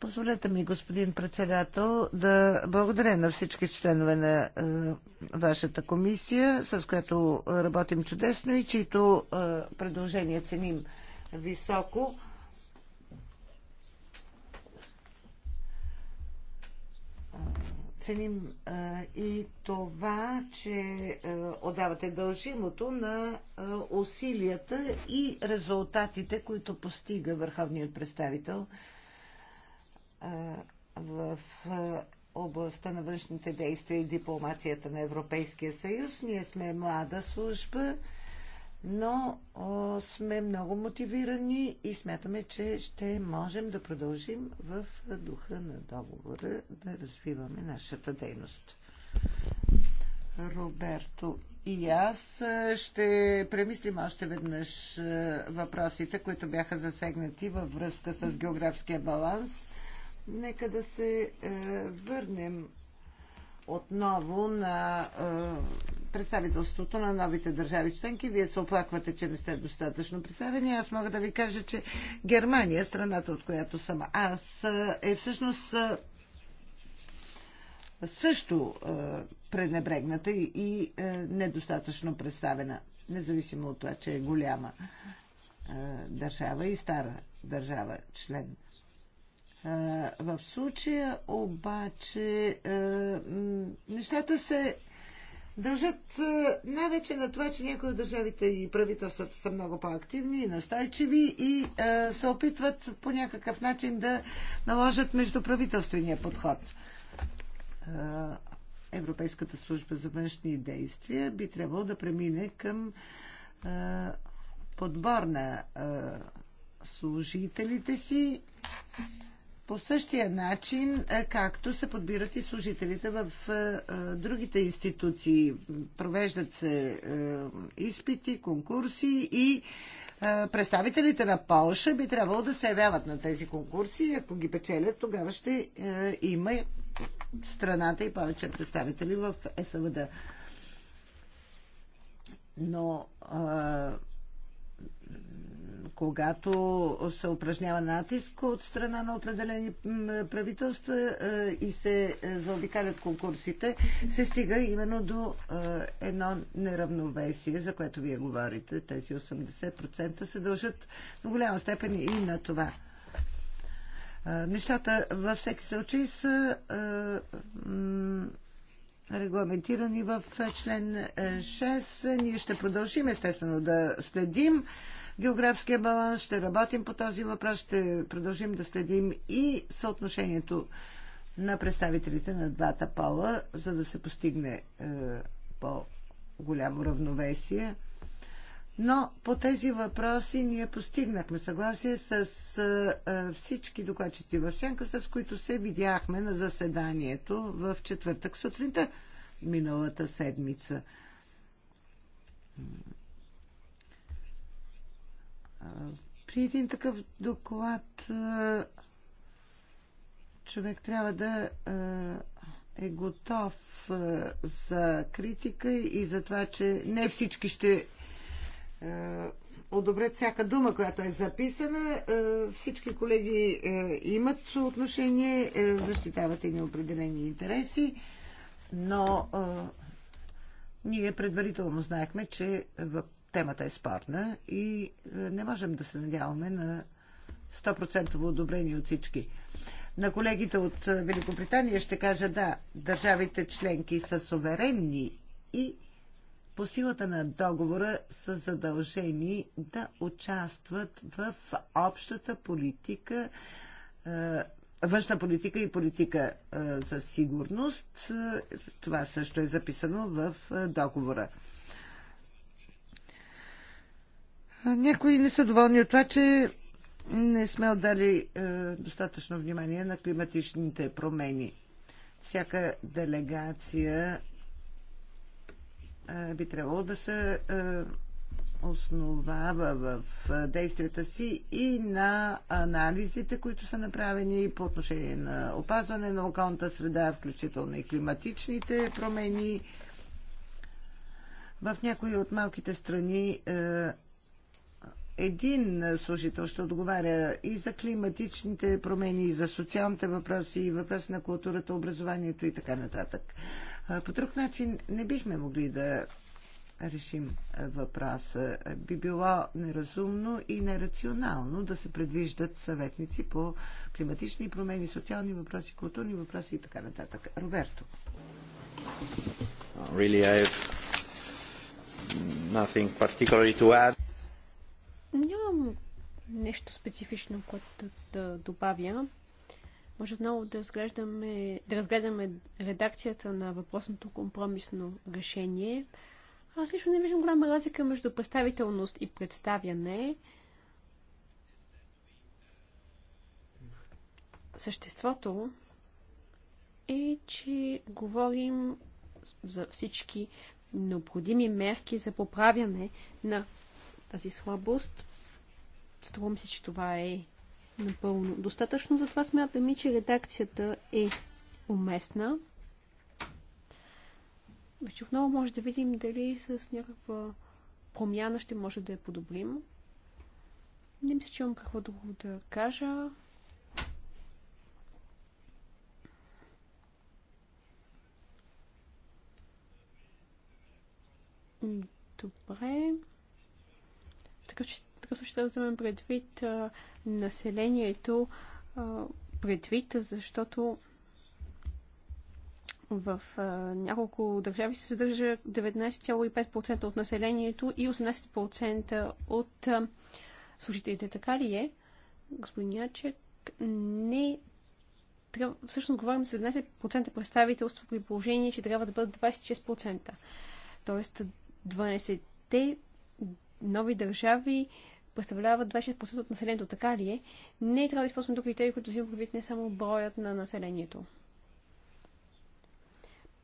Позволете ми, господин председател, да благодаря на всички членове на е, вашата комисия, с която работим чудесно и чието е, предложения ценим високо. Ценим и това, че отдавате дължимото на усилията и резултатите, които постига върховният представител в областта на външните действия и дипломацията на Европейския съюз. Ние сме млада служба но о, сме много мотивирани и смятаме, че ще можем да продължим в духа на договора да развиваме нашата дейност. Роберто и аз ще премислим още веднъж въпросите, които бяха засегнати във връзка с географския баланс. Нека да се върнем отново на е, представителството на новите държави членки. Вие се оплаквате, че не сте достатъчно представени. Аз мога да ви кажа, че Германия, страната от която съм аз, е всъщност е, също е, пренебрегната и недостатъчно представена, независимо от това, че е голяма държава и стара държава член. В случая обаче нещата се дължат най-вече на това, че някои от държавите и правителствата са много по-активни и настойчиви и се опитват по някакъв начин да наложат междуправителствения подход. Европейската служба за външни действия би трябвало да премине към подбор на служителите си по същия начин, е, както се подбират и служителите в е, е, другите институции. Провеждат се изпити, конкурси и представителите на Полша би трябвало да се явяват на тези конкурси ако ги печелят, тогава ще има страната и повече представители в СВД. Но когато се упражнява натиск от страна на определени правителства е, и се е, заобикалят конкурсите, се стига именно до е, едно неравновесие, за което вие говорите. Тези 80% се дължат на голяма степен и на това. Нещата във всеки случай са регламентирани в член 6. Ние ще продължим естествено да следим географския баланс, ще работим по този въпрос, ще продължим да следим и съотношението на представителите на двата пола, за да се постигне е, по-голямо равновесие. Но по тези въпроси ние постигнахме съгласие с е, е всички докладчици в Шенка, с които се видяхме на заседанието в четвъртък сутринта миналата седмица. При един такъв доклад човек трябва да е готов за критика и за това, че не всички ще одобрят всяка дума, която е записана. Всички колеги имат отношение, защитават и неопределени интереси, но ние предварително знаехме, че темата е спорна и е, не можем да се надяваме на 100% одобрение от всички. На колегите от е, Великобритания ще кажа да, държавите членки са суверенни и по силата на договора са задължени да участват в общата политика, е, външна политика и политика за сигурност. Това също е записано в договора. Някои не са доволни от това, че не сме отдали е, достатъчно внимание на климатичните промени. Всяка делегация е, би трябвало да се е, основава в е, действията си и на анализите, които са направени по отношение на опазване на околната среда, включително и климатичните промени. В някои от малките страни е, един служител ще отговаря и за климатичните промени, и за социалните въпроси, и въпроси на културата, образованието и така нататък. По друг начин не бихме могли да решим въпроса. Би било неразумно и нерационално да се предвиждат съветници по климатични промени, социални въпроси, културни въпроси и така нататък. Роберто. Really, I have nothing particularly to add. Нямам нещо специфично, което да добавя. Може отново да разгледаме, да разгледаме редакцията на въпросното компромисно решение. Аз лично не виждам голяма разлика между представителност и представяне. Съществото е, че говорим за всички необходими мерки за поправяне на тази слабост. Струвам се, че това е напълно достатъчно. Затова смятам и, че редакцията е уместна. Вече отново може да видим дали с някаква промяна ще може да я подобрим. Не мисля, че имам какво друго да кажа. Добре. Така такъв случай трябва да вземем предвид а, населението, а, предвид, защото в а, няколко държави се съдържа 19,5% от населението и 18% от а, служителите. Така ли е, господин Ячек? Не трябва, всъщност говорим за 17% представителство при положение, че трябва да бъдат 26%. Тоест 12-те нови държави представляват 26% от населението, така ли е? Не трябва да използваме тук критерии, които взимат предвид не само броят на населението.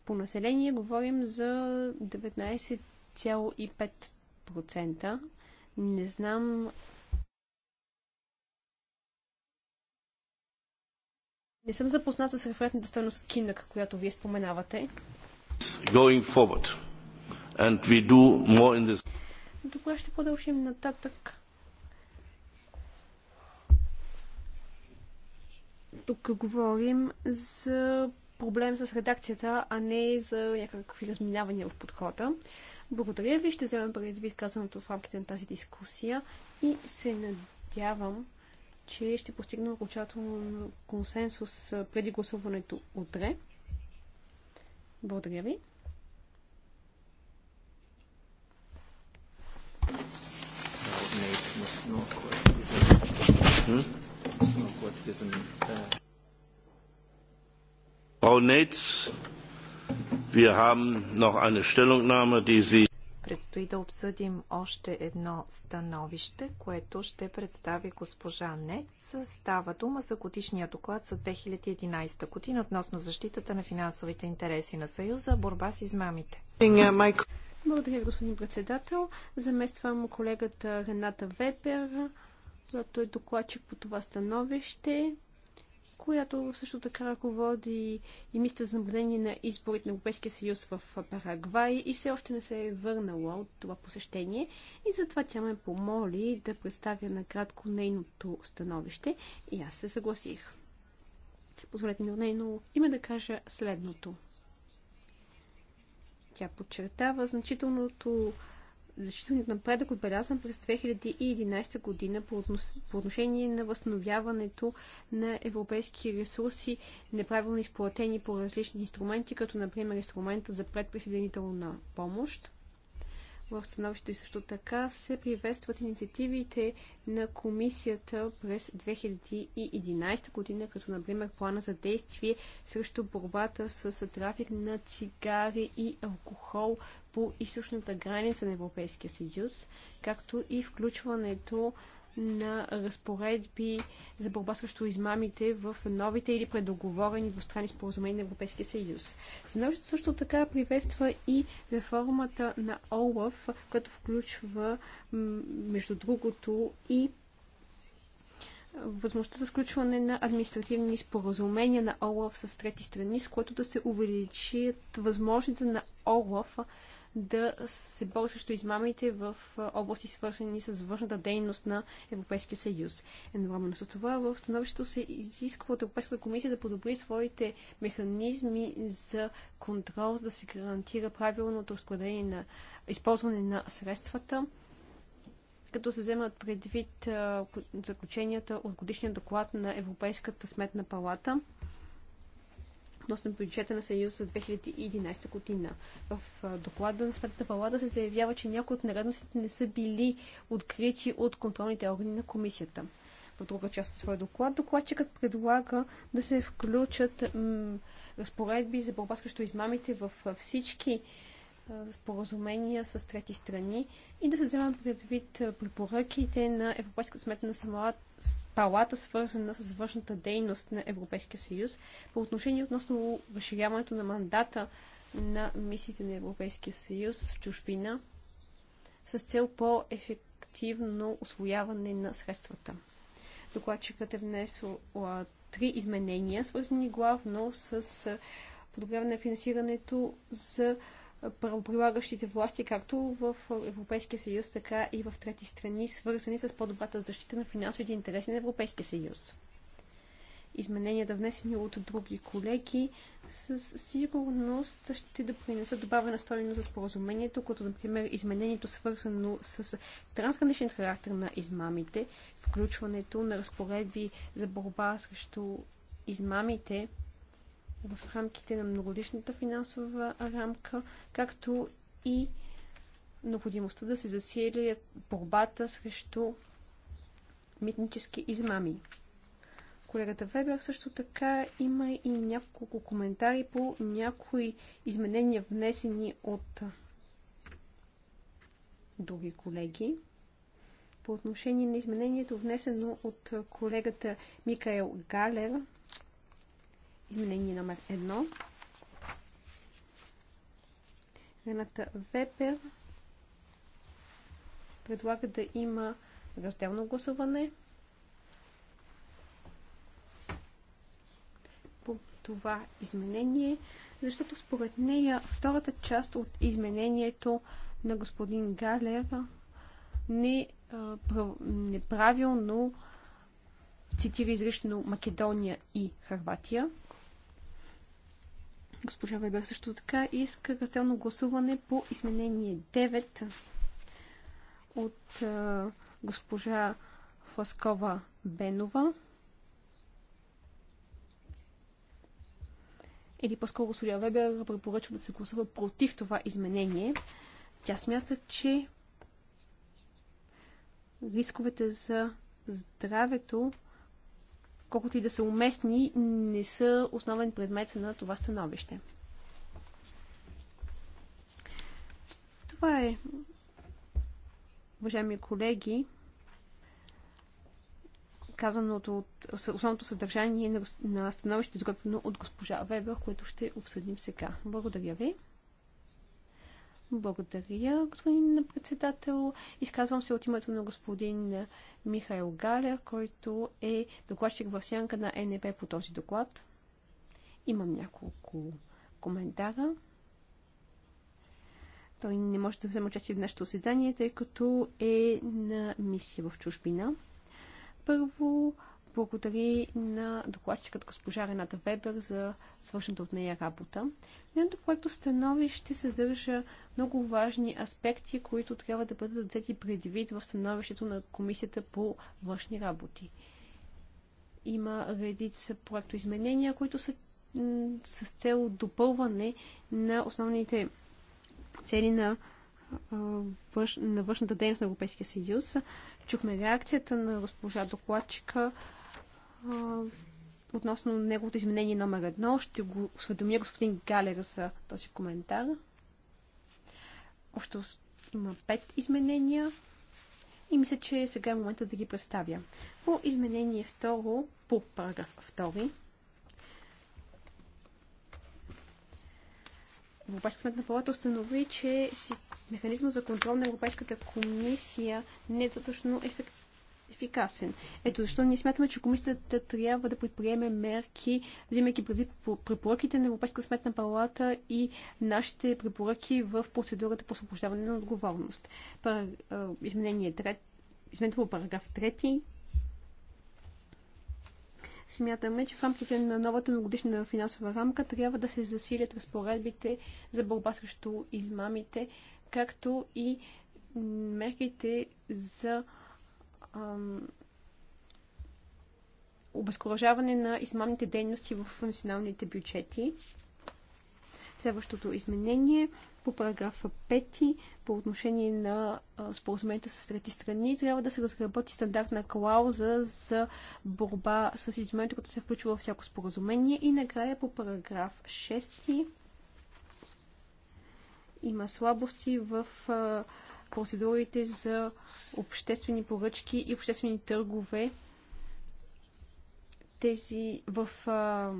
По население говорим за 19,5%. Не знам Не съм запозната с референтната стоеност Кинък, която вие споменавате. This... Добре, ще продължим нататък. Тук говорим за проблем с редакцията, а не за някакви разминавания в подхода. Благодаря ви, ще вземем предвид казаното в рамките на тази дискусия и се надявам, че ще постигнем окончателно консенсус преди гласуването утре. Благодаря ви. No, it's not, not quite. it? Hmm? It's not quite, Frau Nates, wir haben noch eine Stellungnahme, die Sie Предстои да обсъдим още едно становище, което ще представи госпожа Нец. Става дума за годишния доклад за 2011 година относно защитата на финансовите интереси на Съюза, борба с измамите. Uh, благодаря ви, господин председател. Замествам колегата Рената Вепер, която е докладчик по това становище, която също така ръководи и мисля за наблюдение на изборите на Европейския съюз в Парагвай и все още не се е върнала от това посещение. И затова тя ме помоли да представя накратко нейното становище и аз се съгласих. Позволете ми от нейно име да кажа следното. Тя подчертава значителното значителният напредък отбелязан през 2011 година по, относ... по отношение на възстановяването на европейски ресурси, неправилно изплатени по различни инструменти, като например инструмента за предприсъединителна помощ. В становището и също така се приветстват инициативите на комисията през 2011 година, като например плана за действие срещу борбата с трафик на цигари и алкохол по източната граница на Европейския съюз, както и включването на разпоредби за борба срещу измамите в новите или предоговорени двустранни споразумения на Европейския съюз. Становището също така приветства и реформата на ОЛАФ, която включва, между другото, и възможността за сключване на административни споразумения на ОЛАФ с трети страни, с което да се увеличат възможностите на ОЛАФ да се бори срещу измамите в области, свързани с външната дейност на Европейския съюз. Едновременно с това в становището се изисква от Европейската комисия да подобри своите механизми за контрол, за да се гарантира правилното разпределение на използване на средствата като се вземат предвид заключенията от годишния доклад на Европейската сметна палата относно бюджета на съюза за 2011 година. В доклада на Сметната палата се заявява, че някои от нередностите не са били открити от контролните органи на комисията. В друга част от своя доклад докладчикът предлага да се включат разпоредби за борба срещу измамите в всички споразумения с трети страни и да се вземат предвид препоръките на Европейска сметна палата, свързана с външната дейност на Европейския съюз по отношение относно разширяването на мандата на мисиите на Европейския съюз в чужбина с цел по-ефективно освояване на средствата. Докладчикът е внесъл три изменения, свързани главно с подобряване на финансирането за правоприлагащите власти, както в Европейския съюз, така и в трети страни, свързани с по-добрата защита на финансовите интереси на Европейския съюз. Измененията, внесени от други колеги, със сигурност ще допринесат добавена стойност за споразумението, като, например, изменението свързано с трансграничен характер на измамите, включването на разпоредби за борба срещу измамите, в рамките на многодишната финансова рамка, както и необходимостта да се засили борбата срещу митнически измами. Колегата Вебер също така има и няколко коментари по някои изменения внесени от други колеги. По отношение на изменението внесено от колегата Микаел Галер, Изменение номер 1. Рената Вепер предлага да има разделно гласуване. По това изменение, защото според нея втората част от изменението на господин Галер не, неправилно цитира изрично Македония и Харватия. Госпожа Вебер също така иска разделно гласуване по изменение 9 от а, госпожа Фласкова Бенова. Или по-скоро госпожа Вебер препоръчва да се гласува против това изменение. Тя смята, че рисковете за здравето колкото и да са уместни, не са основен предмет на това становище. Това е, уважаеми колеги, казаното от основното съдържание на становището, изготвено от госпожа Вебер, което ще обсъдим сега. Благодаря ви. Благодаря, господин председател. Изказвам се от името на господин Михаил Галер, който е докладчик в сянка на НП по този доклад. Имам няколко коментара. Той не може да вземе участие в нашето заседание, тъй като е на мисия в чужбина. Първо, благодари на докладчикът госпожа Рената Вебер за свършната от нея работа. Нейното проекто становище съдържа много важни аспекти, които трябва да бъдат взети предвид в становището на Комисията по външни работи. Има редица проектоизменения, които са с цел допълване на основните цели на на външната дейност на Европейския съюз. Чухме реакцията на госпожа докладчика относно неговото изменение номер едно. Ще го осведомя господин Галера за този коментар. Още има пет изменения и мисля, че сега е момента да ги представя. По изменение второ, по параграф втори, Европейската сметна палата установи, че механизма за контрол на Европейската комисия не е достатъчно ефективен ефикасен. Ето защо ние смятаме, че комисията трябва да предприеме мерки, взимайки предвид препоръките на Европейска сметна палата и нашите препоръки в процедурата по освобождаване на отговорност. Пар... Изменение трет, по параграф 3 смятаме, че в рамките на новата многодишна финансова рамка трябва да се засилят разпоредбите за борба срещу измамите, както и мерките за обезкуражаване на измамните дейности в националните бюджети. Следващото изменение по параграф 5 по отношение на споразумението с трети страни трябва да се разработи стандартна клауза за борба с изменението, като се включва във всяко споразумение. И накрая по параграф 6 има слабости в а, процедурите за обществени поръчки и обществени търгове. Тези в а,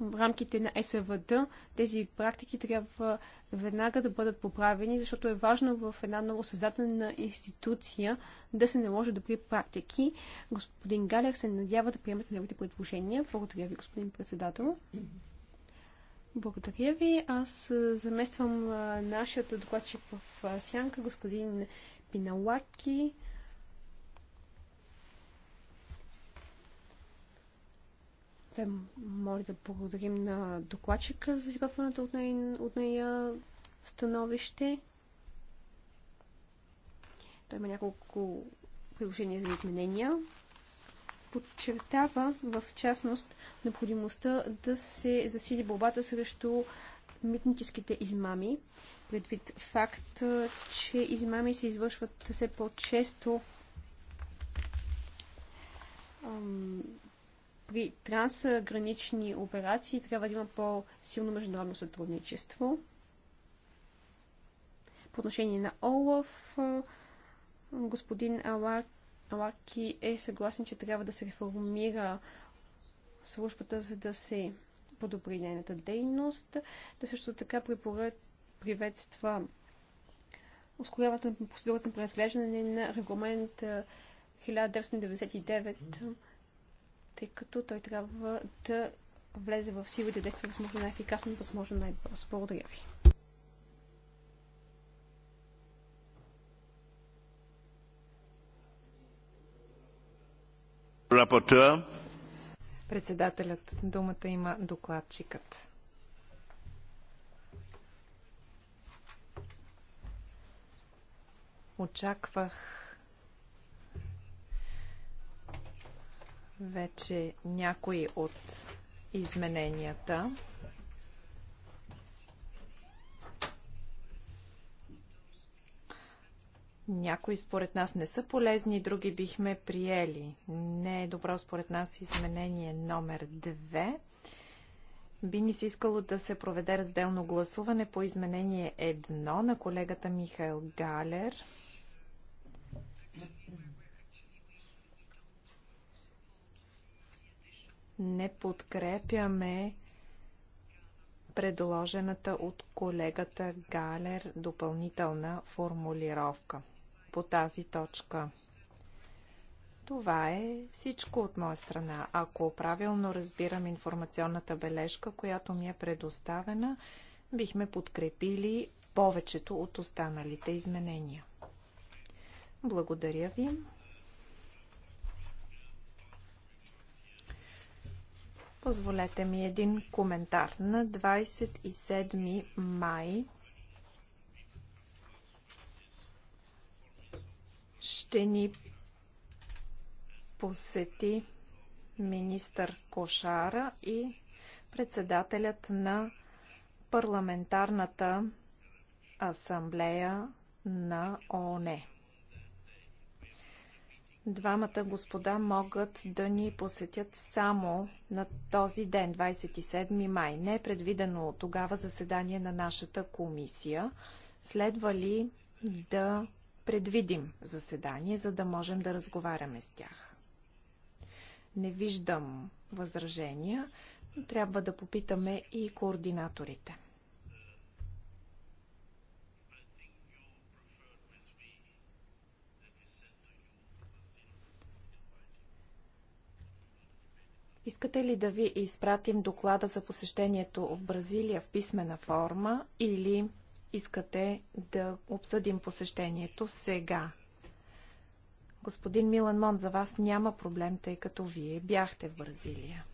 в рамките на СВД тези практики трябва веднага да бъдат поправени, защото е важно в една ново създадена институция да се наложат добри практики. Господин Галер се надява да приемете неговите предложения. Благодаря ви, господин председател. Благодаря ви. Аз замествам нашата докладчик в сянка, господин Пиналаки. Да, може да благодарим на докладчика за изготвената от, от нея становище. Той има няколко предложения за изменения подчертава в частност необходимостта да се засили борбата срещу митническите измами, предвид факт, че измами се извършват все по-често при трансгранични операции трябва да има по-силно международно сътрудничество. По отношение на ОЛАФ, господин Алак Лаки е съгласен, че трябва да се реформира службата, за да се подобри нейната дейност. Да също така приветства ускоряването на процедурата на преразглеждане на регламент 1999, тъй като той трябва да влезе в сила и да действа възможно най-ефикасно и възможно най-бързо. Благодаря ви. Председателят, думата има докладчикът. Очаквах вече някои от измененията. Някои според нас не са полезни, други бихме приели. Не е добро според нас изменение номер 2. Би ни се искало да се проведе разделно гласуване по изменение 1 на колегата Михаил Галер. Не подкрепяме предложената от колегата Галер допълнителна формулировка по тази точка. Това е всичко от моя страна. Ако правилно разбирам информационната бележка, която ми е предоставена, бихме подкрепили повечето от останалите изменения. Благодаря ви. Позволете ми един коментар. На 27 май ще ни посети министър Кошара и председателят на парламентарната асамблея на ООН. Двамата господа могат да ни посетят само на този ден, 27 май. Не е предвидено тогава заседание на нашата комисия. Следва ли да предвидим заседание, за да можем да разговаряме с тях. Не виждам възражения, но трябва да попитаме и координаторите. Искате ли да ви изпратим доклада за посещението в Бразилия в писмена форма или искате да обсъдим посещението сега. Господин Милан Мон, за вас няма проблем, тъй като вие бяхте в Бразилия.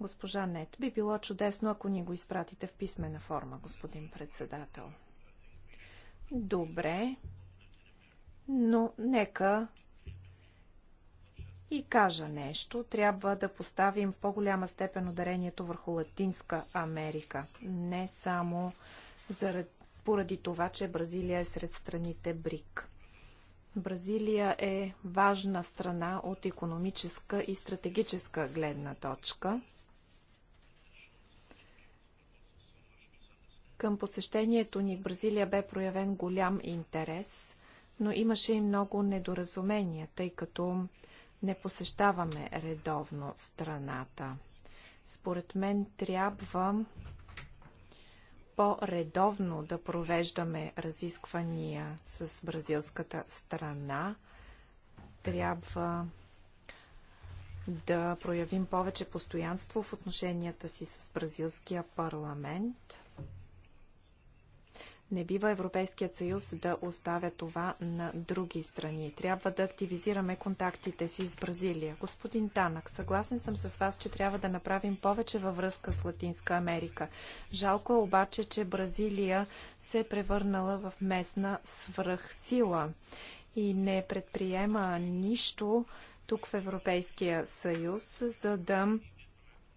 Госпожа Нет, би било чудесно, ако ни го изпратите в писмена форма, господин председател. Добре, но нека и кажа нещо. Трябва да поставим в по-голяма степен ударението върху Латинска Америка. Не само заради, поради това, че Бразилия е сред страните БРИК. Бразилия е важна страна от економическа и стратегическа гледна точка. Към посещението ни в Бразилия бе проявен голям интерес, но имаше и много недоразумения, тъй като не посещаваме редовно страната. Според мен трябва по-редовно да провеждаме разисквания с бразилската страна. Трябва да проявим повече постоянство в отношенията си с бразилския парламент. Не бива Европейският съюз да оставя това на други страни. Трябва да активизираме контактите си с Бразилия. Господин Танък, съгласен съм с вас, че трябва да направим повече във връзка с Латинска Америка. Жалко е обаче, че Бразилия се е превърнала в местна свръхсила и не предприема нищо тук в Европейския съюз, за да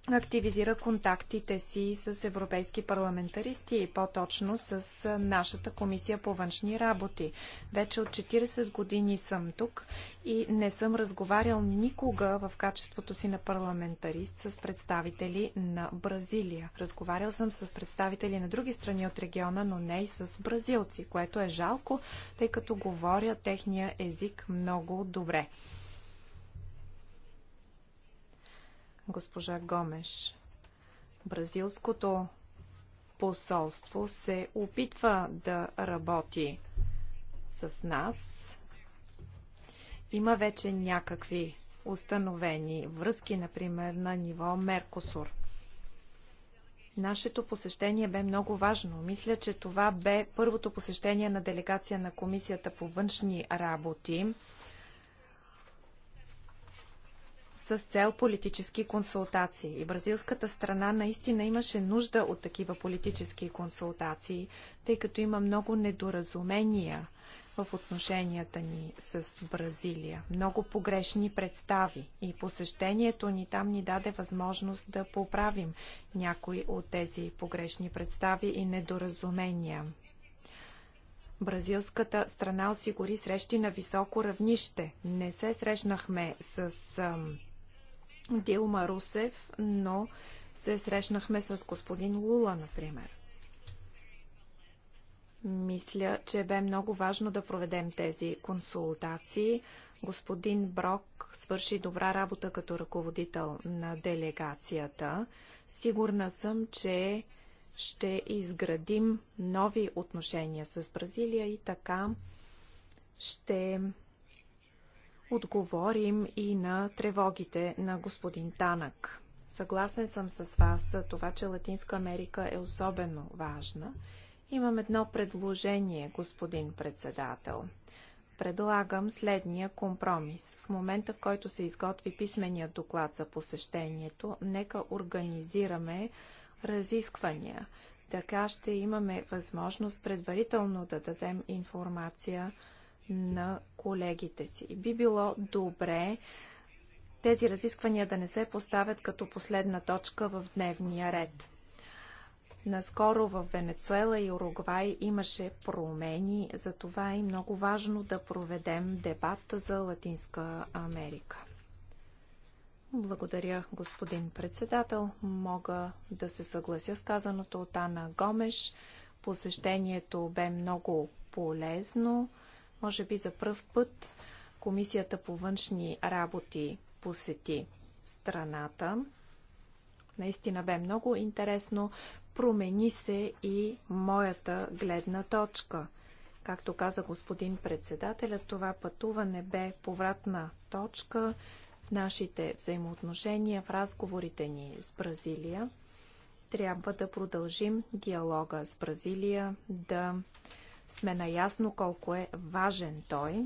активизира контактите си с европейски парламентаристи и по-точно с нашата комисия по външни работи. Вече от 40 години съм тук и не съм разговарял никога в качеството си на парламентарист с представители на Бразилия. Разговарял съм с представители на други страни от региона, но не и с бразилци, което е жалко, тъй като говоря техния език много добре. госпожа Гомеш. Бразилското посолство се опитва да работи с нас. Има вече някакви установени връзки, например, на ниво Меркосур. Нашето посещение бе много важно. Мисля, че това бе първото посещение на делегация на Комисията по външни работи с цел политически консултации. И бразилската страна наистина имаше нужда от такива политически консултации, тъй като има много недоразумения в отношенията ни с Бразилия. Много погрешни представи и посещението ни там ни даде възможност да поправим някои от тези погрешни представи и недоразумения. Бразилската страна осигури срещи на високо равнище. Не се срещнахме с ам, Дилма Русев, но се срещнахме с господин Лула, например. Мисля, че бе много важно да проведем тези консултации. Господин Брок свърши добра работа като ръководител на делегацията. Сигурна съм, че ще изградим нови отношения с Бразилия и така ще отговорим и на тревогите на господин Танък. Съгласен съм с вас за това, че Латинска Америка е особено важна. Имам едно предложение, господин председател. Предлагам следния компромис. В момента, в който се изготви писмения доклад за посещението, нека организираме разисквания. Така ще имаме възможност предварително да дадем информация на колегите си. Би било добре тези разисквания да не се поставят като последна точка в дневния ред. Наскоро в Венецуела и Уругвай имаше промени, затова е много важно да проведем дебат за Латинска Америка. Благодаря, господин председател. Мога да се съглася с казаното от Ана Гомеш. Посещението бе много полезно. Може би за пръв път Комисията по външни работи посети страната. Наистина бе много интересно. Промени се и моята гледна точка. Както каза господин председателя, това пътуване бе повратна точка в нашите взаимоотношения, в разговорите ни с Бразилия. Трябва да продължим диалога с Бразилия, да сме наясно колко е важен той.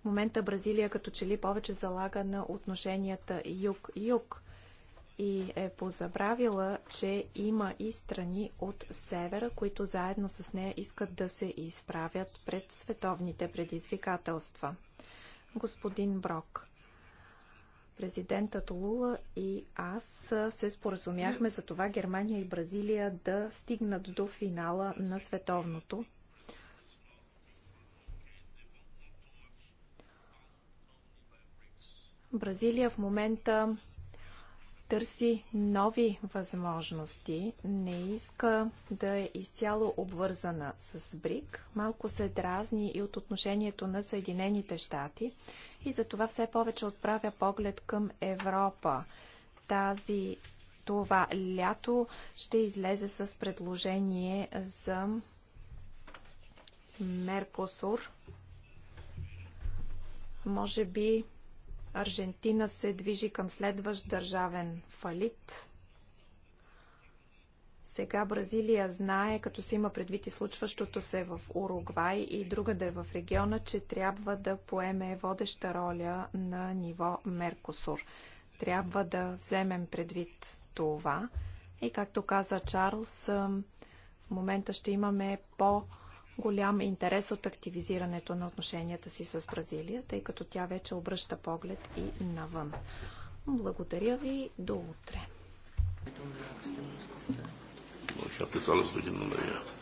В момента Бразилия като че ли повече залага на отношенията юг-юг и е позабравила, че има и страни от севера, които заедно с нея искат да се изправят пред световните предизвикателства. Господин Брок, Президентът Лула и аз се споразумяхме за това Германия и Бразилия да стигнат до финала на световното. Бразилия в момента търси нови възможности, не иска да е изцяло обвързана с БРИК. Малко се дразни и от отношението на Съединените щати и затова все повече отправя поглед към Европа. Тази това лято ще излезе с предложение за Меркосур. Може би Аржентина се движи към следващ държавен фалит. Сега Бразилия знае, като се има предвид и случващото се в Уругвай и другаде в региона, че трябва да поеме водеща роля на ниво Меркосур. Трябва да вземем предвид това. И както каза Чарлз, в момента ще имаме по- голям интерес от активизирането на отношенията си с Бразилия, тъй като тя вече обръща поглед и навън. Благодаря ви. До утре. Ich habe alles durcheinander